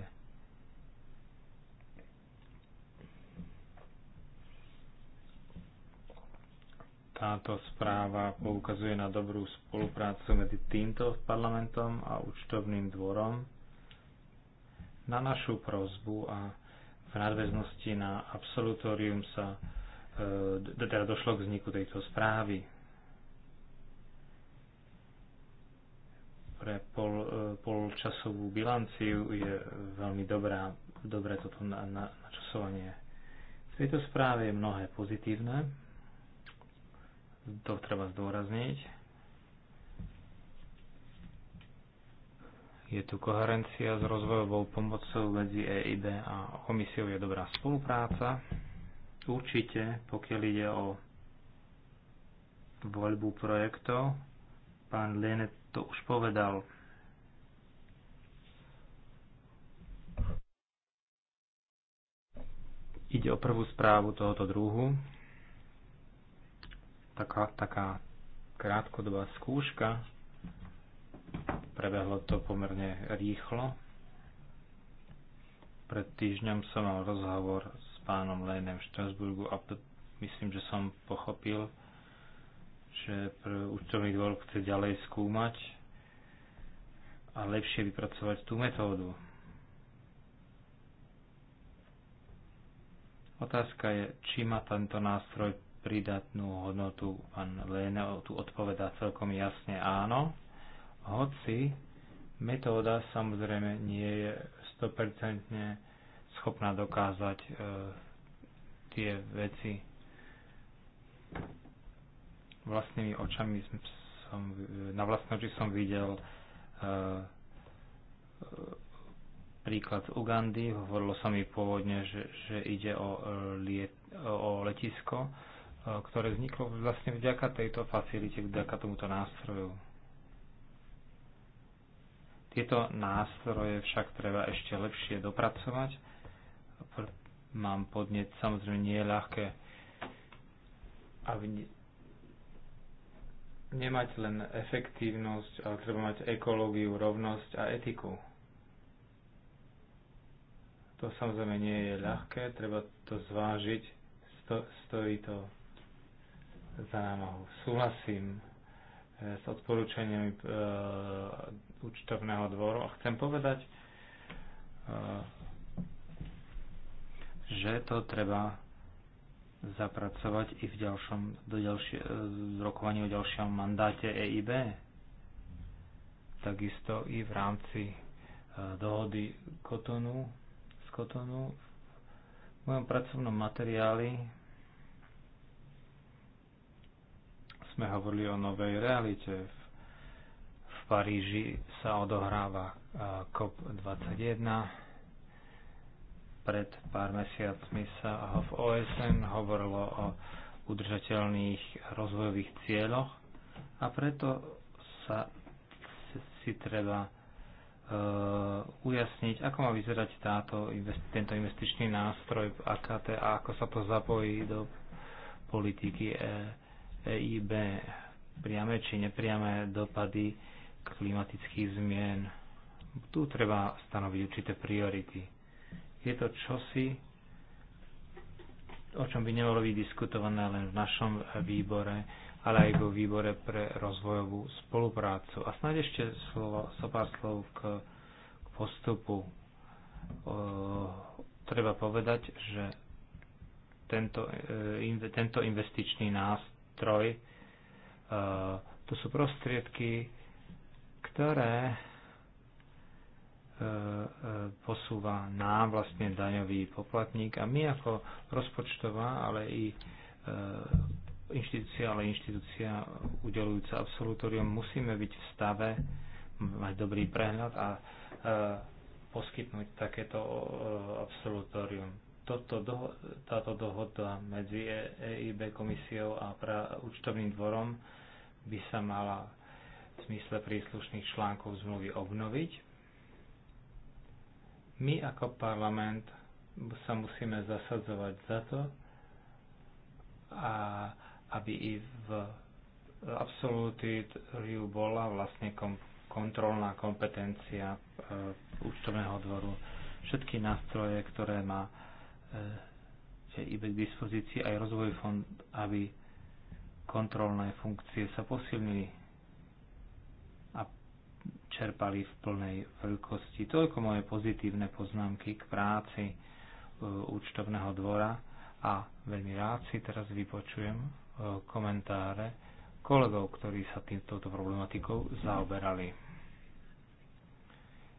Táto správa poukazuje na dobrú spoluprácu medzi týmto parlamentom a účtovným dvorom. Na našu prozbu a v nadväznosti na absolutórium sa e, teda došlo k vzniku tejto správy. Pre pol, e, polčasovú bilanciu je veľmi dobrá, dobré toto na, na, načasovanie. V tejto správe je mnohé pozitívne, to treba zdôrazniť. Je tu koherencia s rozvojovou pomocou medzi EIB a komisiou je dobrá spolupráca. Určite, pokiaľ ide o voľbu projektov, pán Lene to už povedal, Ide o prvú správu tohoto druhu taká, taká krátkodobá skúška. Prebehlo to pomerne rýchlo. Pred týždňom som mal rozhovor s pánom Lénem v Štrasburgu a myslím, že som pochopil, že účtovný dvor chce ďalej skúmať a lepšie vypracovať tú metódu. Otázka je, či má tento nástroj pridatnú hodnotu. Pán Léna tu odpovedá celkom jasne áno, hoci metóda samozrejme nie je 100% schopná dokázať e, tie veci. Vlastnými očami som, na vlastné oči som videl e, e, príklad z Ugandy. Hovorilo sa mi pôvodne, že, že ide o, liet, o letisko ktoré vzniklo vlastne vďaka tejto facilite, vďaka tomuto nástroju. Tieto nástroje však treba ešte lepšie dopracovať. Mám podnet, samozrejme nie je ľahké a nemať len efektívnosť, ale treba mať ekológiu, rovnosť a etiku. To samozrejme nie je ľahké, treba to zvážiť, Sto, stojí to za námahu. Súhlasím e, s odporúčaniami e, účtovného dvoru a chcem povedať, e, že to treba zapracovať i v ďalšom do ďalšie, v e, rokovaní o ďalšom mandáte EIB. Takisto i v rámci e, dohody Kotonu, z Kotonu. V mojom pracovnom materiáli sme hovorili o novej realite. V Paríži sa odohráva COP21. Pred pár mesiacmi sa v OSN hovorilo o udržateľných rozvojových cieľoch a preto sa si treba e, ujasniť, ako má vyzerať táto, tento investičný nástroj v AKT a ako sa to zapojí do politiky e. EIB priame či nepriame dopady klimatických zmien. Tu treba stanoviť určité priority. Je to čosi, o čom by nemalo byť diskutované len v našom výbore, ale aj vo výbore pre rozvojovú spoluprácu. A snáď ešte slovo, so pár slov k, k postupu. E, treba povedať, že tento, e, tento investičný nástroj nástroj. E, to sú prostriedky, ktoré e, e, posúva nám vlastne daňový poplatník a my ako rozpočtová, ale i inštitúcia, ale inštitúcia udelujúca absolutórium musíme byť v stave mať dobrý prehľad a poskytnúť takéto absolutórium toto do, táto dohoda medzi EIB e komisiou a pra- účtovným dvorom by sa mala v smysle príslušných článkov zmluvy obnoviť. My ako parlament sa musíme zasadzovať za to, a aby i v absolutitriu bola vlastne kom- kontrolná kompetencia e, účtovného dvoru. Všetky nástroje, ktoré má E, i k dispozícii aj rozvoj fond, aby kontrolné funkcie sa posilnili a čerpali v plnej veľkosti. Toľko moje pozitívne poznámky k práci e, účtovného dvora a veľmi rád si teraz vypočujem e, komentáre kolegov, ktorí sa týmto problematikou zaoberali.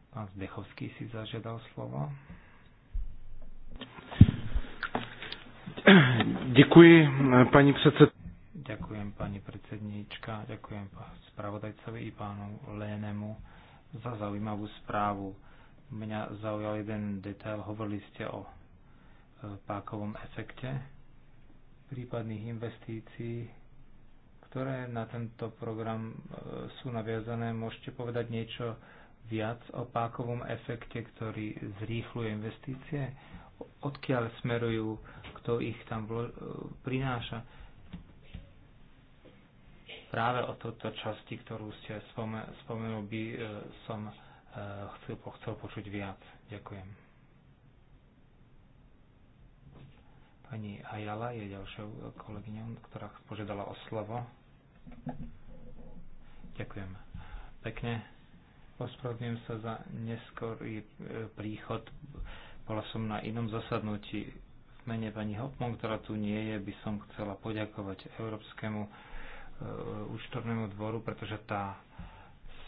Pán Zdechovský si zažiadal slovo. Ďakujem, <clears throat> pani predsed... Ďakujem, pani predsedníčka, ďakujem spravodajcovi i pánu Lénemu za zaujímavú správu. Mňa zaujal jeden detail, hovorili ste o e, pákovom efekte prípadných investícií, ktoré na tento program e, sú naviazané. Môžete povedať niečo viac o pákovom efekte, ktorý zrýchluje investície? odkiaľ smerujú, kto ich tam e, prináša. Práve o toto časti, ktorú ste spomen- spomenul, by e, som e, chcel, chcel počuť viac. Ďakujem. Pani Ajala je ďalšou kolegyňou, ktorá požiadala o slovo. Ďakujem pekne. Ospravedlňujem sa za neskorý príchod. Bola som na inom zasadnutí v mene pani Hopmon, ktorá tu nie je, by som chcela poďakovať Európskemu e, účtovnému dvoru, pretože tá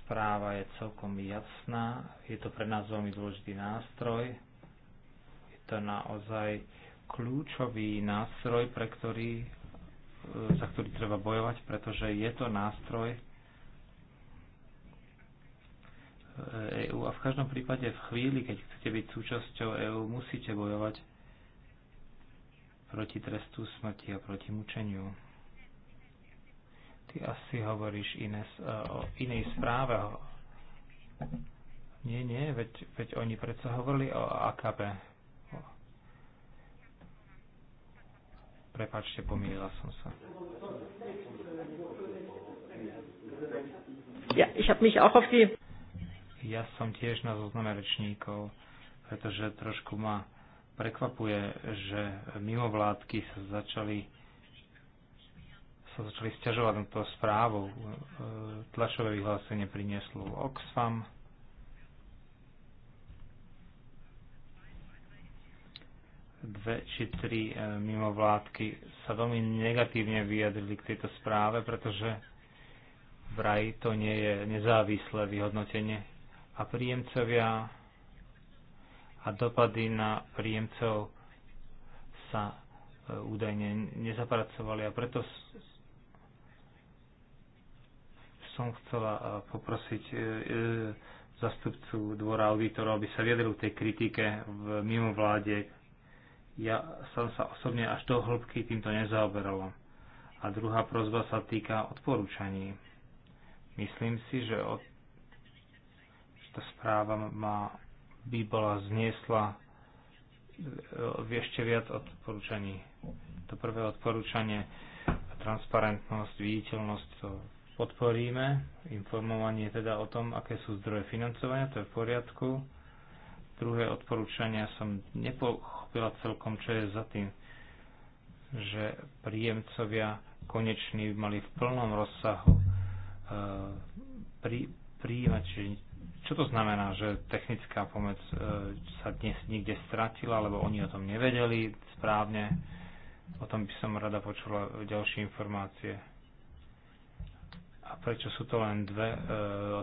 správa je celkom jasná. Je to pre nás veľmi dôležitý nástroj. Je to naozaj kľúčový nástroj, pre ktorý, e, za ktorý treba bojovať, pretože je to nástroj, EÚ e a v každom prípade v chvíli, keď chcete byť súčasťou EÚ, musíte bojovať proti trestu smrti a proti mučeniu. Ty asi hovoríš Ines, e, o inej správe. Nie, nie, veď, veď oni predsa hovorili o AKP. Prepačte, pomýlila som sa. Ja, ich hab mich auch auf die ja som tiež na zozname rečníkov, pretože trošku ma prekvapuje, že mimovládky sa začali sa začali stiažovať na to správu. E, tlačové vyhlásenie prinieslo Oxfam. Dve či tri e, mimovládky sa veľmi negatívne vyjadrili k tejto správe, pretože vraj to nie je nezávislé vyhodnotenie a príjemcovia a dopady na príjemcov sa e, údajne nezapracovali a preto som chcela e, poprosiť e, zastupcu dvora auditorov, aby sa v tej kritike v mimo vláde. Ja som sa osobne až do hĺbky týmto nezaoberala. A druhá prozba sa týka odporúčaní. Myslím si, že od tá správa má, by bola zniesla e, e, ešte viac odporúčaní. To prvé odporúčanie transparentnosť, viditeľnosť, to podporíme. Informovanie teda o tom, aké sú zdroje financovania, to je v poriadku. Druhé odporúčania som nepochopila celkom, čo je za tým, že príjemcovia koneční mali v plnom rozsahu e, pri, príjimať, čiže čo to znamená, že technická pomoc e, sa dnes niekde stratila, alebo oni o tom nevedeli správne? O tom by som rada počula ďalšie informácie. A prečo sú to len dve e,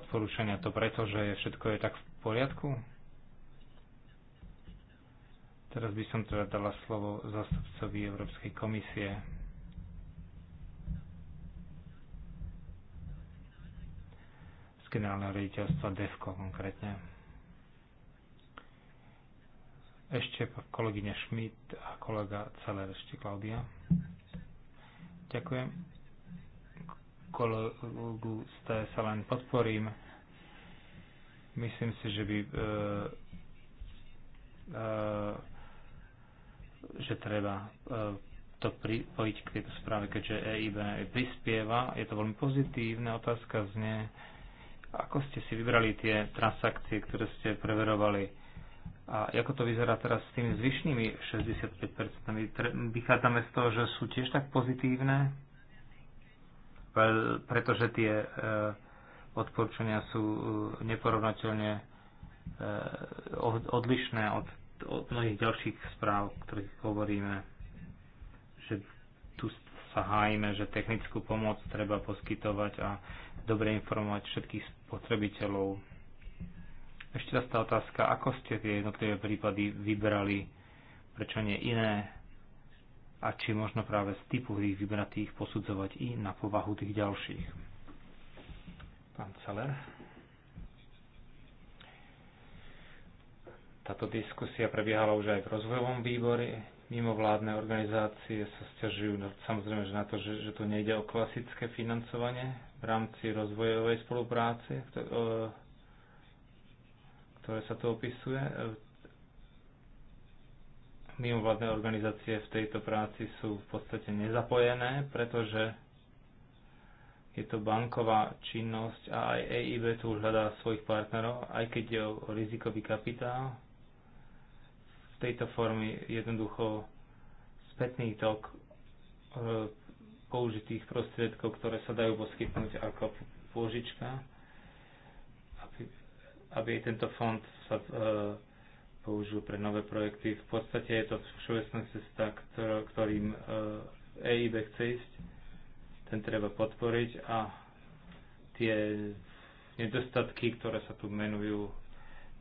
odporúčania? To preto, že je všetko je tak v poriadku? Teraz by som teda dala slovo zastupcovi Európskej komisie. z generálneho rediteľstva DEFCO konkrétne. Ešte kolegyňa Schmidt a kolega Celer, ešte Klaudia. Ďakujem. Kolegu ste sa len podporím. Myslím si, že by e, e, že treba e, to pripojiť k tejto správe, keďže EIB prispieva. Je to veľmi pozitívne, otázka znie, ako ste si vybrali tie transakcie, ktoré ste preverovali? A ako to vyzerá teraz s tými zvyšnými 65%? Vychádzame z toho, že sú tiež tak pozitívne? Pretože tie e, odporúčania sú e, neporovnateľne e, odlišné od, mnohých ďalších správ, o ktorých hovoríme. Že tu sa hájime, že technickú pomoc treba poskytovať a dobre informovať všetkých spotrebiteľov. Ešte raz tá otázka, ako ste tie jednotlivé prípady vybrali, prečo nie iné a či možno práve z typu tých vybratých posudzovať i na povahu tých ďalších. Pán Celer. Táto diskusia prebiehala už aj v rozvojovom výbore. Mimovládne organizácie sa stiažujú samozrejme že na to, že, že tu nejde o klasické financovanie v rámci rozvojovej spolupráce, ktoré sa tu opisuje. Mimovládne organizácie v tejto práci sú v podstate nezapojené, pretože je to banková činnosť a aj EIB tu hľadá svojich partnerov, aj keď je o rizikový kapitál. V tejto formy jednoducho spätný tok e, použitých prostriedkov, ktoré sa dajú poskytnúť ako pôžička, aby, aby tento fond sa e, použil pre nové projekty. V podstate je to všeobecná cesta, ktor- ktorým e, EIB chce ísť, ten treba podporiť a tie nedostatky, ktoré sa tu menujú,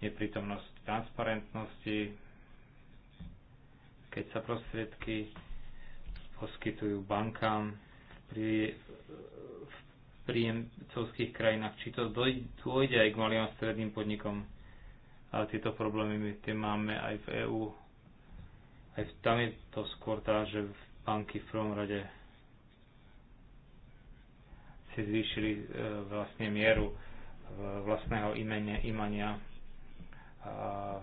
neprítomnosť transparentnosti, keď sa prostriedky poskytujú bankám pri, príjemcovských krajinách. Či to dôjde aj k malým a stredným podnikom, ale tieto problémy my tie máme aj v EÚ. Aj v, tam je to skôr tá, že v banky v prvom rade si zvýšili e, vlastne mieru e, vlastného imenia, imania, a,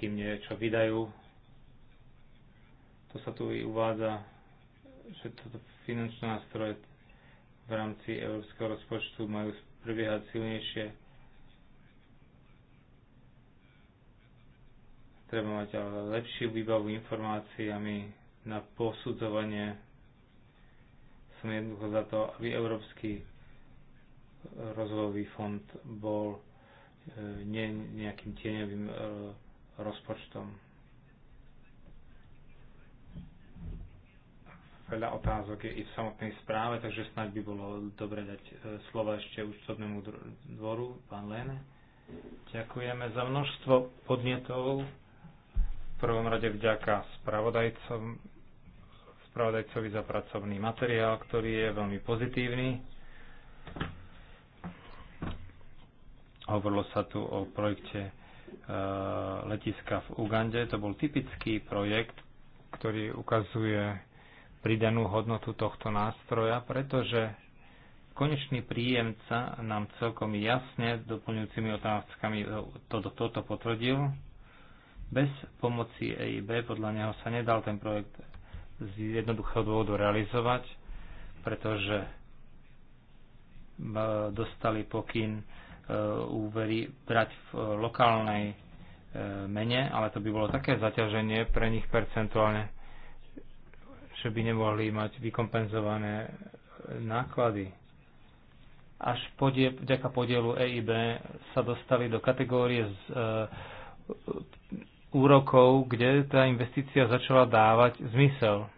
kým niečo vydajú. To sa tu i uvádza že toto finančné nástroje v rámci európskeho rozpočtu majú prebiehať silnejšie. Treba mať ale lepšiu výbavu informáciami na posudzovanie. Som jednoducho za to, aby Európsky rozvojový fond bol e, nie nejakým tieňovým e, rozpočtom. Veľa otázok je i v samotnej správe, takže snáď by bolo dobre dať e, slova ešte účtovnému dvoru, pán Lene. Ďakujeme za množstvo podnetov. V prvom rade vďaka spravodajcom, spravodajcovi za pracovný materiál, ktorý je veľmi pozitívny. Hovorilo sa tu o projekte e, letiska v Ugande. To bol typický projekt, ktorý ukazuje pridanú hodnotu tohto nástroja, pretože konečný príjemca nám celkom jasne doplňujúcimi otázkami toto, toto potvrdil. Bez pomoci EIB podľa neho sa nedal ten projekt z jednoduchého dôvodu realizovať, pretože dostali pokyn e, úvery brať v lokálnej e, mene, ale to by bolo také zaťaženie pre nich percentuálne že by nemohli mať vykompenzované náklady. Až podie, vďaka podielu EIB sa dostali do kategórie z, e, úrokov, kde tá investícia začala dávať zmysel.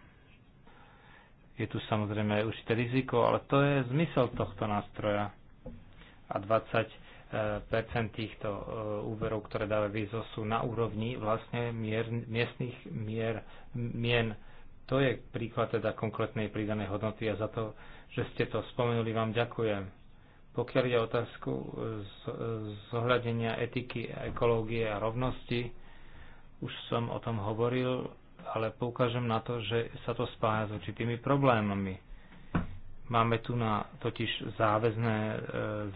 Je tu samozrejme aj určité riziko, ale to je zmysel tohto nástroja. A 20 e, týchto e, úverov, ktoré dáva VISO, sú na úrovni vlastne mier, miestných mier, mien. To je príklad teda konkrétnej pridanej hodnoty a za to, že ste to spomenuli, vám ďakujem. Pokiaľ je otázku e, e, zohľadenia etiky, ekológie a rovnosti, už som o tom hovoril, ale poukážem na to, že sa to spája s určitými problémami. Máme tu na totiž záväzné e,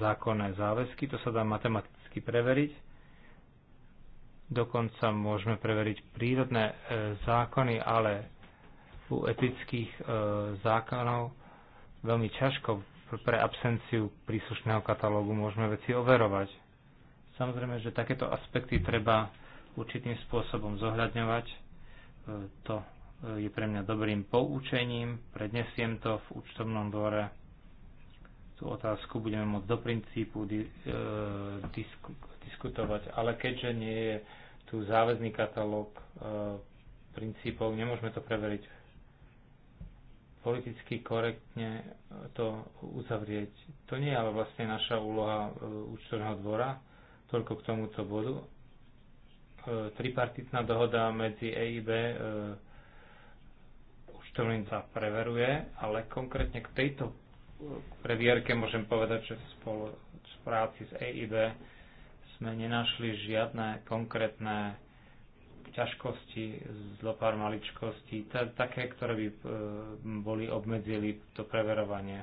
zákonné záväzky, to sa dá matematicky preveriť. Dokonca môžeme preveriť prírodné e, zákony, ale etických e, zákonov veľmi ťažko pre absenciu príslušného katalógu môžeme veci overovať. Samozrejme, že takéto aspekty treba určitým spôsobom zohľadňovať. E, to e, je pre mňa dobrým poučením. Prednesiem to v účtovnom dvore. Tú otázku budeme môcť do princípu disku, diskutovať, ale keďže nie je tu záväzný katalóg princípov, nemôžeme to preveriť politicky korektne to uzavrieť. To nie je ale vlastne naša úloha e, účtovného dvora, toľko k tomuto bodu. E, tripartitná dohoda medzi EIB e, účtovným sa preveruje, ale konkrétne k tejto previerke môžem povedať, že v práci s EIB sme nenašli žiadne konkrétne ťažkosti, zlo pár maličkostí, také, ktoré by e, boli obmedzili to preverovanie.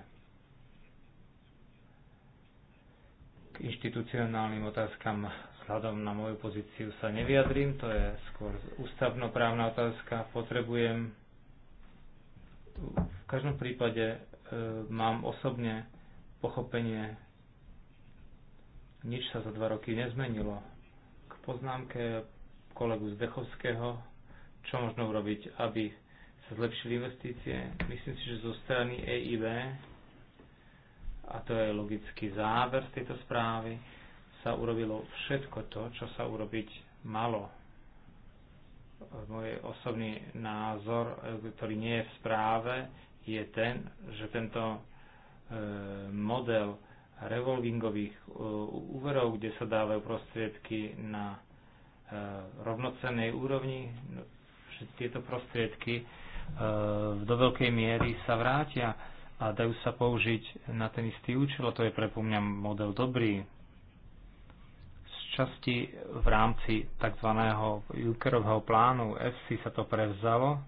K inštitucionálnym otázkam vzhľadom na moju pozíciu sa nevyjadrím, to je skôr ústavnoprávna otázka. Potrebujem v každom prípade e, mám osobne pochopenie, nič sa za dva roky nezmenilo. K poznámke kolegu Zdechovského, čo možno urobiť, aby sa zlepšili investície. Myslím si, že zo strany EIB, a to je logický záver z tejto správy, sa urobilo všetko to, čo sa urobiť malo. Môj osobný názor, e, ktorý nie je v správe, je ten, že tento e, model revolvingových e, úverov, kde sa dávajú prostriedky na Eh, rovnocennej úrovni. No, tieto prostriedky eh, do veľkej miery sa vrátia a dajú sa použiť na ten istý účel, a to je pre mňa model dobrý. Z časti v rámci tzv. Junckerovho plánu FC sa to prevzalo,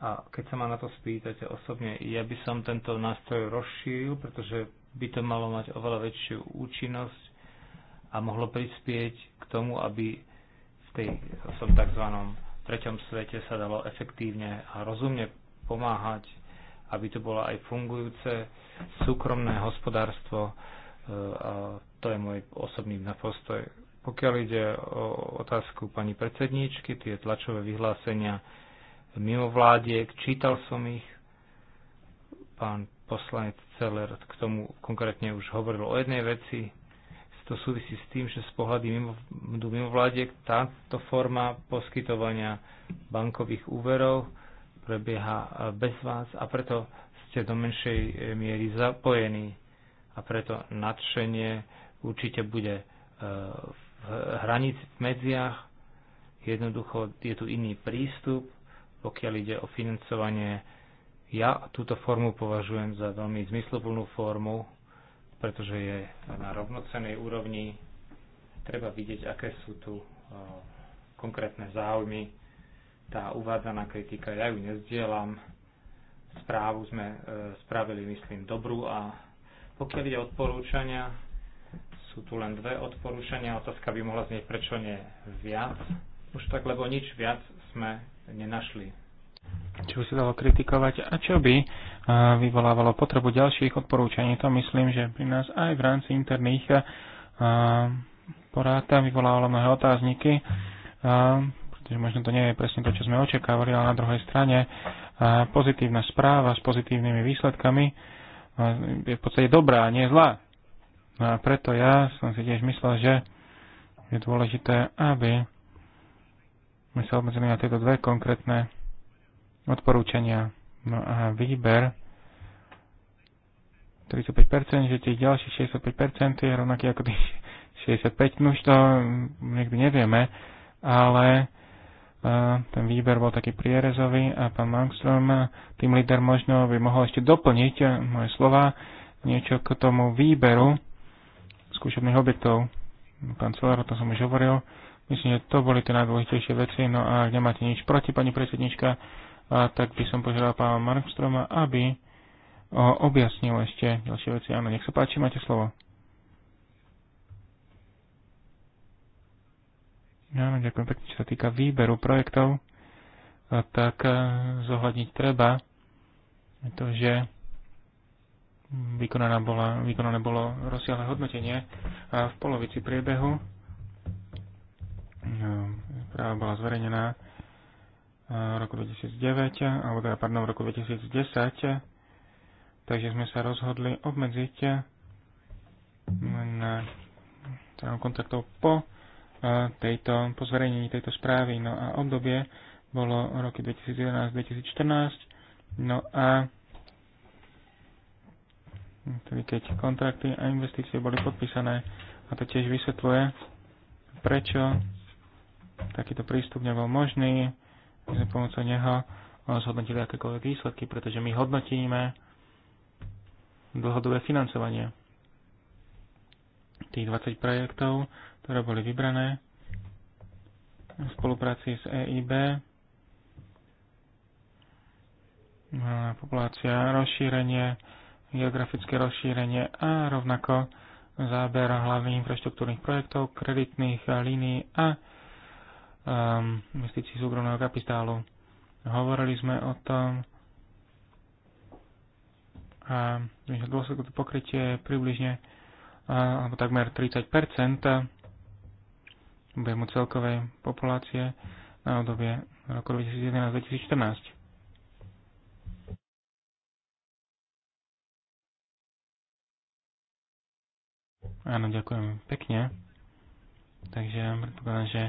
a keď sa ma na to spýtate osobne, ja by som tento nástroj rozšíril, pretože by to malo mať oveľa väčšiu účinnosť a mohlo prispieť k tomu, aby v tej som tzv. treťom svete sa dalo efektívne a rozumne pomáhať, aby to bolo aj fungujúce súkromné hospodárstvo. E, a to je môj osobný postoj. Pokiaľ ide o otázku pani predsedníčky, tie tlačové vyhlásenia mimo vládiek, čítal som ich. Pán poslanec Celer k tomu konkrétne už hovoril o jednej veci, to súvisí s tým, že z pohľadu mimo, mimovládiek táto forma poskytovania bankových úverov prebieha bez vás a preto ste do menšej miery zapojení a preto nadšenie určite bude e, v hranic, v medziach. Jednoducho je tu iný prístup, pokiaľ ide o financovanie. Ja túto formu považujem za veľmi zmysluplnú formu, pretože je na rovnocenej úrovni. Treba vidieť, aké sú tu konkrétne záujmy. Tá uvádzaná kritika, ja ju nezdielam. Správu sme e, spravili, myslím, dobrú a pokiaľ ide odporúčania, sú tu len dve odporúčania. Otázka by mohla znieť, prečo nie viac. Už tak, lebo nič viac sme nenašli čo by sa dalo kritikovať a čo by eh, vyvolávalo potrebu ďalších odporúčaní. To myslím, že pri nás aj v rámci interných eh, porád vyvolávalo mnohé otázniky, eh, pretože možno to nie je presne to, čo sme očakávali, ale na druhej strane pozitívna správa s pozitívnymi výsledkami je v podstate dobrá, nie zlá. No a preto ja som si tiež myslel, že je dôležité, aby sme sa obmedzili na tieto dve konkrétne odporúčania. No a výber 35%, že tých ďalších 65% je rovnaký ako tých 65, <laughs> no už to nikdy nevieme, ale uh, ten výber bol taký prierezový a pán Langstrom, tým líder možno by mohol ešte doplniť moje slova, niečo k tomu výberu skúšobných objektov. Pán Celer, o tom som už hovoril. Myslím, že to boli tie najdôležitejšie veci. No a ak nemáte nič proti, pani predsednička, a tak by som požiadal pána Markstroma, aby objasnil ešte ďalšie veci. Áno, nech sa páči, máte slovo. Áno, ďakujem pekne. Čo sa týka výberu projektov, tak e, zohľadniť treba pretože vykonané bolo, vykonané bolo rozsiahle hodnotenie a v polovici priebehu no, práva bola zverejnená roku 2009, alebo teda, pardon, v roku 2010, takže sme sa rozhodli obmedziť mm, na kontaktov po e, tejto, po zverejnení tejto správy. No a obdobie bolo roky 2011-2014, no a tedy keď kontrakty a investície boli podpísané a to tiež vysvetľuje, prečo takýto prístup nebol možný, sme pomocou neho eh, zhodnotili akékoľvek výsledky, pretože my hodnotíme dlhodobé financovanie tých 20 projektov, ktoré boli vybrané v spolupráci s EIB. No populácia, rozšírenie, geografické rozšírenie a rovnako záber hlavných infraštruktúrnych projektov, kreditných línií a um, investícií súkromného kapitálu. Hovorili sme o tom, a že dôsledku to pokrytie je približne a, alebo takmer 30 objemu celkovej populácie na obdobie roku 2011-2014. Áno, ďakujem pekne. Takže predpokladám, že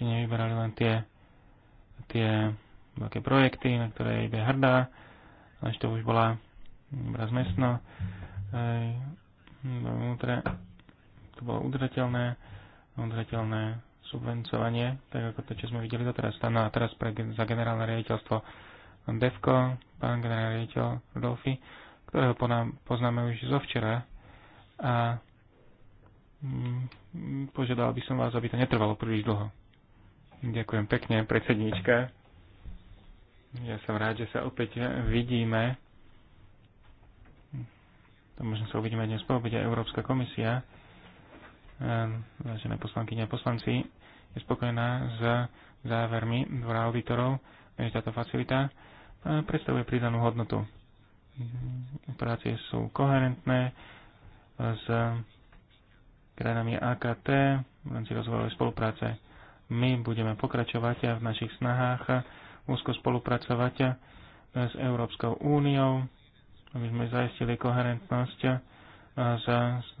ste nevyberali len tie, tie veľké projekty, na ktoré je hrdá, ale to už bola obraz mesno, aj, no, vnútre, to bolo udržateľné, udržateľné subvencovanie, tak ako to, čo sme videli doteraz. No a teraz pre, za generálne riaditeľstvo DEFCO, pán generálny riaditeľ Rudolfi, ktorého poznáme už zo včera a mm, požiadal by som vás, aby to netrvalo príliš dlho. Ďakujem pekne, predsedníčka. Ja som rád, že sa opäť vidíme. To možno sa uvidíme dnes po obede. Európska komisia, ehm, vážené poslankyne a poslanci, je spokojná s závermi dvora auditorov, že táto facilita e, predstavuje pridanú hodnotu. Operácie sú koherentné s krajinami AKT v rámci rozvojovej spolupráce my budeme pokračovať v našich snahách úzko spolupracovať s Európskou úniou, aby sme zaistili koherentnosť s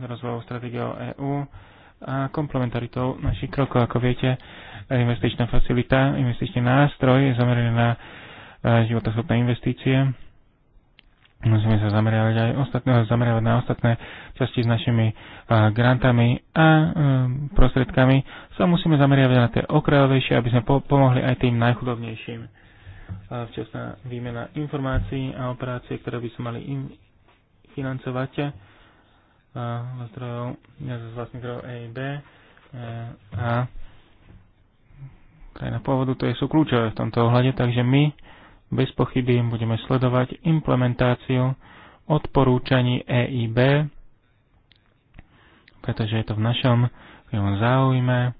rozvojovou stratégiou EÚ a komplementaritou našich krokov. Ako viete, investičná facilita, investičný nástroj je zameraný na životoschopné investície Musíme sa zameriavať, aj ostatné, zameriavať na ostatné časti s našimi grantami a e, prostriedkami. Sa musíme zameriavať na tie okrajovejšie, aby sme po- pomohli aj tým najchudobnejším. A včasná výmena informácií a operácie, ktoré by sme mali im financovať a, e, zdrojov, ja z vlastných zdrojov EIB e, a krajina pôvodu, to je, sú kľúčové v tomto ohľade, takže my bez pochyby budeme sledovať implementáciu odporúčaní EIB, pretože je to v našom záujme,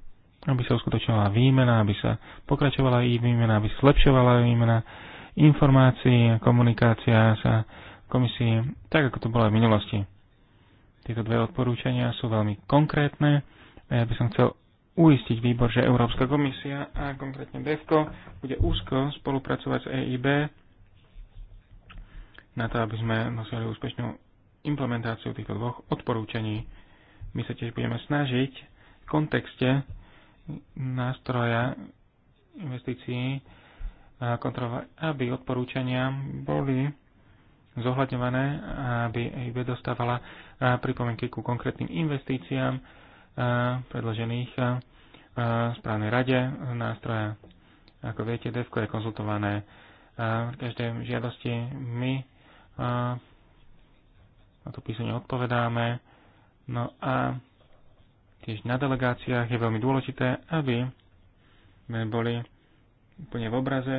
aby sa uskutočovala výmena, aby sa pokračovala i výmena, aby zlepšovala výmena informácií a komunikácia sa komisii, tak ako to bolo aj v minulosti. Tieto dve odporúčania sú veľmi konkrétne a ja by som chcel uistiť výbor, že Európska komisia a konkrétne DEFCO bude úzko spolupracovať s EIB na to, aby sme nosili úspešnú implementáciu týchto dvoch odporúčaní. My sa tiež budeme snažiť v kontexte nástroja investícií kontrolovať, aby odporúčania boli zohľadňované, aby EIB dostávala pripomienky ku konkrétnym investíciám, Eh, predložených eh, správnej rade nástroja. Ako viete, DEFCO je konzultované eh, v každej žiadosti. My na to písanie odpovedáme. No a tiež na delegáciách je veľmi dôležité, aby sme boli úplne v obraze.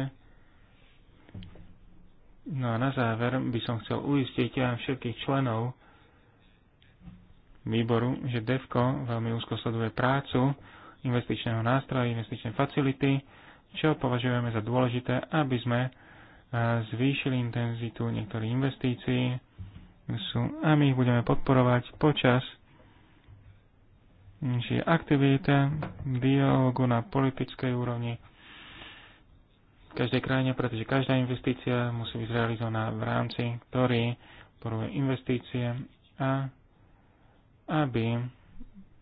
No a na záver by som chcel uistiť všetkých členov výboru, že DEFCO veľmi úzko sleduje prácu investičného nástroja, investičnej facility, čo považujeme za dôležité, aby sme e, zvýšili intenzitu niektorých investícií sú, a my ich budeme podporovať počas či aktivita dialogu na politickej úrovni v každej krajine, pretože každá investícia musí byť zrealizovaná v rámci, ktorý poruje investície a aby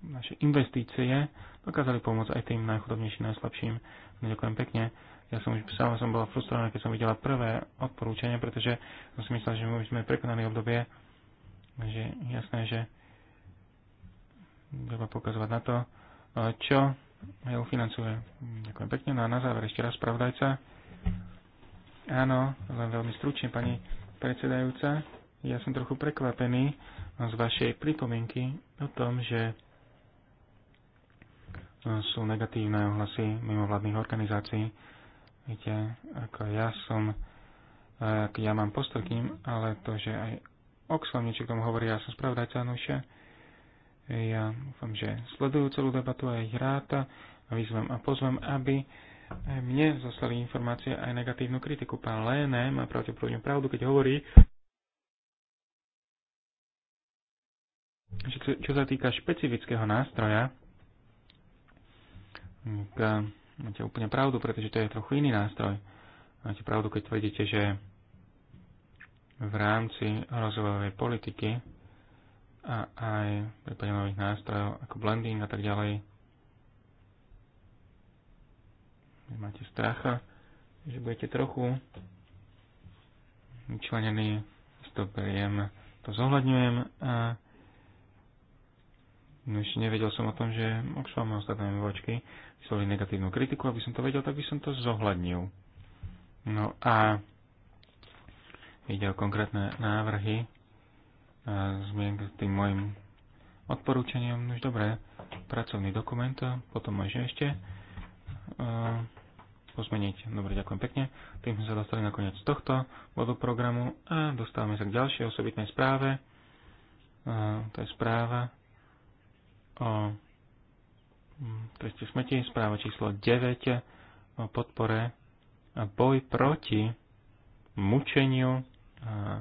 naše investície dokázali pomôcť aj tým najchudobnejším, najslabším. No, ďakujem pekne. Ja som už sám som bola frustrovaná, keď som videla prvé odporúčanie, pretože som si myslela, že my sme prekonali obdobie, že jasné, že treba pokazovať na to, čo EU financuje. Ďakujem pekne. No a na záver ešte raz pravdajca. Áno, len veľmi stručne, pani predsedajúca. Ja som trochu prekvapený z vašej pripomienky o tom, že sú negatívne ohlasy mimovládnych organizácií. Viete, ako ja som, ak ja mám postoj k ním, ale to, že aj Oxfam niečo k tomu hovorí, ja som spravodajca Anuša. No ja dúfam, že sledujú celú debatu aj ich ráta a vyzvem a pozvem, aby aj mne zostali informácie aj negatívnu kritiku. Pán Léne má pravdepodobne pravdu, keď hovorí, čo, čo sa týka špecifického nástroja, tak mm, máte úplne pravdu, pretože to je trochu iný nástroj. Máte pravdu, keď tvrdíte, že v rámci rozvojovej politiky a aj v prípade nových nástrojov ako blending a tak ďalej vy máte stracha, že budete trochu vyčlenení, to beriem, to zohľadňujem a No ešte nevedel som o tom, že Oxfam má ostatné miločky vyslovili negatívnu kritiku, aby som to vedel, tak by som to zohľadnil. No a ide o konkrétne návrhy a zmien k tým mojim odporúčaniam. No už dobre, pracovný dokument, potom môžem ešte uh, pozmeniť. Dobre, ďakujem pekne. Tým sme sa dostali na koniec tohto bodu programu a dostávame sa k ďalšej osobitnej správe. Uh, to je správa o mm, treste smrti, správa číslo 9 o podpore a boj proti mučeniu a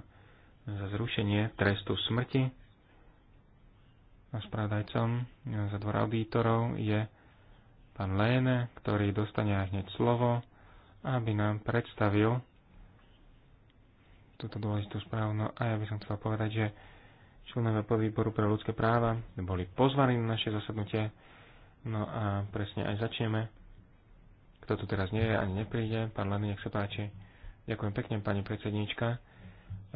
za zrušenie trestu smrti. A správdajcom za dvor auditorov je pán Léne, ktorý dostane aj hneď slovo, aby nám predstavil túto dôležitú správu. No a ja by som chcel povedať, že členovia podvýboru pre ľudské práva boli pozvaní na naše zasadnutie. No a presne aj začneme. Kto tu teraz nie je, ani nepríde. Pán Lany, nech sa páči. Ďakujem pekne, pani predsedníčka.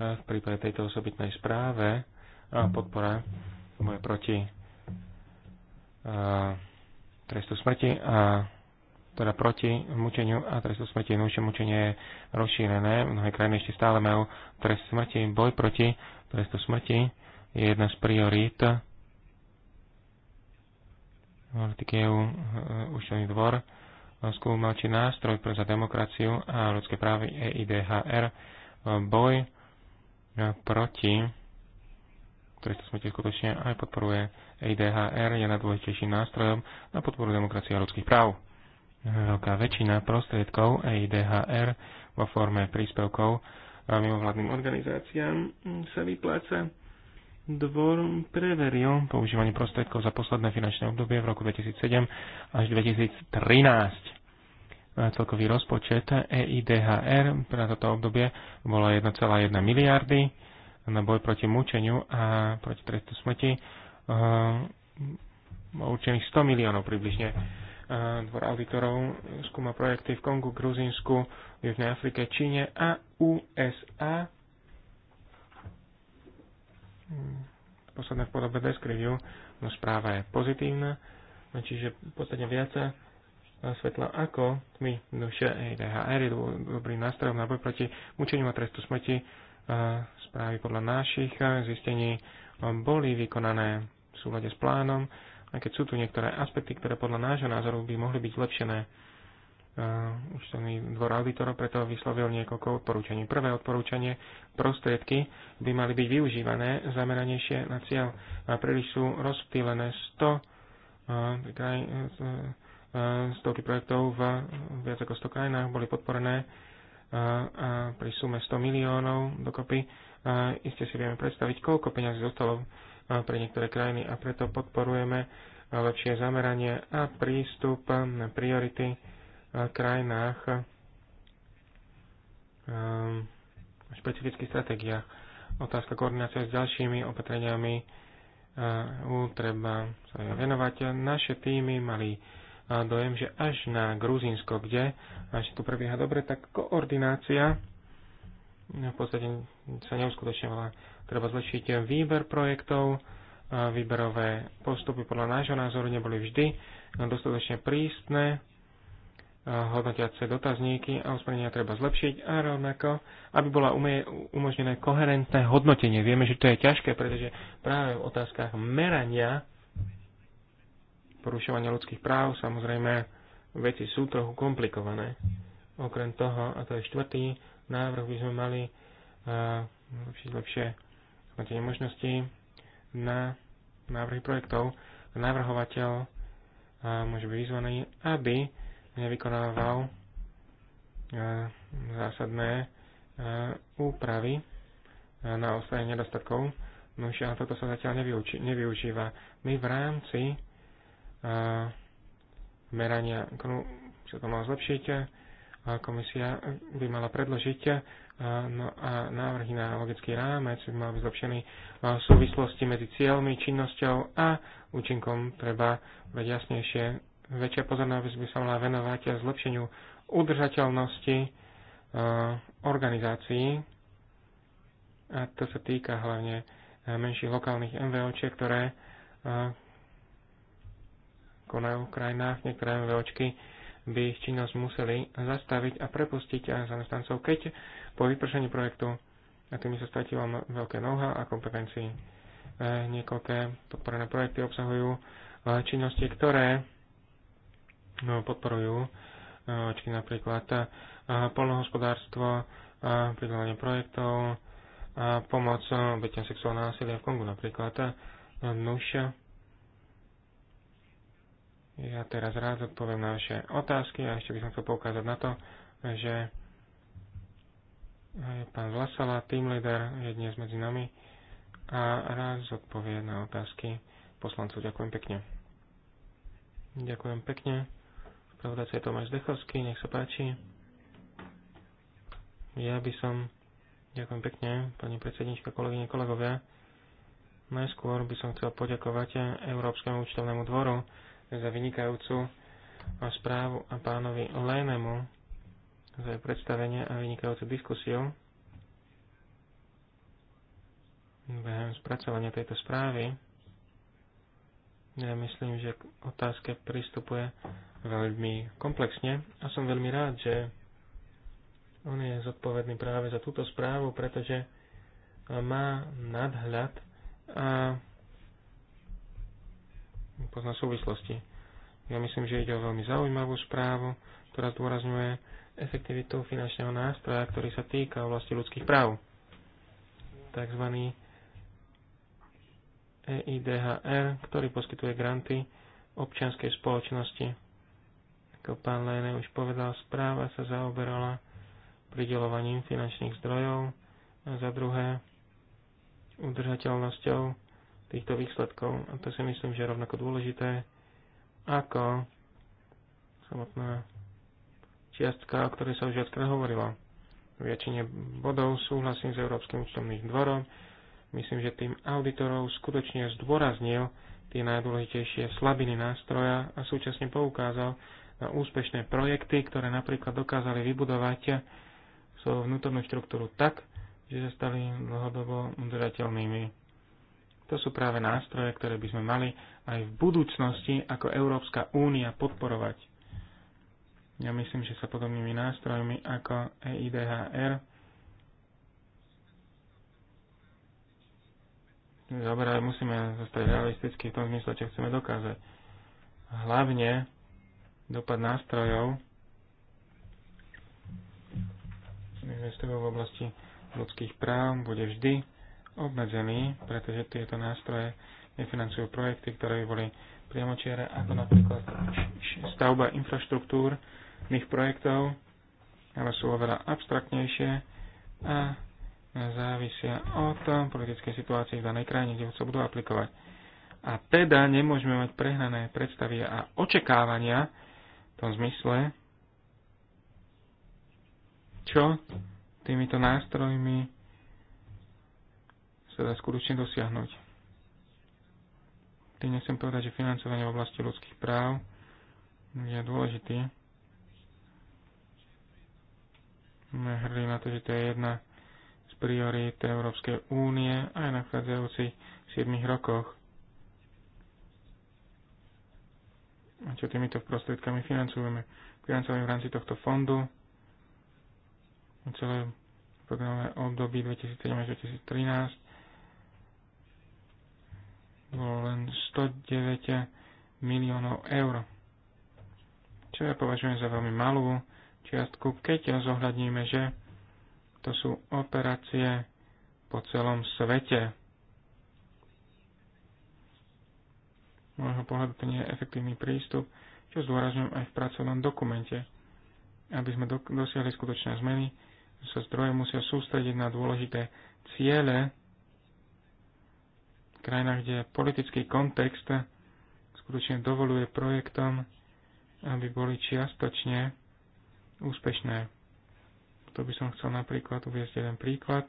V prípade tejto osobitnej správe a podpora moje proti a, trestu smrti a teda proti mučeniu a trestu smrti. Nuže mučenie je rozšírené. Mnohé krajiny ešte stále majú trest smrti, boj proti trestu smrti je jedna z priorít politiky EU e, účtovný dvor skúmal, či nástroj pre za demokraciu a ľudské právy EIDHR e, boj e, proti sa smrti skutočne aj podporuje EIDHR, je najdôležitejším nástrojom na podporu demokracie a ľudských práv. Veľká väčšina prostriedkov EIDHR vo forme príspevkov mimovládnym organizáciám sa vypláca Dvor preveril používanie prostriedkov za posledné finančné obdobie v roku 2007 až 2013. Celkový rozpočet EIDHR pre toto obdobie bola 1,1 miliardy na boj proti mučeniu a proti trestu smrti eh, určených 100 miliónov približne. Eh, dvor auditorov skúma projekty v Kongu, Gruzínsku, Južnej Afrike, Číne a USA posledné v podobe desk review, no správa je pozitívna, čiže podstate viac svetla ako my, duše no EIDHR je dobrý nástrojom na boj proti mučeniu a trestu smrti. Správy podľa našich zistení um, boli vykonané v súlade s plánom, aj keď sú tu niektoré aspekty, ktoré podľa nášho názoru by mohli byť zlepšené. Už uh, ten dvor auditorov preto vyslovil niekoľko odporúčaní. Prvé odporúčanie, prostriedky by mali byť využívané zameranejšie na cieľ. A príliš sú rozptýlené 100 uh, kraj, uh, stovky projektov v viac ako 100 krajinách boli podporené a pri sume 100 miliónov dokopy. A iste si vieme predstaviť, koľko peňazí zostalo pre niektoré krajiny a preto podporujeme lepšie zameranie a prístup na priority krajinách ehm, v špecifických stratégiách. Otázka koordinácia s ďalšími opatreniami eh, EU treba sa venovať. Naše týmy mali eh, dojem, že až na Gruzínsko, kde až tu prebieha dobre, tak koordinácia eh, v podstate sa neuskutočňovala. Treba zlepšiť výber projektov, výberové postupy podľa nášho názoru neboli vždy dostatočne prístne hodnotiace dotazníky a usmernenia treba zlepšiť a rovnako, aby bola umožnené koherentné hodnotenie. Vieme, že to je ťažké, pretože práve v otázkach merania porušovania ľudských práv samozrejme veci sú trochu komplikované. Okrem toho, a to je štvrtý návrh, by sme mali uh, lepšie, lepšie hodnotenie možností na návrhy projektov. Navrhovateľ uh, môže byť vyzvaný, aby nevykonával e, zásadné e, úpravy e, na ostane nedostatkov. No a toto sa zatiaľ nevyuči, nevyužíva. My v rámci merania sa to malo zlepšiť. Komisia by mala predložiť no a návrhy na logický rámec by mal byť zlepšený v súvislosti medzi cieľmi, činnosťou a účinkom treba vedieť jasnejšie väčšia pozornosť by sa mala venovať a zlepšeniu udržateľnosti e, organizácií. A to sa týka hlavne e, menších lokálnych MVOčiek, ktoré e, konajú v krajinách. Niektoré MVOčky by ich činnosť museli zastaviť a prepustiť zamestnancov, keď po vypršení projektu a tými sa stratilo veľké noha a kompetencii Niekoľké podporené projekty obsahujú činnosti, ktoré No, podporujú e, očky napríklad e, polnohospodárstvo, e, pridávanie projektov, a pomoc obeťam sexuálneho násilia v Kongu napríklad. Nuž, ja teraz rád odpoviem na vaše otázky a ešte by som chcel poukázať na to, že pán Vlasala, team leader, je dnes medzi nami a rád zodpovie na otázky poslancov. Ďakujem pekne. Ďakujem pekne. Spravodajca je Tomáš Zdechovský, nech sa páči. Ja by som, ďakujem pekne, pani predsednička, kolegyne, kolegovia, najskôr by som chcel poďakovať Európskemu účtovnému dvoru za vynikajúcu správu a pánovi Lénemu za jej predstavenie a vynikajúcu diskusiu behem spracovania tejto správy. Ja myslím, že k otázke pristupuje veľmi komplexne a som veľmi rád, že on je zodpovedný práve za túto správu, pretože má nadhľad a pozná súvislosti. Ja myslím, že ide o veľmi zaujímavú správu, ktorá zdôrazňuje efektivitu finančného nástroja, ktorý sa týka oblasti ľudských práv. Takzvaný EIDHR, ktorý poskytuje granty občianskej spoločnosti. Ako pán Lene už povedal, správa sa zaoberala pridelovaním finančných zdrojov a za druhé udržateľnosťou týchto výsledkov. A to si myslím, že je rovnako dôležité ako samotná čiastka, o ktorej sa už viackrát hovorilo. Viačine väčšine bodov súhlasím s Európskym účtovným dvorom, Myslím, že tým auditorov skutočne zdôraznil tie najdôležitejšie slabiny nástroja a súčasne poukázal na úspešné projekty, ktoré napríklad dokázali vybudovať svoju vnútornú štruktúru tak, že sa stali dlhodobo udržateľnými. To sú práve nástroje, ktoré by sme mali aj v budúcnosti ako Európska únia podporovať. Ja myslím, že sa podobnými nástrojmi ako EIDHR zaberá, musíme zostať realistickí v tom zmysle, čo chceme dokázať. Hlavne dopad nástrojov investujú v oblasti ľudských práv bude vždy obmedzený, pretože tieto nástroje nefinancujú projekty, ktoré by boli priamočiare, ako napríklad stavba infraštruktúr projektov, ale sú oveľa abstraktnejšie a závisia od politickej situácie v danej krajine, kde sa budú aplikovať. A teda nemôžeme mať prehnané predstavy a očakávania v tom zmysle, čo týmito nástrojmi sa dá skutočne dosiahnuť. Tým nechcem povedať, že financovanie v oblasti ľudských práv je dôležitý. Sme hrdí na to, že to je jedna priorít Európskej únie aj na chádzajúcich 7 rokoch. A čo týmito prostriedkami financujeme? Financujeme v rámci tohto fondu celé programové období 2007 2013 bolo len 109 miliónov eur. Čo ja považujem za veľmi malú čiastku, keď ja zohľadníme, že to sú operácie po celom svete. Z môjho pohľadu to nie je efektívny prístup, čo zdôrazňujem aj v pracovnom dokumente. Aby sme do- dosiahli skutočné zmeny, sa zdroje musia sústrediť na dôležité ciele v krajinách, kde politický kontext skutočne dovoluje projektom, aby boli čiastočne úspešné. Tu by som chcel napríklad uviezť jeden príklad.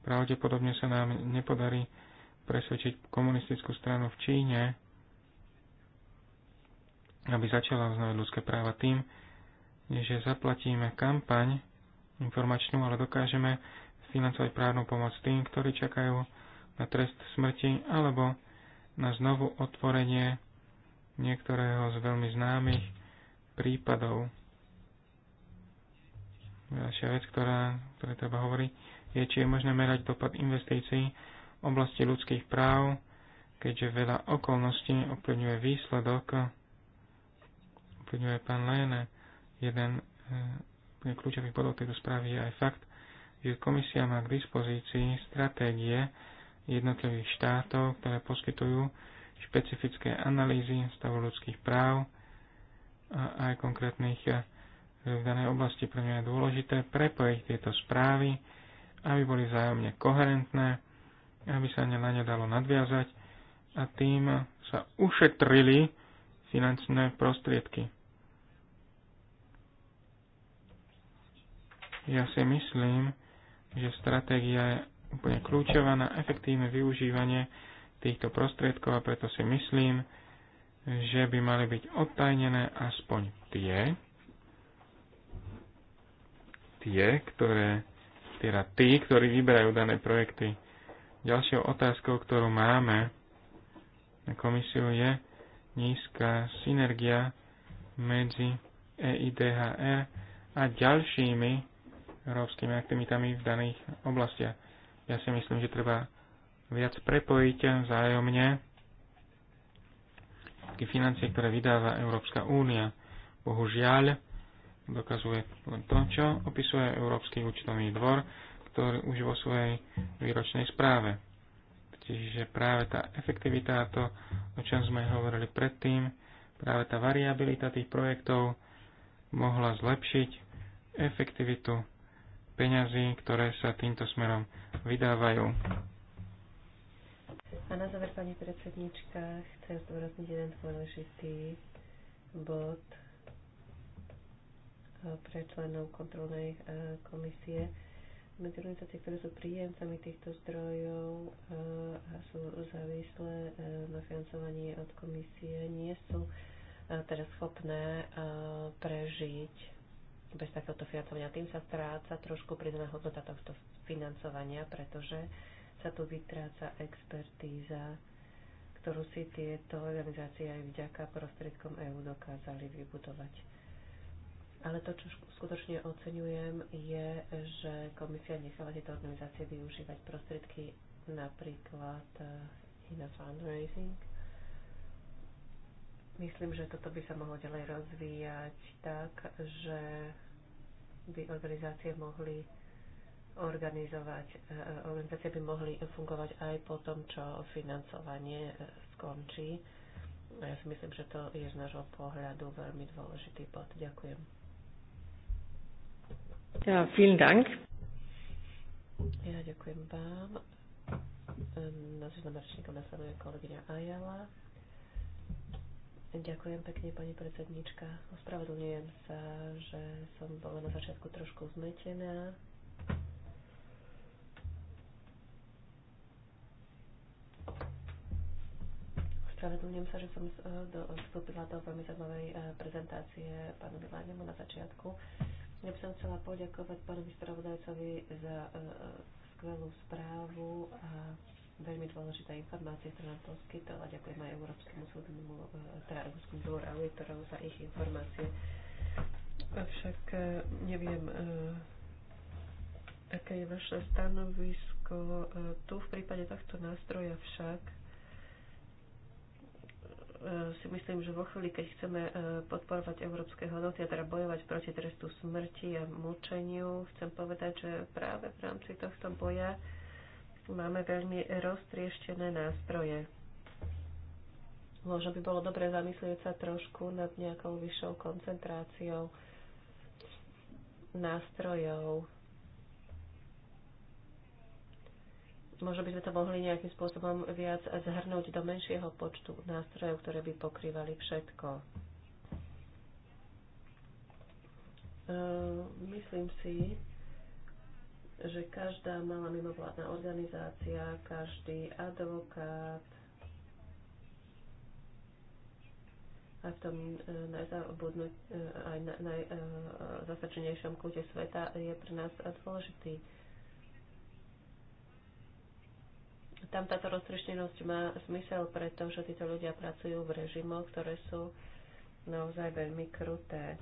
Pravdepodobne sa nám nepodarí presvedčiť komunistickú stranu v Číne, aby začala uznávať ľudské práva tým, že zaplatíme kampaň informačnú, ale dokážeme financovať právnu pomoc tým, ktorí čakajú na trest smrti alebo na znovu otvorenie niektorého z veľmi známych prípadov. Ďalšia vec, ktorá, ktoré treba hovoriť, je, či je možné merať dopad investícií v oblasti ľudských práv, keďže veľa okolností ovplyvňuje výsledok. Ovplyvňuje pán Lene. Eh, jeden z kľúčových bodov tejto správy je aj fakt, že komisia má k dispozícii stratégie jednotlivých štátov, ktoré poskytujú špecifické analýzy stavu ľudských práv a aj konkrétnych eh, v danej oblasti pre mňa je dôležité prepojiť tieto správy, aby boli vzájomne koherentné, aby sa na ne dalo nadviazať a tým sa ušetrili finančné prostriedky. Ja si myslím, že stratégia je úplne kľúčová na efektívne využívanie týchto prostriedkov a preto si myslím, že by mali byť odtajnené aspoň tie, tie, ktoré, teda tí, ktorí vyberajú dané projekty. Ďalšou otázkou, ktorú máme na komisiu je nízka synergia medzi EIDHR a ďalšími európskymi aktivitami v daných oblastiach. Ja si myslím, že treba viac prepojiť vzájomne financie, ktoré vydáva Európska únia. Bohužiaľ, dokazuje len to, čo opisuje Európsky účtovný dvor, ktorý už vo svojej výročnej správe. Čiže práve tá efektivita, to, o čom sme hovorili predtým, práve tá variabilita tých projektov mohla zlepšiť efektivitu peňazí, ktoré sa týmto smerom vydávajú. A na záver, pani predsednička, chcem zdôrazniť jeden dôležitý bod, pre členov kontrolnej e, komisie. Medzi organizácie, ktoré sú príjemcami týchto zdrojov e, a sú závislé e, na financovaní od komisie, nie sú teda schopné prežiť bez takéhoto financovania. Tým sa stráca trošku pridaná hodnota tohto financovania, pretože sa tu vytráca expertíza ktorú si tieto organizácie aj vďaka prostriedkom EÚ dokázali vybudovať. Ale to, čo skutočne oceňujem, je, že komisia nechala tieto organizácie využívať prostriedky napríklad eh, i na fundraising. Myslím, že toto by sa mohlo ďalej rozvíjať tak, že by organizácie mohli organizovať, eh, eh, organizácie by mohli fungovať aj po tom, čo financovanie skončí. Ja si myslím, že to je z nášho pohľadu veľmi dôležitý bod. Ďakujem. Ja, vielen Dank. Ja, ďakujem vám. Ehm, na zoznam ročníkom nasleduje kolegyňa Ajala. Ďakujem pekne, pani predsednička. Ospravedlňujem sa, že som bola na začiatku trošku zmetená. Ospravedlňujem sa, že som eh, vstúpila do veľmi zaujímavej eh, prezentácie pánu Miláňomu na začiatku. Ja by som chcela poďakovať pánovi spravodajcovi za e, e, skvelú správu a veľmi dôležité informácie, ktoré nám poskytol a ďakujem aj Európskemu súdnemu, e, teda Európskom dvoru auditorov za ich informácie. Avšak neviem, aké je vaše stanovisko tu v prípade tohto nástroja však E, si myslím, že vo chvíli, keď chceme e, podporovať európske hodnoty a teda bojovať proti trestu smrti a mučeniu, chcem povedať, že práve v rámci tohto boja máme veľmi roztrieštené nástroje. Možno by bolo dobre zamyslieť sa trošku nad nejakou vyššou koncentráciou nástrojov Možno by sme to mohli nejakým spôsobom viac zhrnúť do menšieho počtu nástrojov, ktoré by pokrývali všetko. E, myslím si, že každá malá mimovládna organizácia, každý advokát, a v tom e, najzabudnúť, e, aj najzasačenejšom kúte sveta je pre nás dôležitý. tam táto roztrieštenosť má zmysel, pretože títo ľudia pracujú v režimoch, ktoré sú naozaj veľmi kruté.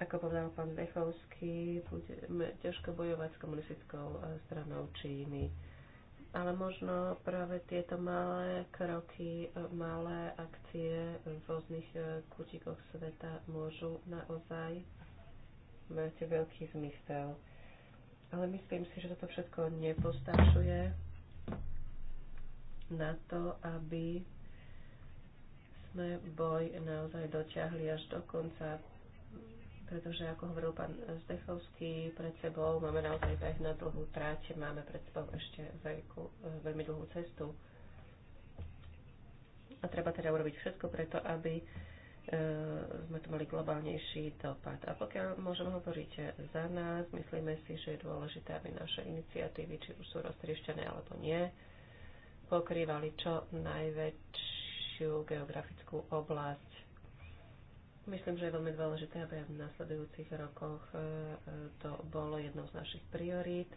Ako povedal pán Zdechovský, budeme ťažko bojovať s komunistickou eh, stranou Číny. Ale možno práve tieto malé kroky, eh, malé akcie v rôznych eh, kutikoch sveta môžu naozaj mať veľký zmysel. Ale myslím si, že toto všetko nepostačuje na to, aby sme boj naozaj dotiahli až do konca, pretože ako hovoril pán Zdechovský, pred sebou máme naozaj beh na dlhú tráť, máme pred sebou ešte veľkú, e, veľmi dlhú cestu. A treba teda urobiť všetko preto, aby e, sme tu mali globálnejší dopad. A pokiaľ môžem hovoriť za nás, myslíme si, že je dôležité, aby naše iniciatívy, či už sú roztrieštené alebo nie, pokrývali čo najväčšiu geografickú oblasť. Myslím, že je veľmi dôležité, aby v nasledujúcich rokoch e, to bolo jednou z našich priorít.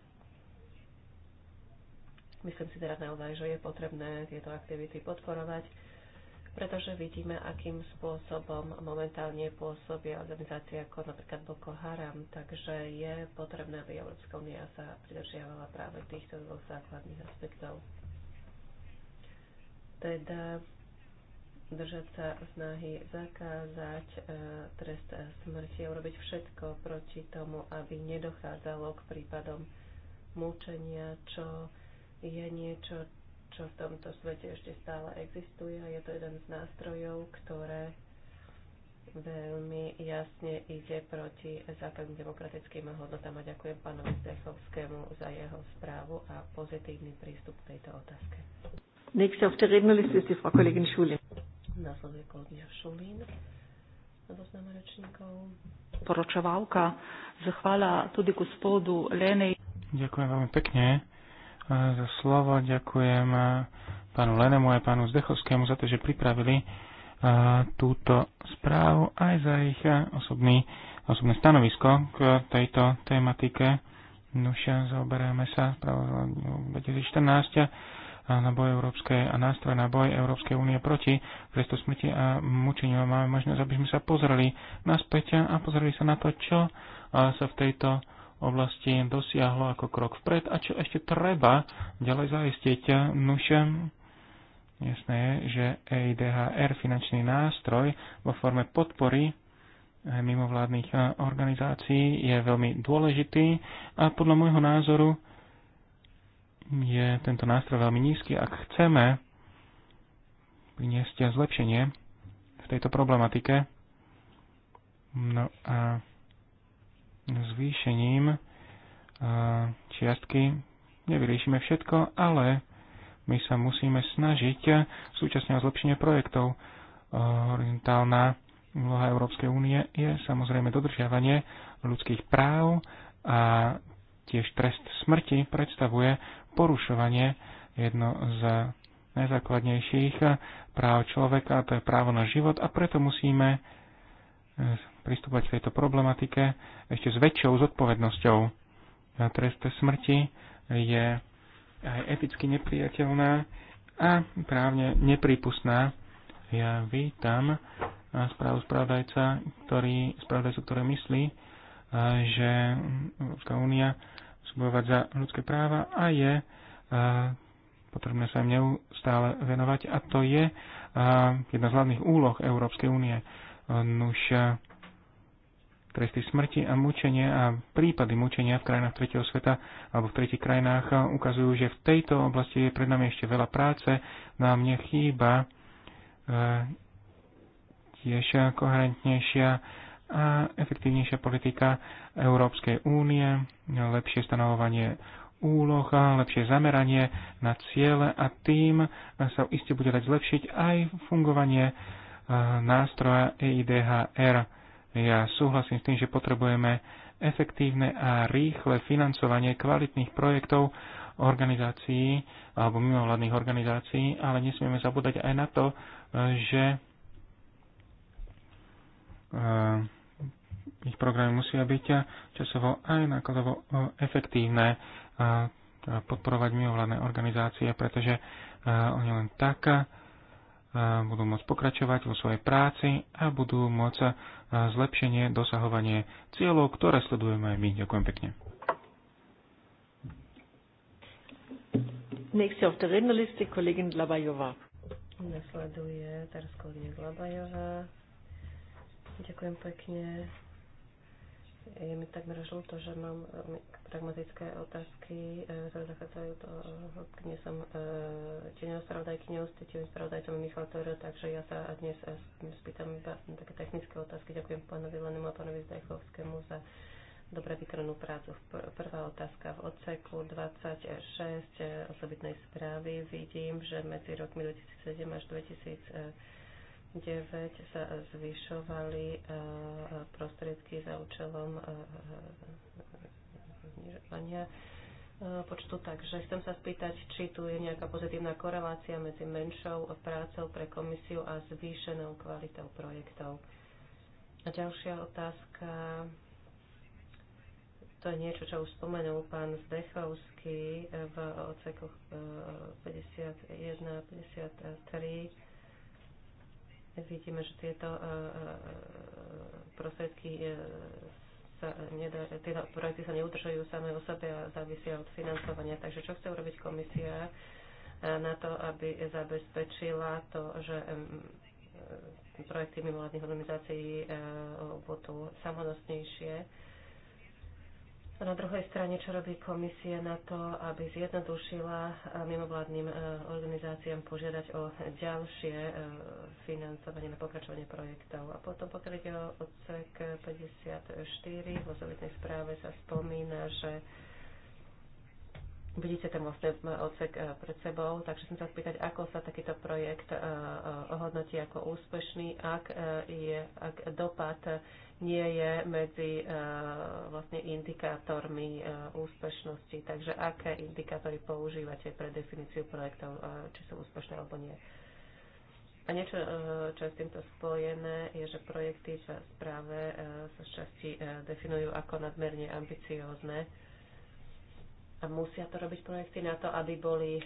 Myslím si teda naozaj, že je potrebné tieto aktivity podporovať, pretože vidíme, akým spôsobom momentálne pôsobia organizácie ako napríklad Boko Haram, takže je potrebné, aby Európska únia sa pridržiavala práve týchto dvoch základných aspektov teda držať sa snahy zakázať e, trest smrti a urobiť všetko proti tomu, aby nedochádzalo k prípadom mučenia, čo je niečo, čo v tomto svete ešte stále existuje a je to jeden z nástrojov, ktoré veľmi jasne ide proti základným demokratickým hodnotám a ďakujem pánovi Zdechovskému za jeho správu a pozitívny prístup k tejto otázke. Nächste auf der Rednerliste ist die Frau Kollegin Schulin. Následuje kolegyňa tudi gospodu Lenej. Ďakujem veľmi pekne eh, za slovo. Ďakujem eh, pánu Lenemu a pánu Zdechovskému za to, že pripravili eh, túto správu aj za ich osobný, osobné stanovisko k tejto tematike. Nuša, zaoberáme sa správou 2014 na boj Európskej a nástroj na boj Európskej únie proti trestu smrti a mučeniu. Máme možnosť, aby sme sa pozreli naspäť a pozreli sa na to, čo sa v tejto oblasti dosiahlo ako krok vpred a čo ešte treba ďalej zaistiť. Nušem, jasné je, že EIDHR, finančný nástroj vo forme podpory mimovládnych organizácií je veľmi dôležitý a podľa môjho názoru je tento nástroj veľmi nízky. Ak chceme priniesť zlepšenie v tejto problematike, no a zvýšením čiastky nevyriešime všetko, ale my sa musíme snažiť súčasne o zlepšenie projektov. Orientálna úloha Európskej únie je samozrejme dodržiavanie ľudských práv a tiež trest smrti predstavuje porušovanie jedno z najzákladnejších práv človeka, to je právo na život a preto musíme eh, pristúpať k tejto problematike ešte s väčšou zodpovednosťou. Na treste smrti je aj eticky nepriateľná a právne nepripustná. Ja vítam eh, správu spravodajca, ktorý, spravodajcu, ktoré myslí, eh, že Európska únia bojovať za ľudské práva a je e, potrebné sa im neustále venovať a to je e, jedna z hlavných úloh Európskej únie. Nuž e, tresty smrti a mučenie a prípady mučenia v krajinách tretieho sveta alebo v tretich krajinách ukazujú, že v tejto oblasti je pred nami ešte veľa práce. Nám no nechýba tiež koherentnejšia a efektívnejšia politika Európskej únie, lepšie stanovovanie úloh, lepšie zameranie na ciele a tým sa iste bude dať zlepšiť aj fungovanie e, nástroja EIDHR. Ja súhlasím s tým, že potrebujeme efektívne a rýchle financovanie kvalitných projektov organizácií alebo mimovládnych organizácií, ale nesmieme zabúdať aj na to, e, že e, ich programy musia byť časovo aj nákladovo e, efektívne podporovať mimovládne organizácie, pretože e, oni len tak e, budú môcť pokračovať vo svojej práci a budú môcť zlepšenie, dosahovanie cieľov, ktoré sledujeme aj my. Ďakujem pekne. Nächste auf der Rednerliste, Kollegin Labajová. Nasleduje teraz kolegyňa Labajová. Ďakujem pekne je mi takmer žlúto, že mám veľmi pragmatické otázky, e, ktoré zachádzajú do hĺbky. Nie som e, spravodajky, spravodajkyňou, spravodajcom Michal Toro, takže ja sa dnes e, spýtam iba také technické otázky. Ďakujem pánovi Lenemu a pánovi Zdajchovskému za dobre vykonanú prácu. Prvá otázka v odseku 26 e, osobitnej správy. Vidím, že medzi rokmi 2007 až 2000 9 sa zvyšovali e, prostriedky za účelom e, e, znižovania počtu. Takže chcem sa spýtať, či tu je nejaká pozitívna korelácia medzi menšou prácou pre komisiu a zvýšenou kvalitou projektov. A ďalšia otázka, to je niečo, čo už spomenul pán Zdechovský v ocekoch 51 53 vidíme, že tieto e, e, e, prostriedky sa nedá, tieto projekty sa neudržujú samé o sebe a závisia od financovania. Takže čo chce urobiť komisia na to, aby zabezpečila to, že projekty mimovládnych organizácií budú samodostnejšie. A na druhej strane, čo robí komisia na to, aby zjednodušila mimovládnym e, organizáciám požiadať o ďalšie e, financovanie na pokračovanie projektov. A potom, pokiaľ ide o odsek 54, v osobitnej správe sa spomína, že Vidíte ten vlastne e, odsek pred sebou, takže som sa spýtať, ako sa takýto projekt ohodnotí ako úspešný, ak, je, ak dopad nie je medzi e, vlastne indikátormi e, úspešnosti. Takže aké indikátory používate pre definíciu projektov, e, či sú úspešné alebo nie. A niečo, čo je s týmto spojené, je, že projekty v správe sa uh, definujú ako nadmerne ambiciózne a musia to robiť projekty na to, aby boli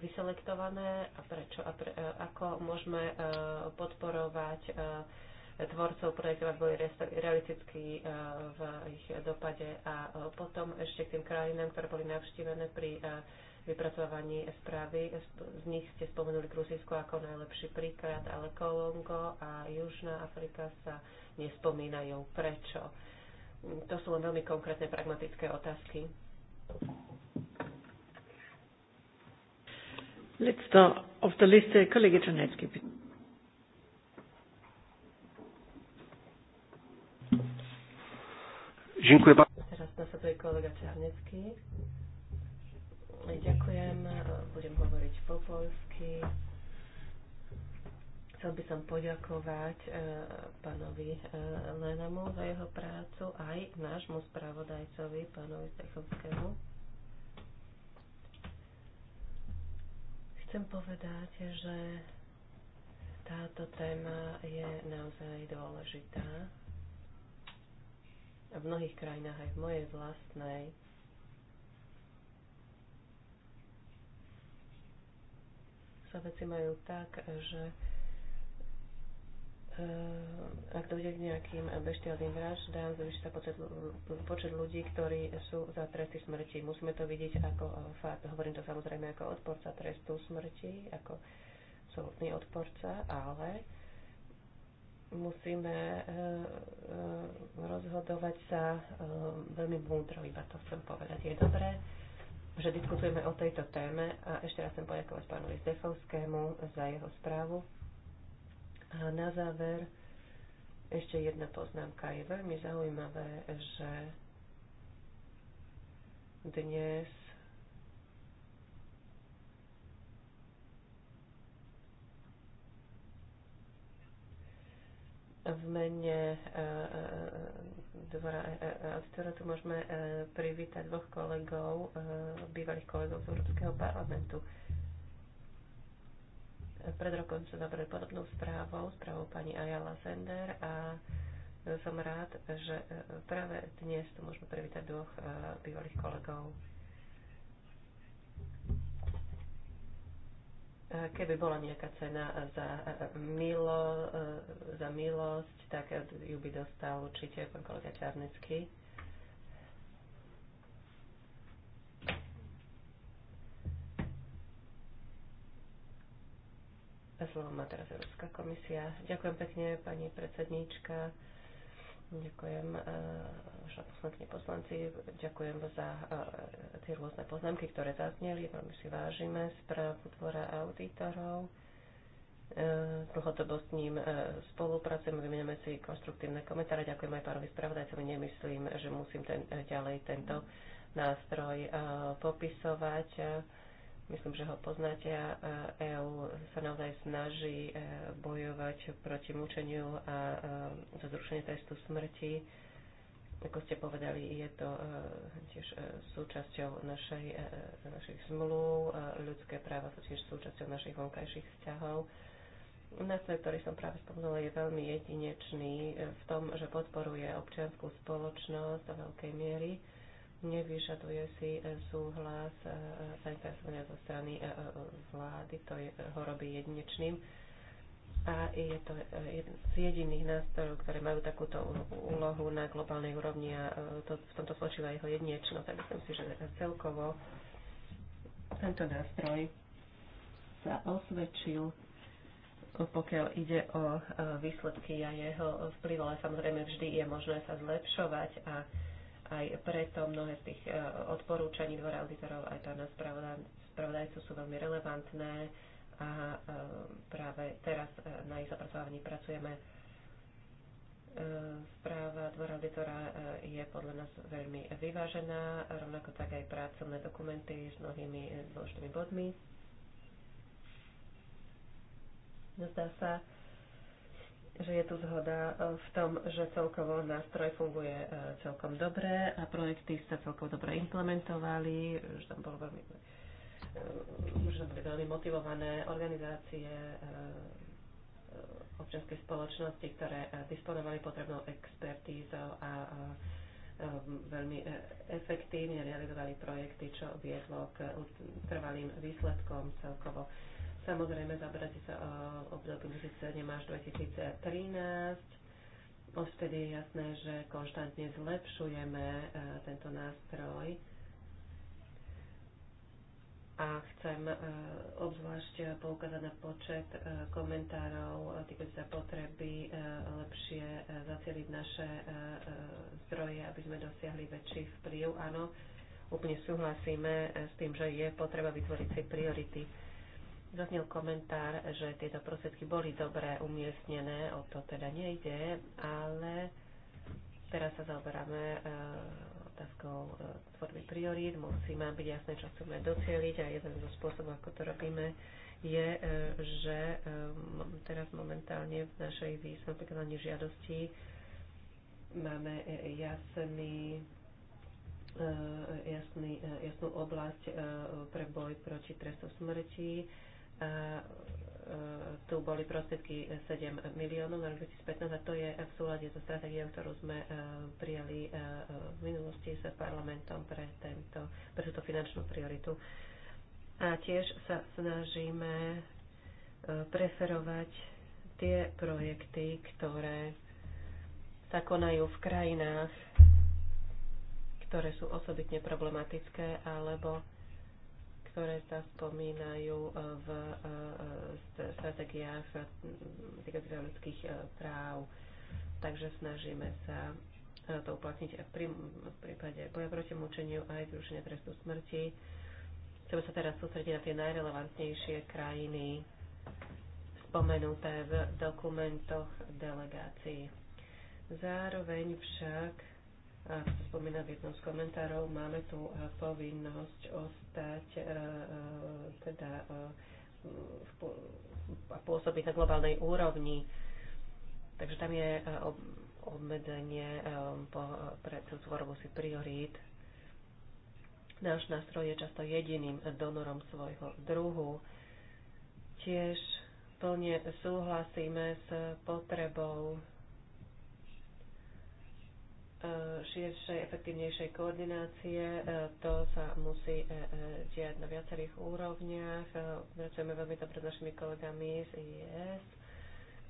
vyselektované a prečo a pre, ako môžeme podporovať tvorcov projektov, ak boli realistickí e, v ich dopade. A e, potom ešte k tým krajinám, ktoré boli navštívené pri e, vypracovaní správy. Z nich ste spomenuli Gruzísko ako najlepší príklad, ale Kolongo a Južná Afrika sa nespomínajú. Prečo? To sú len veľmi konkrétne pragmatické otázky. Letzter auf der Liste, Kollege Czernetzki, bitte. Dziękuję bardzo. Teraz nasleduje kolega Czarnecki. Ďakujem, budem hovoriť po polsky. Chcel by som poďakovať e, pánovi e, Lenamu za jeho prácu, aj nášmu spravodajcovi, pánovi Stechovskému. Chcem povedať, že táto téma je naozaj dôležitá v mnohých krajinách, aj v mojej vlastnej, sa veci majú tak, že eh, ak dojde k nejakým beštialným vraždám, zvyšuje sa počet, počet ľudí, ktorí sú za tresty smrti. Musíme to vidieť ako eh, fakt. Hovorím to samozrejme ako odporca trestu smrti, ako absolútny odporca, ale musíme eh, eh, rozhodovať sa eh, veľmi múdro, iba to chcem povedať. Je dobré, že diskutujeme o tejto téme a ešte raz chcem poďakovať pánovi Stefovskému za jeho správu. A na záver ešte jedna poznámka. Je veľmi zaujímavé, že dnes v mene e, e, e, dvora auditora tu môžeme privítať dvoch kolegov, bývalých kolegov z Európskeho parlamentu. Pred rokom sa zabrali podobnou správou, správou pani Ayala Sender a som rád, že práve dnes tu môžeme privítať dvoch bývalých kolegov keby bola nejaká cena e, za, e, e, milo, za milosť, tak ju by dostal určite pán kolega Čarnecký. Slovo má teraz Európska komisia. Ďakujem pekne, pani predsedníčka. Ďakujem, eh, vaša poslankyne poslanci, ďakujem za eh, tie rôzne poznámky, ktoré zazneli, veľmi si vážime správu dvora auditorov. Eh, dlhodobo s ním spolupracujeme, vymeníme si konstruktívne komentáre. Ďakujem aj pánovi spravodajcovi. Nemyslím, že musím ten, ďalej tento nástroj popisovať Myslím, že ho poznáte a EÚ sa naozaj snaží e, bojovať proti mučeniu a e, za zrušenie trestu smrti. Ako ste povedali, je to e, tiež súčasťou našej, našich zmluv. Ľudské práva sú tiež súčasťou našich vonkajších vzťahov. Nástroj, ktorý som práve spomenula, je veľmi jedinečný v tom, že podporuje občianskú spoločnosť do veľkej miery nevyžaduje si e, súhlas zainteresovania e, e, zo strany vlády, to je, ho robí jedinečným a je to jeden z jediných nástrojov, ktoré majú takúto úlohu na globálnej úrovni a to, v tomto spočíva jeho jedinečnosť. Tak myslím si, že celkovo tento nástroj sa osvedčil, pokiaľ ide o výsledky a jeho vplyv, ale samozrejme vždy je možné sa zlepšovať a aj preto mnohé z tých e, odporúčaní Dvora auditorov aj pána spravodajcu sú veľmi relevantné a e, práve teraz e, na ich zapracovaní pracujeme. Správa Dvora auditora je podľa nás veľmi vyvážená, rovnako tak aj pracovné dokumenty s mnohými dôležitými bodmi. No, zdá sa, že je tu zhoda e, v tom, že celkovo nástroj funguje e, celkom dobre a projekty sa celkovo dobre implementovali, že tam bolo veľmi že tam boli veľmi motivované organizácie e, občianskej spoločnosti, ktoré disponovali potrebnou expertízou a veľmi efektívne realizovali projekty, čo viedlo k trvalým výsledkom celkovo Samozrejme, zabrať sa e, období 2007 až 2013. Odvtedy je jasné, že konštantne zlepšujeme e, tento nástroj a chcem e, obzvlášť poukázať na počet komentárov týkajúci sa potreby lepšie zacieliť naše zdroje, aby sme dosiahli väčší vplyv. Áno, úplne súhlasíme s tým, že je potreba vytvoriť si priority Zaznel komentár, že tieto prostriedky boli dobre umiestnené, o to teda nejde, ale teraz sa zaoberáme e, otázkou e, tvorby priorít. Musí nám byť jasné, čo chceme docieliť a jeden zo spôsobov, ako to robíme, je, e, že teraz momentálne v našej výzve žiadosti máme jasný jasný, jasnú oblasť pre boj proti trestu smrti a e, tu boli prostriedky 7 miliónov na rok 2015 a to je v súlade so stratégiou, ktorú sme e, prijali e, v minulosti s parlamentom pre, tento, pre túto finančnú prioritu. A tiež sa snažíme preferovať tie projekty, ktoré sa konajú v krajinách, ktoré sú osobitne problematické alebo ktoré sa spomínajú e, v e, e, strategiách týkajúcich ľudských práv. Takže snažíme sa to uplatniť pri, v prípade boja proti mučeniu aj zrušenia trestu smrti. Chceme sa teraz sústrediť na tie najrelevantnejšie krajiny spomenuté v dokumentoch delegácií. Zároveň však ako sa spomína v jednom z komentárov, máme tu e, povinnosť ostať e, e, teda a pôsobiť na globálnej úrovni. Takže tam je obmedzenie pre tú tvorbu si priorít. Náš nástroj je často jediným donorom svojho druhu. Tiež plne súhlasíme s potrebou širšej, efektívnejšej koordinácie. E, to sa musí e, e, diať na viacerých úrovniach. Pracujeme veľmi dobre s našimi kolegami z IES,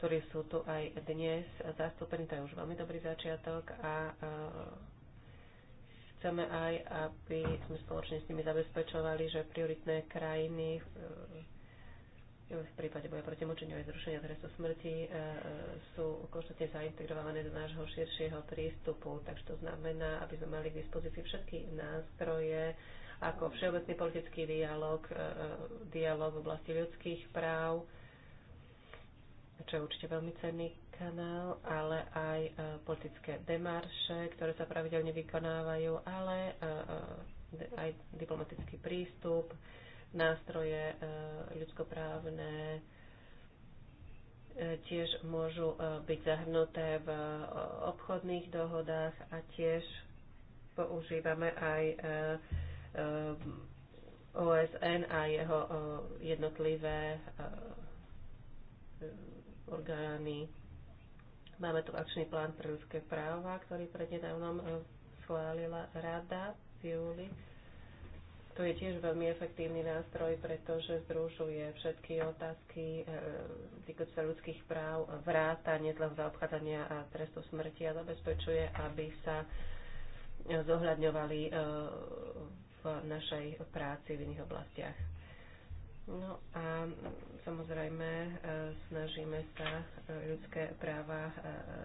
ktorí sú tu aj dnes zastúpení. To je už veľmi dobrý začiatok a chceme aj, aby sme spoločne s nimi zabezpečovali, že prioritné krajiny v prípade boja proti mučeniu aj zrušenia trestu smrti e, e, sú konštantne zaintegrované do nášho širšieho prístupu. Takže to znamená, aby sme mali k dispozícii všetky nástroje, ako všeobecný politický dialog, e, dialog v oblasti ľudských práv, čo je určite veľmi cenný kanál, ale aj politické demarše, ktoré sa pravidelne vykonávajú, ale aj diplomatický prístup, nástroje e, ľudskoprávne e, tiež môžu e, byť zahrnuté v obchodných dohodách a tiež používame aj OSN a jeho jednotlivé orgány. Máme tu akčný plán pre ľudské práva, ktorý prednedávnom schválila rada v júli to je tiež veľmi efektívny nástroj, pretože združuje všetky otázky eh, týkajúce sa ľudských práv, vráta, za zaobchádzania a trestu smrti a zabezpečuje, aby sa zohľadňovali eh, v našej práci v iných oblastiach. No a samozrejme eh, snažíme sa ľudské práva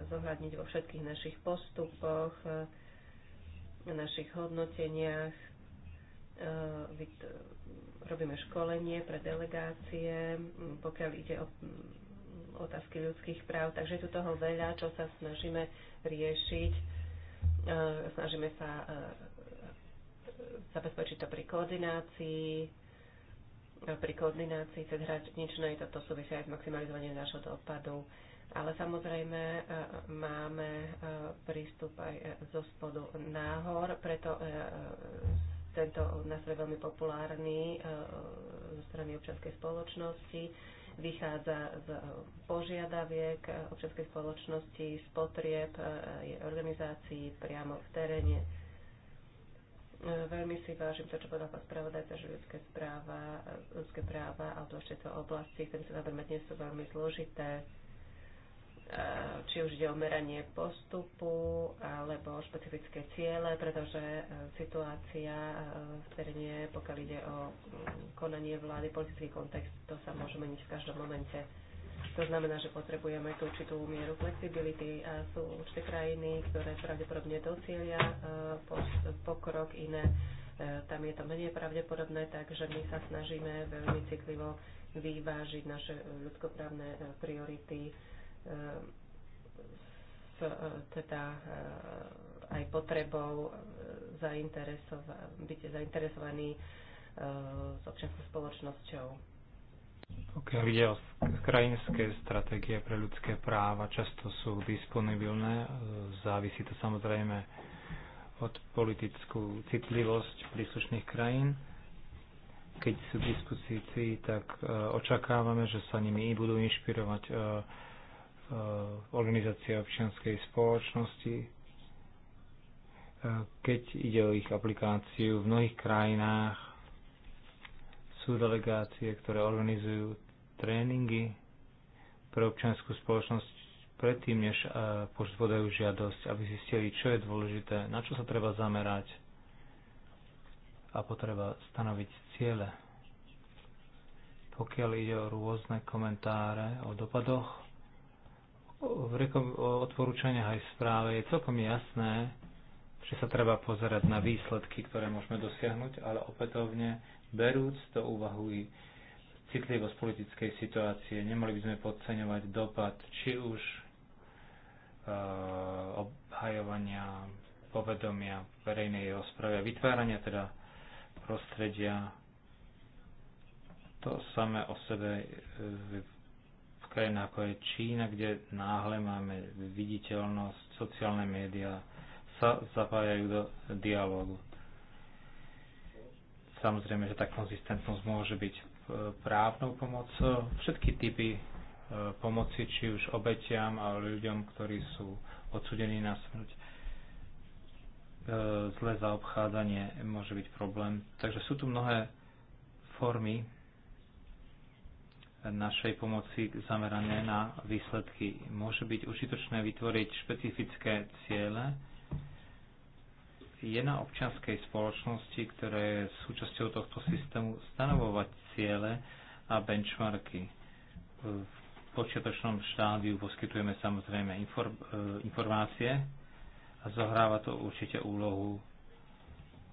zohľadniť vo všetkých našich postupoch, našich hodnoteniach, E, e, robíme školenie pre delegácie, pokiaľ ide o otázky ľudských práv, takže je tu toho veľa, čo sa snažíme riešiť. E, snažíme sa zabezpečiť to pri koordinácii, pri koordinácii cez hraničnej, toto súvisia aj s maximalizovaním nášho dopadu. Ale samozrejme máme prístup aj zo spodu náhor, preto tento nástroj je veľmi populárny e, e, zo strany občianskej spoločnosti, vychádza z e, požiadaviek občianskej spoločnosti, z potrieb organizácií priamo v teréne. Veľmi si vážim to, čo povedal pán spravodajca, že ľudské, správa, ľudské práva a ešte to oblasti, ktoré sa zaberme dnes, sú veľmi zložité Eh, či už ide o meranie postupu alebo špecifické ciele, pretože eh, situácia eh, v teréne, pokiaľ ide o mm, konanie vlády, politický kontext, to sa môže meniť v každom momente. To znamená, že potrebujeme tú určitú mieru flexibility a sú určité krajiny, ktoré pravdepodobne docielia pokrok, iné tam je to menej pravdepodobné, takže my sa snažíme veľmi citlivo vyvážiť naše ľudskoprávne priority s e, teda e, aj potrebou e, zainteresova- byť zainteresovaný s občianskou spoločnosťou. Pokiaľ ide o krajinské stratégie pre ľudské práva, často sú disponibilné. Závisí to samozrejme od politickú citlivosť príslušných krajín. Keď sú v tak očakávame, že sa nimi budú inšpirovať Eh, organizácie občianskej spoločnosti, eh, keď ide o ich aplikáciu v mnohých krajinách, sú delegácie, ktoré organizujú tréningy pre občianskú spoločnosť predtým, než eh, podajú žiadosť, aby zistili, čo je dôležité, na čo sa treba zamerať a potreba stanoviť ciele. Pokiaľ ide o rôzne komentáre o dopadoch v odporúčaniach aj v správe je celkom jasné, že sa treba pozerať na výsledky, ktoré môžeme dosiahnuť, ale opätovne berúc do i citlivosť politickej situácie, nemali by sme podceňovať dopad či už e, obhajovania povedomia verejnej rozprave, vytvárania teda prostredia. To samé o sebe e, krajina ako je Čína, kde náhle máme viditeľnosť, sociálne médiá sa zapájajú do dialógu. Samozrejme, že tá konzistentnosť môže byť e, právnou pomocou. Všetky typy e, pomoci, či už obetiam a ľuďom, ktorí sú odsudení na smrť. E, zlé zaobchádzanie môže byť problém. Takže sú tu mnohé formy našej pomoci zamerané na výsledky. Môže byť užitočné vytvoriť špecifické ciele. Je na občianskej spoločnosti, ktoré je súčasťou tohto systému, stanovovať ciele a benchmarky. V počiatočnom štádiu poskytujeme samozrejme e, informácie a zohráva to určite úlohu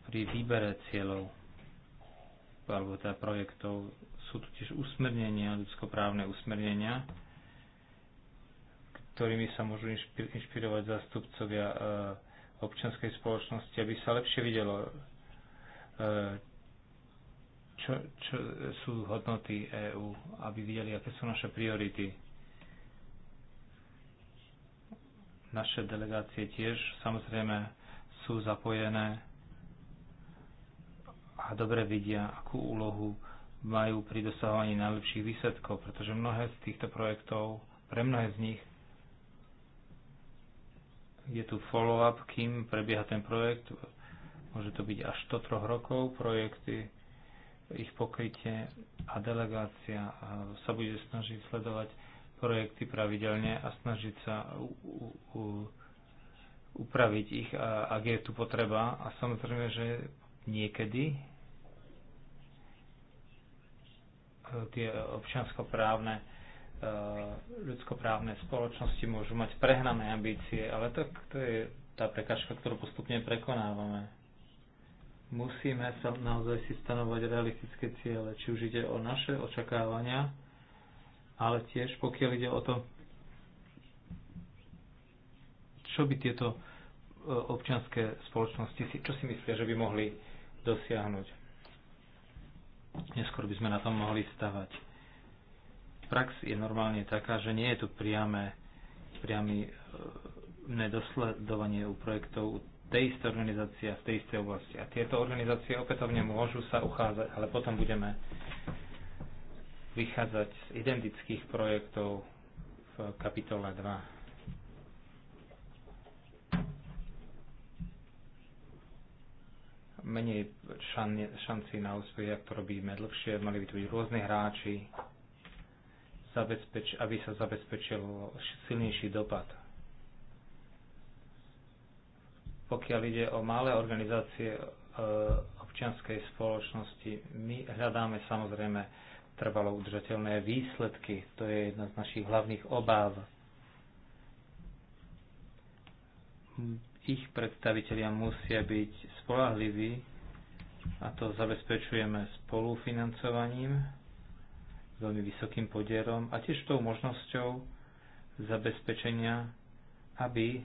pri výbere cieľov alebo teda projektov sú tu tiež usmernenia, ľudskoprávne usmernenia, ktorými sa môžu inšpirovať zastupcovia e, občianskej spoločnosti, aby sa lepšie videlo, e, čo, čo sú hodnoty EÚ, aby videli, aké sú naše priority. Naše delegácie tiež samozrejme sú zapojené a dobre vidia, akú úlohu majú pri dosahovaní najlepších výsledkov, pretože mnohé z týchto projektov, pre mnohé z nich je tu follow-up, kým prebieha ten projekt. Môže to byť až do troch rokov projekty, ich pokrytie a delegácia sa bude snažiť sledovať projekty pravidelne a snažiť sa u, u, upraviť ich, ak je tu potreba. A samozrejme, že niekedy tie občianskoprávne e, ľudskoprávne spoločnosti môžu mať prehnané ambície, ale to, to je tá prekažka, ktorú postupne prekonávame. Musíme sa naozaj si stanovať realistické ciele, či už ide o naše očakávania, ale tiež pokiaľ ide o to, čo by tieto e, občianské spoločnosti, si, čo si myslia, že by mohli dosiahnuť. Neskôr by sme na tom mohli stavať. Prax je normálne taká, že nie je tu priame, priame nedosledovanie u projektov tej istej organizácie a v tej istej oblasti. A tieto organizácie opätovne môžu sa uchádzať, ale potom budeme vychádzať z identických projektov v kapitole 2. menej šan, šanci na úspech, ak to robíme dlhšie, mali by to byť rôzne hráči, zabezpeč, aby sa zabezpečil silnejší dopad. Pokiaľ ide o malé organizácie e, občianskej spoločnosti, my hľadáme samozrejme trvalo udržateľné výsledky. To je jedna z našich hlavných obáv ich predstavitelia musia byť spolahliví a to zabezpečujeme spolufinancovaním, veľmi vysokým podierom a tiež tou možnosťou zabezpečenia, aby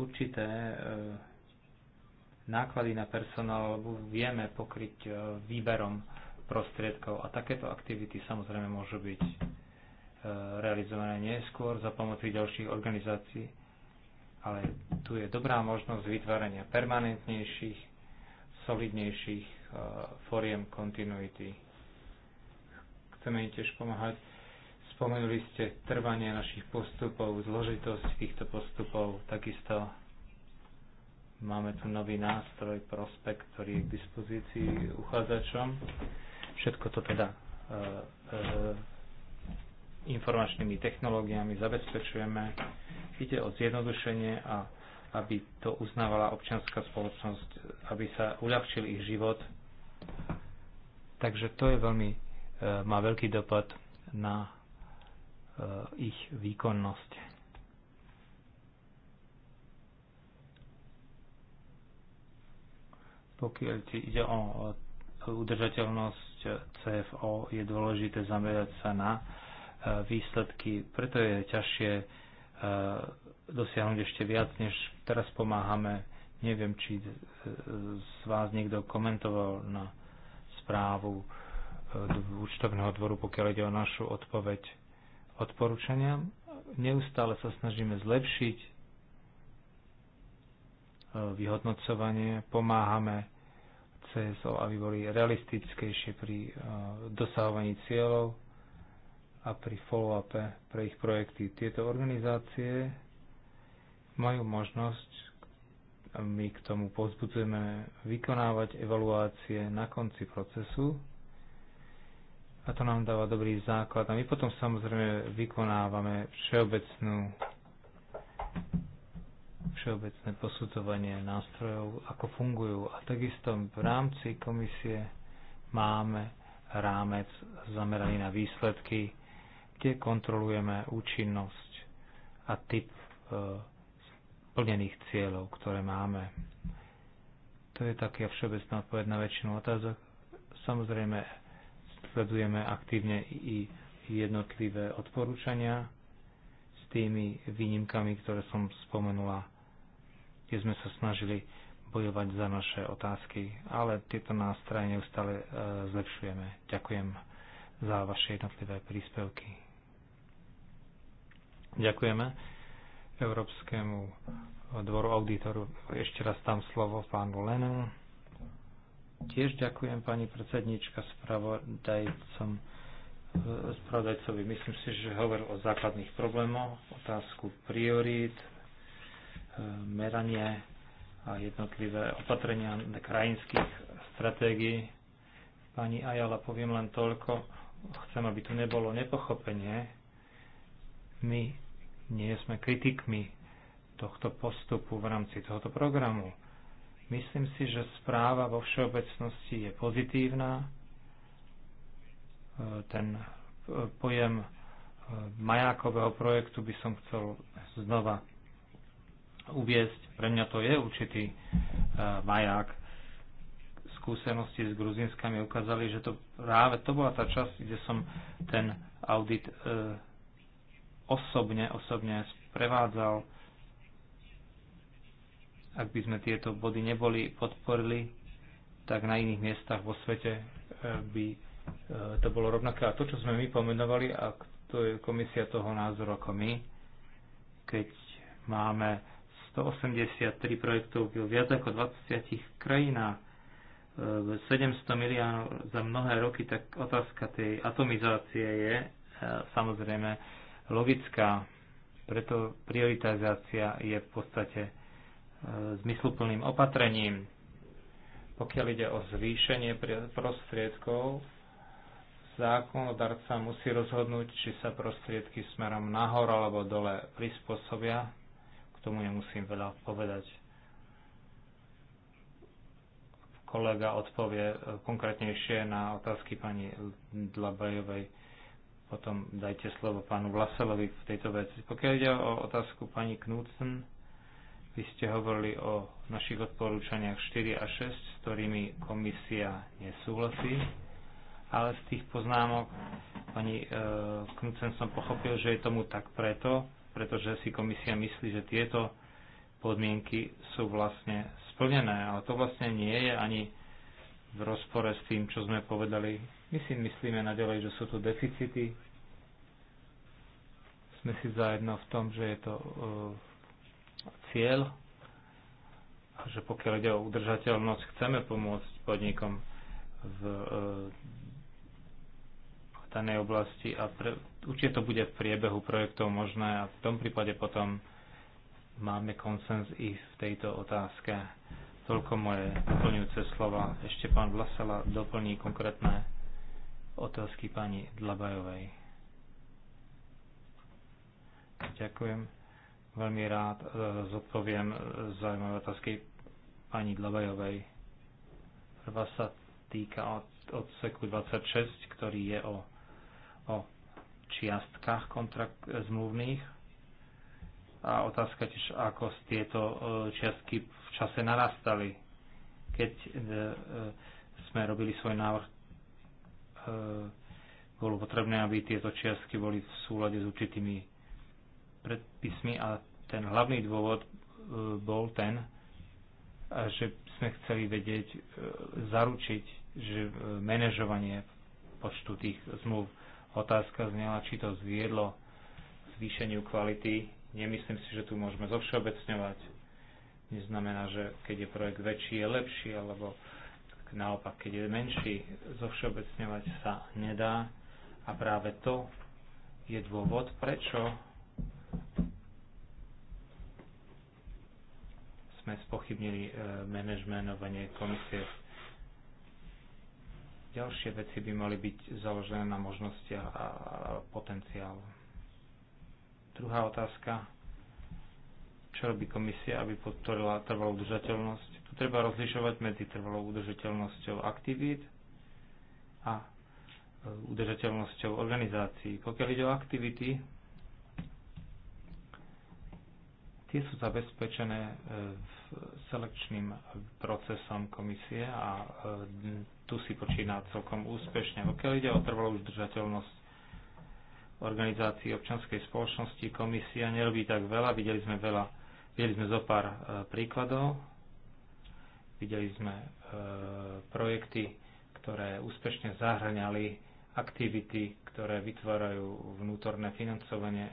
určité e, náklady na personál vieme pokryť e, výberom prostriedkov a takéto aktivity samozrejme môžu byť e, realizované neskôr za pomoci ďalších organizácií ale tu je dobrá možnosť vytvárania permanentnejších, solidnejších eh, foriem kontinuity. Chceme im tiež pomáhať. Spomenuli ste trvanie našich postupov, zložitosť týchto postupov, takisto Máme tu nový nástroj, prospekt, ktorý je k dispozícii uchádzačom. Všetko to teda eh, eh, informačnými technológiami zabezpečujeme. Ide o zjednodušenie a aby to uznávala občianská spoločnosť, aby sa uľahčil ich život. Takže to je veľmi, e, má veľký dopad na e, ich výkonnosť. Pokiaľ ide o udržateľnosť e, CFO, je dôležité zamerať sa na E, výsledky, preto je ťažšie e, dosiahnuť ešte viac, než teraz pomáhame. Neviem, či e, z vás niekto komentoval na správu účtovného dvoru, pokiaľ ide o našu odpoveď odporúčania. Neustále sa snažíme zlepšiť vyhodnocovanie, pomáhame CSO, aby boli realistickejšie pri dosahovaní cieľov a pri follow-upe pre ich projekty. Tieto organizácie majú možnosť, my k tomu pozbudzujeme, vykonávať evaluácie na konci procesu a to nám dáva dobrý základ. A my potom samozrejme vykonávame všeobecnú všeobecné posudzovanie nástrojov, ako fungujú. A takisto v rámci komisie máme rámec zameraný na výsledky kde kontrolujeme účinnosť a typ e, plnených cieľov, ktoré máme. To je taká všeobecná odpoveď na väčšinu otázok. Samozrejme, sledujeme aktívne i jednotlivé odporúčania s tými výnimkami, ktoré som spomenula, kde sme sa snažili bojovať za naše otázky, ale tieto nástroje neustále e, zlepšujeme. Ďakujem za vaše jednotlivé príspevky. Ďakujeme Európskemu dvoru auditoru. Ešte raz tam slovo pánu Lenu. Tiež ďakujem pani predsednička spravodajcom spravodajcovi. Myslím si, že hovoril o základných problémoch, otázku priorít, e, meranie a jednotlivé opatrenia krajinských stratégií. Pani Ajala, poviem len toľko, chcem, aby tu nebolo nepochopenie. My nie sme kritikmi tohto postupu v rámci tohoto programu. Myslím si, že správa vo všeobecnosti je pozitívna. E, ten e, pojem e, majákového projektu by som chcel znova uviesť. Pre mňa to je určitý maják. Skúsenosti s Gruzinskami ukázali, že to práve to bola tá časť, kde som ten audit osobne, osobne sprevádzal. Ak by sme tieto body neboli podporili, tak na iných miestach vo svete eh, by eh, to bolo rovnaké. A to, čo sme my pomenovali, a to je komisia toho názoru ako my, keď máme 183 projektov v viac ako 20 krajinách, 700 eh, miliónov za mnohé roky, tak otázka tej atomizácie je samozrejme logická, preto prioritizácia je v podstate e, zmysluplným opatrením. Pokiaľ ide o zvýšenie prostriedkov, zákonodarca musí rozhodnúť, či sa prostriedky smerom nahor alebo dole prispôsobia. K tomu nemusím veľa povedať. Kolega odpovie e, konkrétnejšie na otázky pani Dlabajovej potom dajte slovo pánu Vlaselovi v tejto veci. Pokiaľ ide o otázku pani Knudsen, vy ste hovorili o našich odporúčaniach 4 a 6, s ktorými komisia nesúhlasí, ale z tých poznámok pani e, Knudsen som pochopil, že je tomu tak preto, pretože si komisia myslí, že tieto podmienky sú vlastne splnené, ale to vlastne nie je ani v rozpore s tým, čo sme povedali my si myslíme naďalej, že sú tu deficity. Sme si zajedno v tom, že je to e, cieľ a že pokiaľ ide o udržateľnosť, chceme pomôcť podnikom v e, danej oblasti a pre, určite to bude v priebehu projektov možné a v tom prípade potom máme konsens i v tejto otázke. Toľko moje doplňujúce slova. Ešte pán Vlasela doplní konkrétne otázky pani Dlabajovej. Ďakujem. Veľmi rád e, zodpoviem e, zaujímavé otázky pani Dlabajovej. Prvá sa týka odseku 26, ktorý je o, o čiastkách kontrakt e, zmluvných. A otázka tiež, ako tieto čiastky v čase narastali. Keď sme robili svoj návrh E, bolo potrebné, aby tieto čiastky boli v súlade s určitými predpismi a ten hlavný dôvod e, bol ten, že sme chceli vedieť, e, zaručiť, že manažovanie počtu tých zmluv otázka znela, či to zviedlo zvýšeniu kvality. Nemyslím si, že tu môžeme zovšeobecňovať. Neznamená, že keď je projekt väčší, je lepší, alebo Naopak, keď je menší, zovšeobecňovať sa nedá. A práve to je dôvod, prečo sme spochybnili e, manažmenovanie komisie. Ďalšie veci by mali byť založené na možnostiach a potenciálu. Druhá otázka. Čo robí komisia, aby podporila trvalú udržateľnosť? Tu treba rozlišovať medzi trvalou udržateľnosťou aktivít a e, udržateľnosťou organizácií. Pokiaľ ide o aktivity, tie sú zabezpečené e, selekčným procesom komisie a e, tu si počína celkom úspešne. Pokiaľ ide o trvalú udržateľnosť organizácií občanskej spoločnosti, komisia nerobí tak veľa, videli sme veľa, videli sme zo pár príkladov. Videli sme e, projekty, ktoré úspešne zahraňali aktivity, ktoré vytvárajú vnútorné financovanie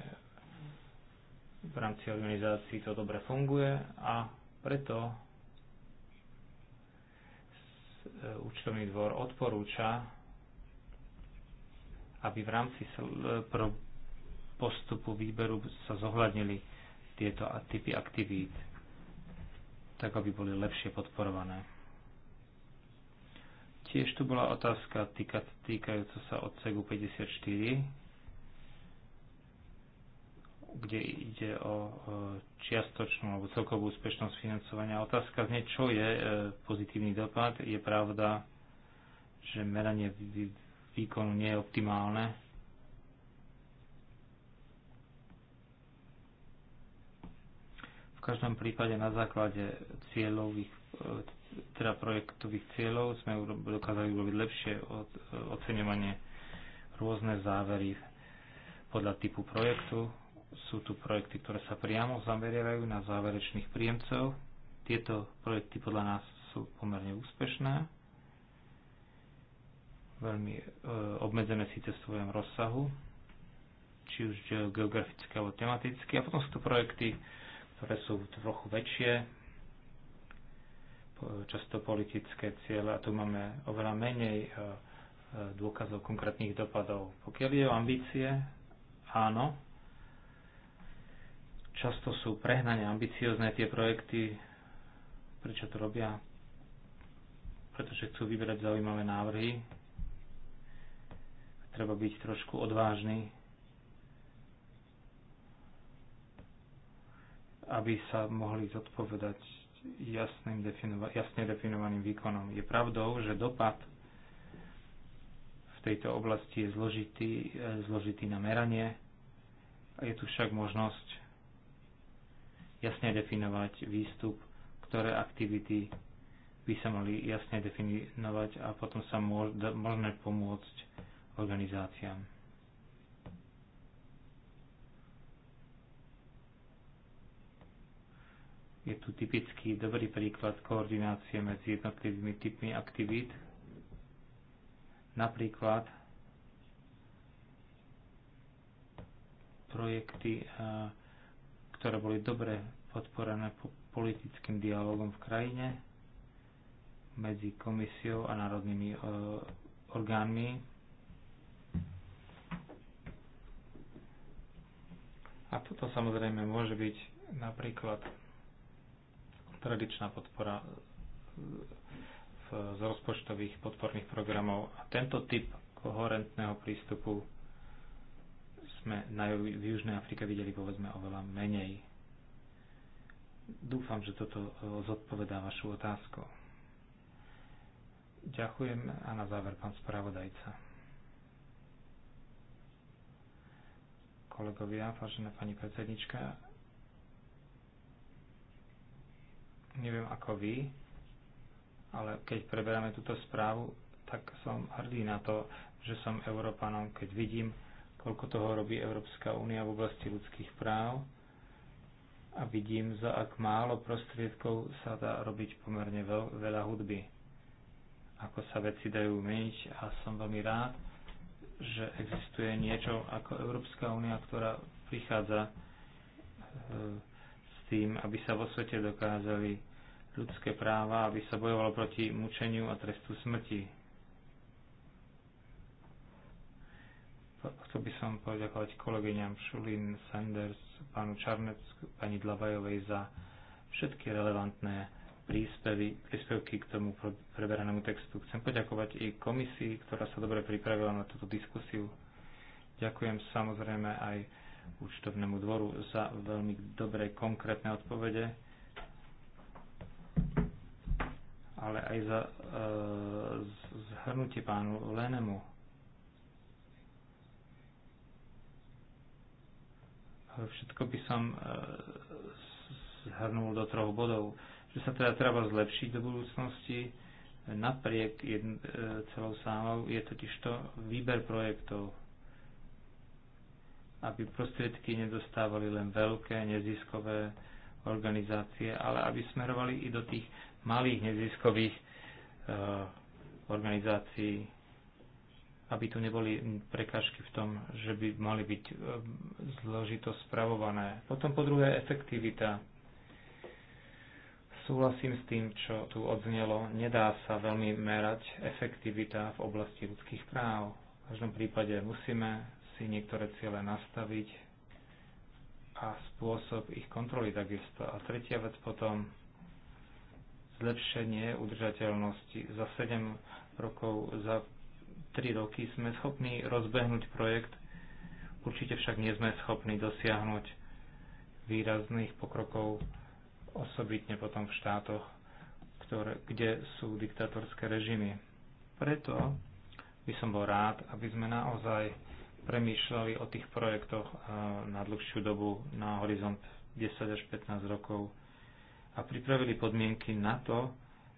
v rámci organizácií. To dobre funguje a preto e, účtovný dvor odporúča, aby v rámci e, postupu výberu sa zohľadnili tieto typy aktivít tak aby boli lepšie podporované. Tiež tu bola otázka týka, týkajúca sa odseku 54, kde ide o čiastočnú alebo celkovú úspešnosť financovania. Otázka znie, čo je e, pozitívny dopad. Je pravda, že meranie výkonu nie je optimálne každom prípade na základe cieľových, e, teda projektových cieľov sme dokázali urobiť lepšie e, oceňovanie rôzne závery podľa typu projektu. Sú tu projekty, ktoré sa priamo zameriavajú na záverečných príjemcov. Tieto projekty podľa nás sú pomerne úspešné. Veľmi e, obmedzené síce v svojom rozsahu, či už geograficky alebo tematicky. A potom sú tu projekty, ktoré sú trochu väčšie, často politické ciele a tu máme oveľa menej e, e, dôkazov konkrétnych dopadov. Pokiaľ je o ambície, áno, často sú prehnane ambiciozne tie projekty. Prečo to robia? Pretože chcú vyberať zaujímavé návrhy. Treba byť trošku odvážny aby sa mohli zodpovedať jasným definova- jasne definovaným výkonom. Je pravdou, že dopad v tejto oblasti je zložitý, e, zložitý na meranie a je tu však možnosť jasne definovať výstup, ktoré aktivity by sa mali jasne definovať a potom sa môžeme pomôcť organizáciám. Je tu typický dobrý príklad koordinácie medzi jednotlivými typmi aktivít. Napríklad projekty, eh, ktoré boli dobre podporené politickým dialogom v krajine medzi komisiou a národnými eh, orgánmi. A toto samozrejme môže byť napríklad tradičná podpora e, z rozpočtových podporných programov. A tento typ koherentného prístupu sme na, v Južnej Afrike videli povedzme oveľa menej. Dúfam, že toto e, zodpovedá vašu otázku. Ďakujem a na záver pán spravodajca. Kolegovia, vážená pani predsednička, neviem ako vy, ale keď preberáme túto správu, tak som hrdý na to, že som Európanom, keď vidím, koľko toho robí Európska únia v oblasti ľudských práv a vidím, za ak málo prostriedkov sa dá robiť pomerne veľ, veľa hudby. Ako sa veci dajú meniť a som veľmi rád, že existuje niečo ako Európska únia, ktorá prichádza e, tým, aby sa vo svete dokázali ľudské práva, aby sa bojovalo proti mučeniu a trestu smrti. Chcel by som poďakovať kolegyňam Šulín, Sanders, pánu Čarnecku, pani Dlabajovej za všetky relevantné príspevy, príspevky k tomu preberanému textu. Chcem poďakovať i komisii, ktorá sa dobre pripravila na túto diskusiu. Ďakujem samozrejme aj účtovnému dvoru za veľmi dobré konkrétne odpovede, ale aj za e, zhrnutie pánu Lenemu. Všetko by som e, zhrnul do troch bodov. Že sa teda treba zlepšiť do budúcnosti napriek jedn, e, celou sámou je totiž to výber projektov aby prostriedky nedostávali len veľké neziskové organizácie, ale aby smerovali i do tých malých neziskových e, organizácií, aby tu neboli prekážky v tom, že by mali byť e, zložito spravované. Potom po druhé efektivita. Súhlasím s tým, čo tu odznelo. Nedá sa veľmi merať efektivita v oblasti ľudských práv. V každom prípade musíme si niektoré ciele nastaviť a spôsob ich kontroly takisto. A tretia vec potom zlepšenie udržateľnosti. Za 7 rokov, za 3 roky sme schopní rozbehnúť projekt, určite však nie sme schopní dosiahnuť výrazných pokrokov, osobitne potom v štátoch, ktoré, kde sú diktatorské režimy. Preto by som bol rád, aby sme naozaj premýšľali o tých projektoch na dlhšiu dobu, na horizont 10 až 15 rokov a pripravili podmienky na to,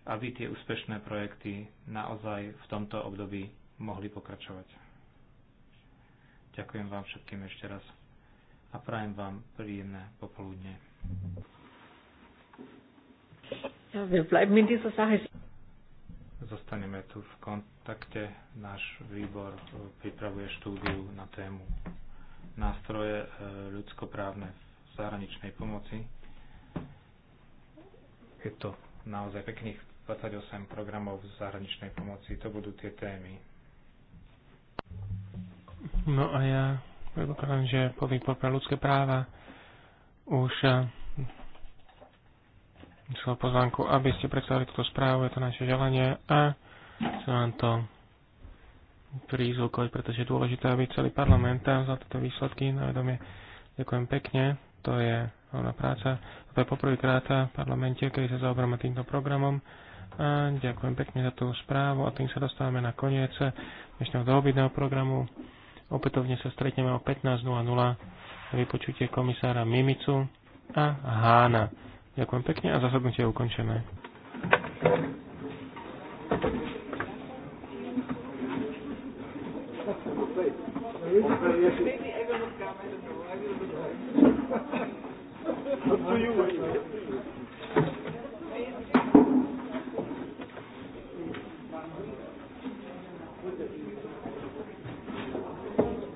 aby tie úspešné projekty naozaj v tomto období mohli pokračovať. Ďakujem vám všetkým ešte raz a prajem vám príjemné popoludne. Ja, wir bleiben in dieser Sache Zostaneme tu v kontakte. Náš výbor pripravuje štúdiu na tému nástroje e, ľudskoprávne v zahraničnej pomoci. Je to naozaj pekných 28 programov v zahraničnej pomoci. To budú tie témy. No a ja predpokladám, že po výbor pre ľudské práva už e, celú pozvánku, aby ste predstavili túto správu, je to naše želanie a chcem vám to prizvukovať, pretože je dôležité, aby celý parlament za tieto výsledky na vedomie. Ďakujem pekne, to je hlavná práca. To je poprvýkrát v parlamente, keď sa zaoberáme týmto programom. A ďakujem pekne za tú správu a tým sa dostávame na koniec dnešného doobidného programu. Opätovne sa stretneme o 15.00 na vypočutie komisára Mimicu a Hána. Ďakujem pekne a zasadnutie je ukončené. Thank <laughs> you.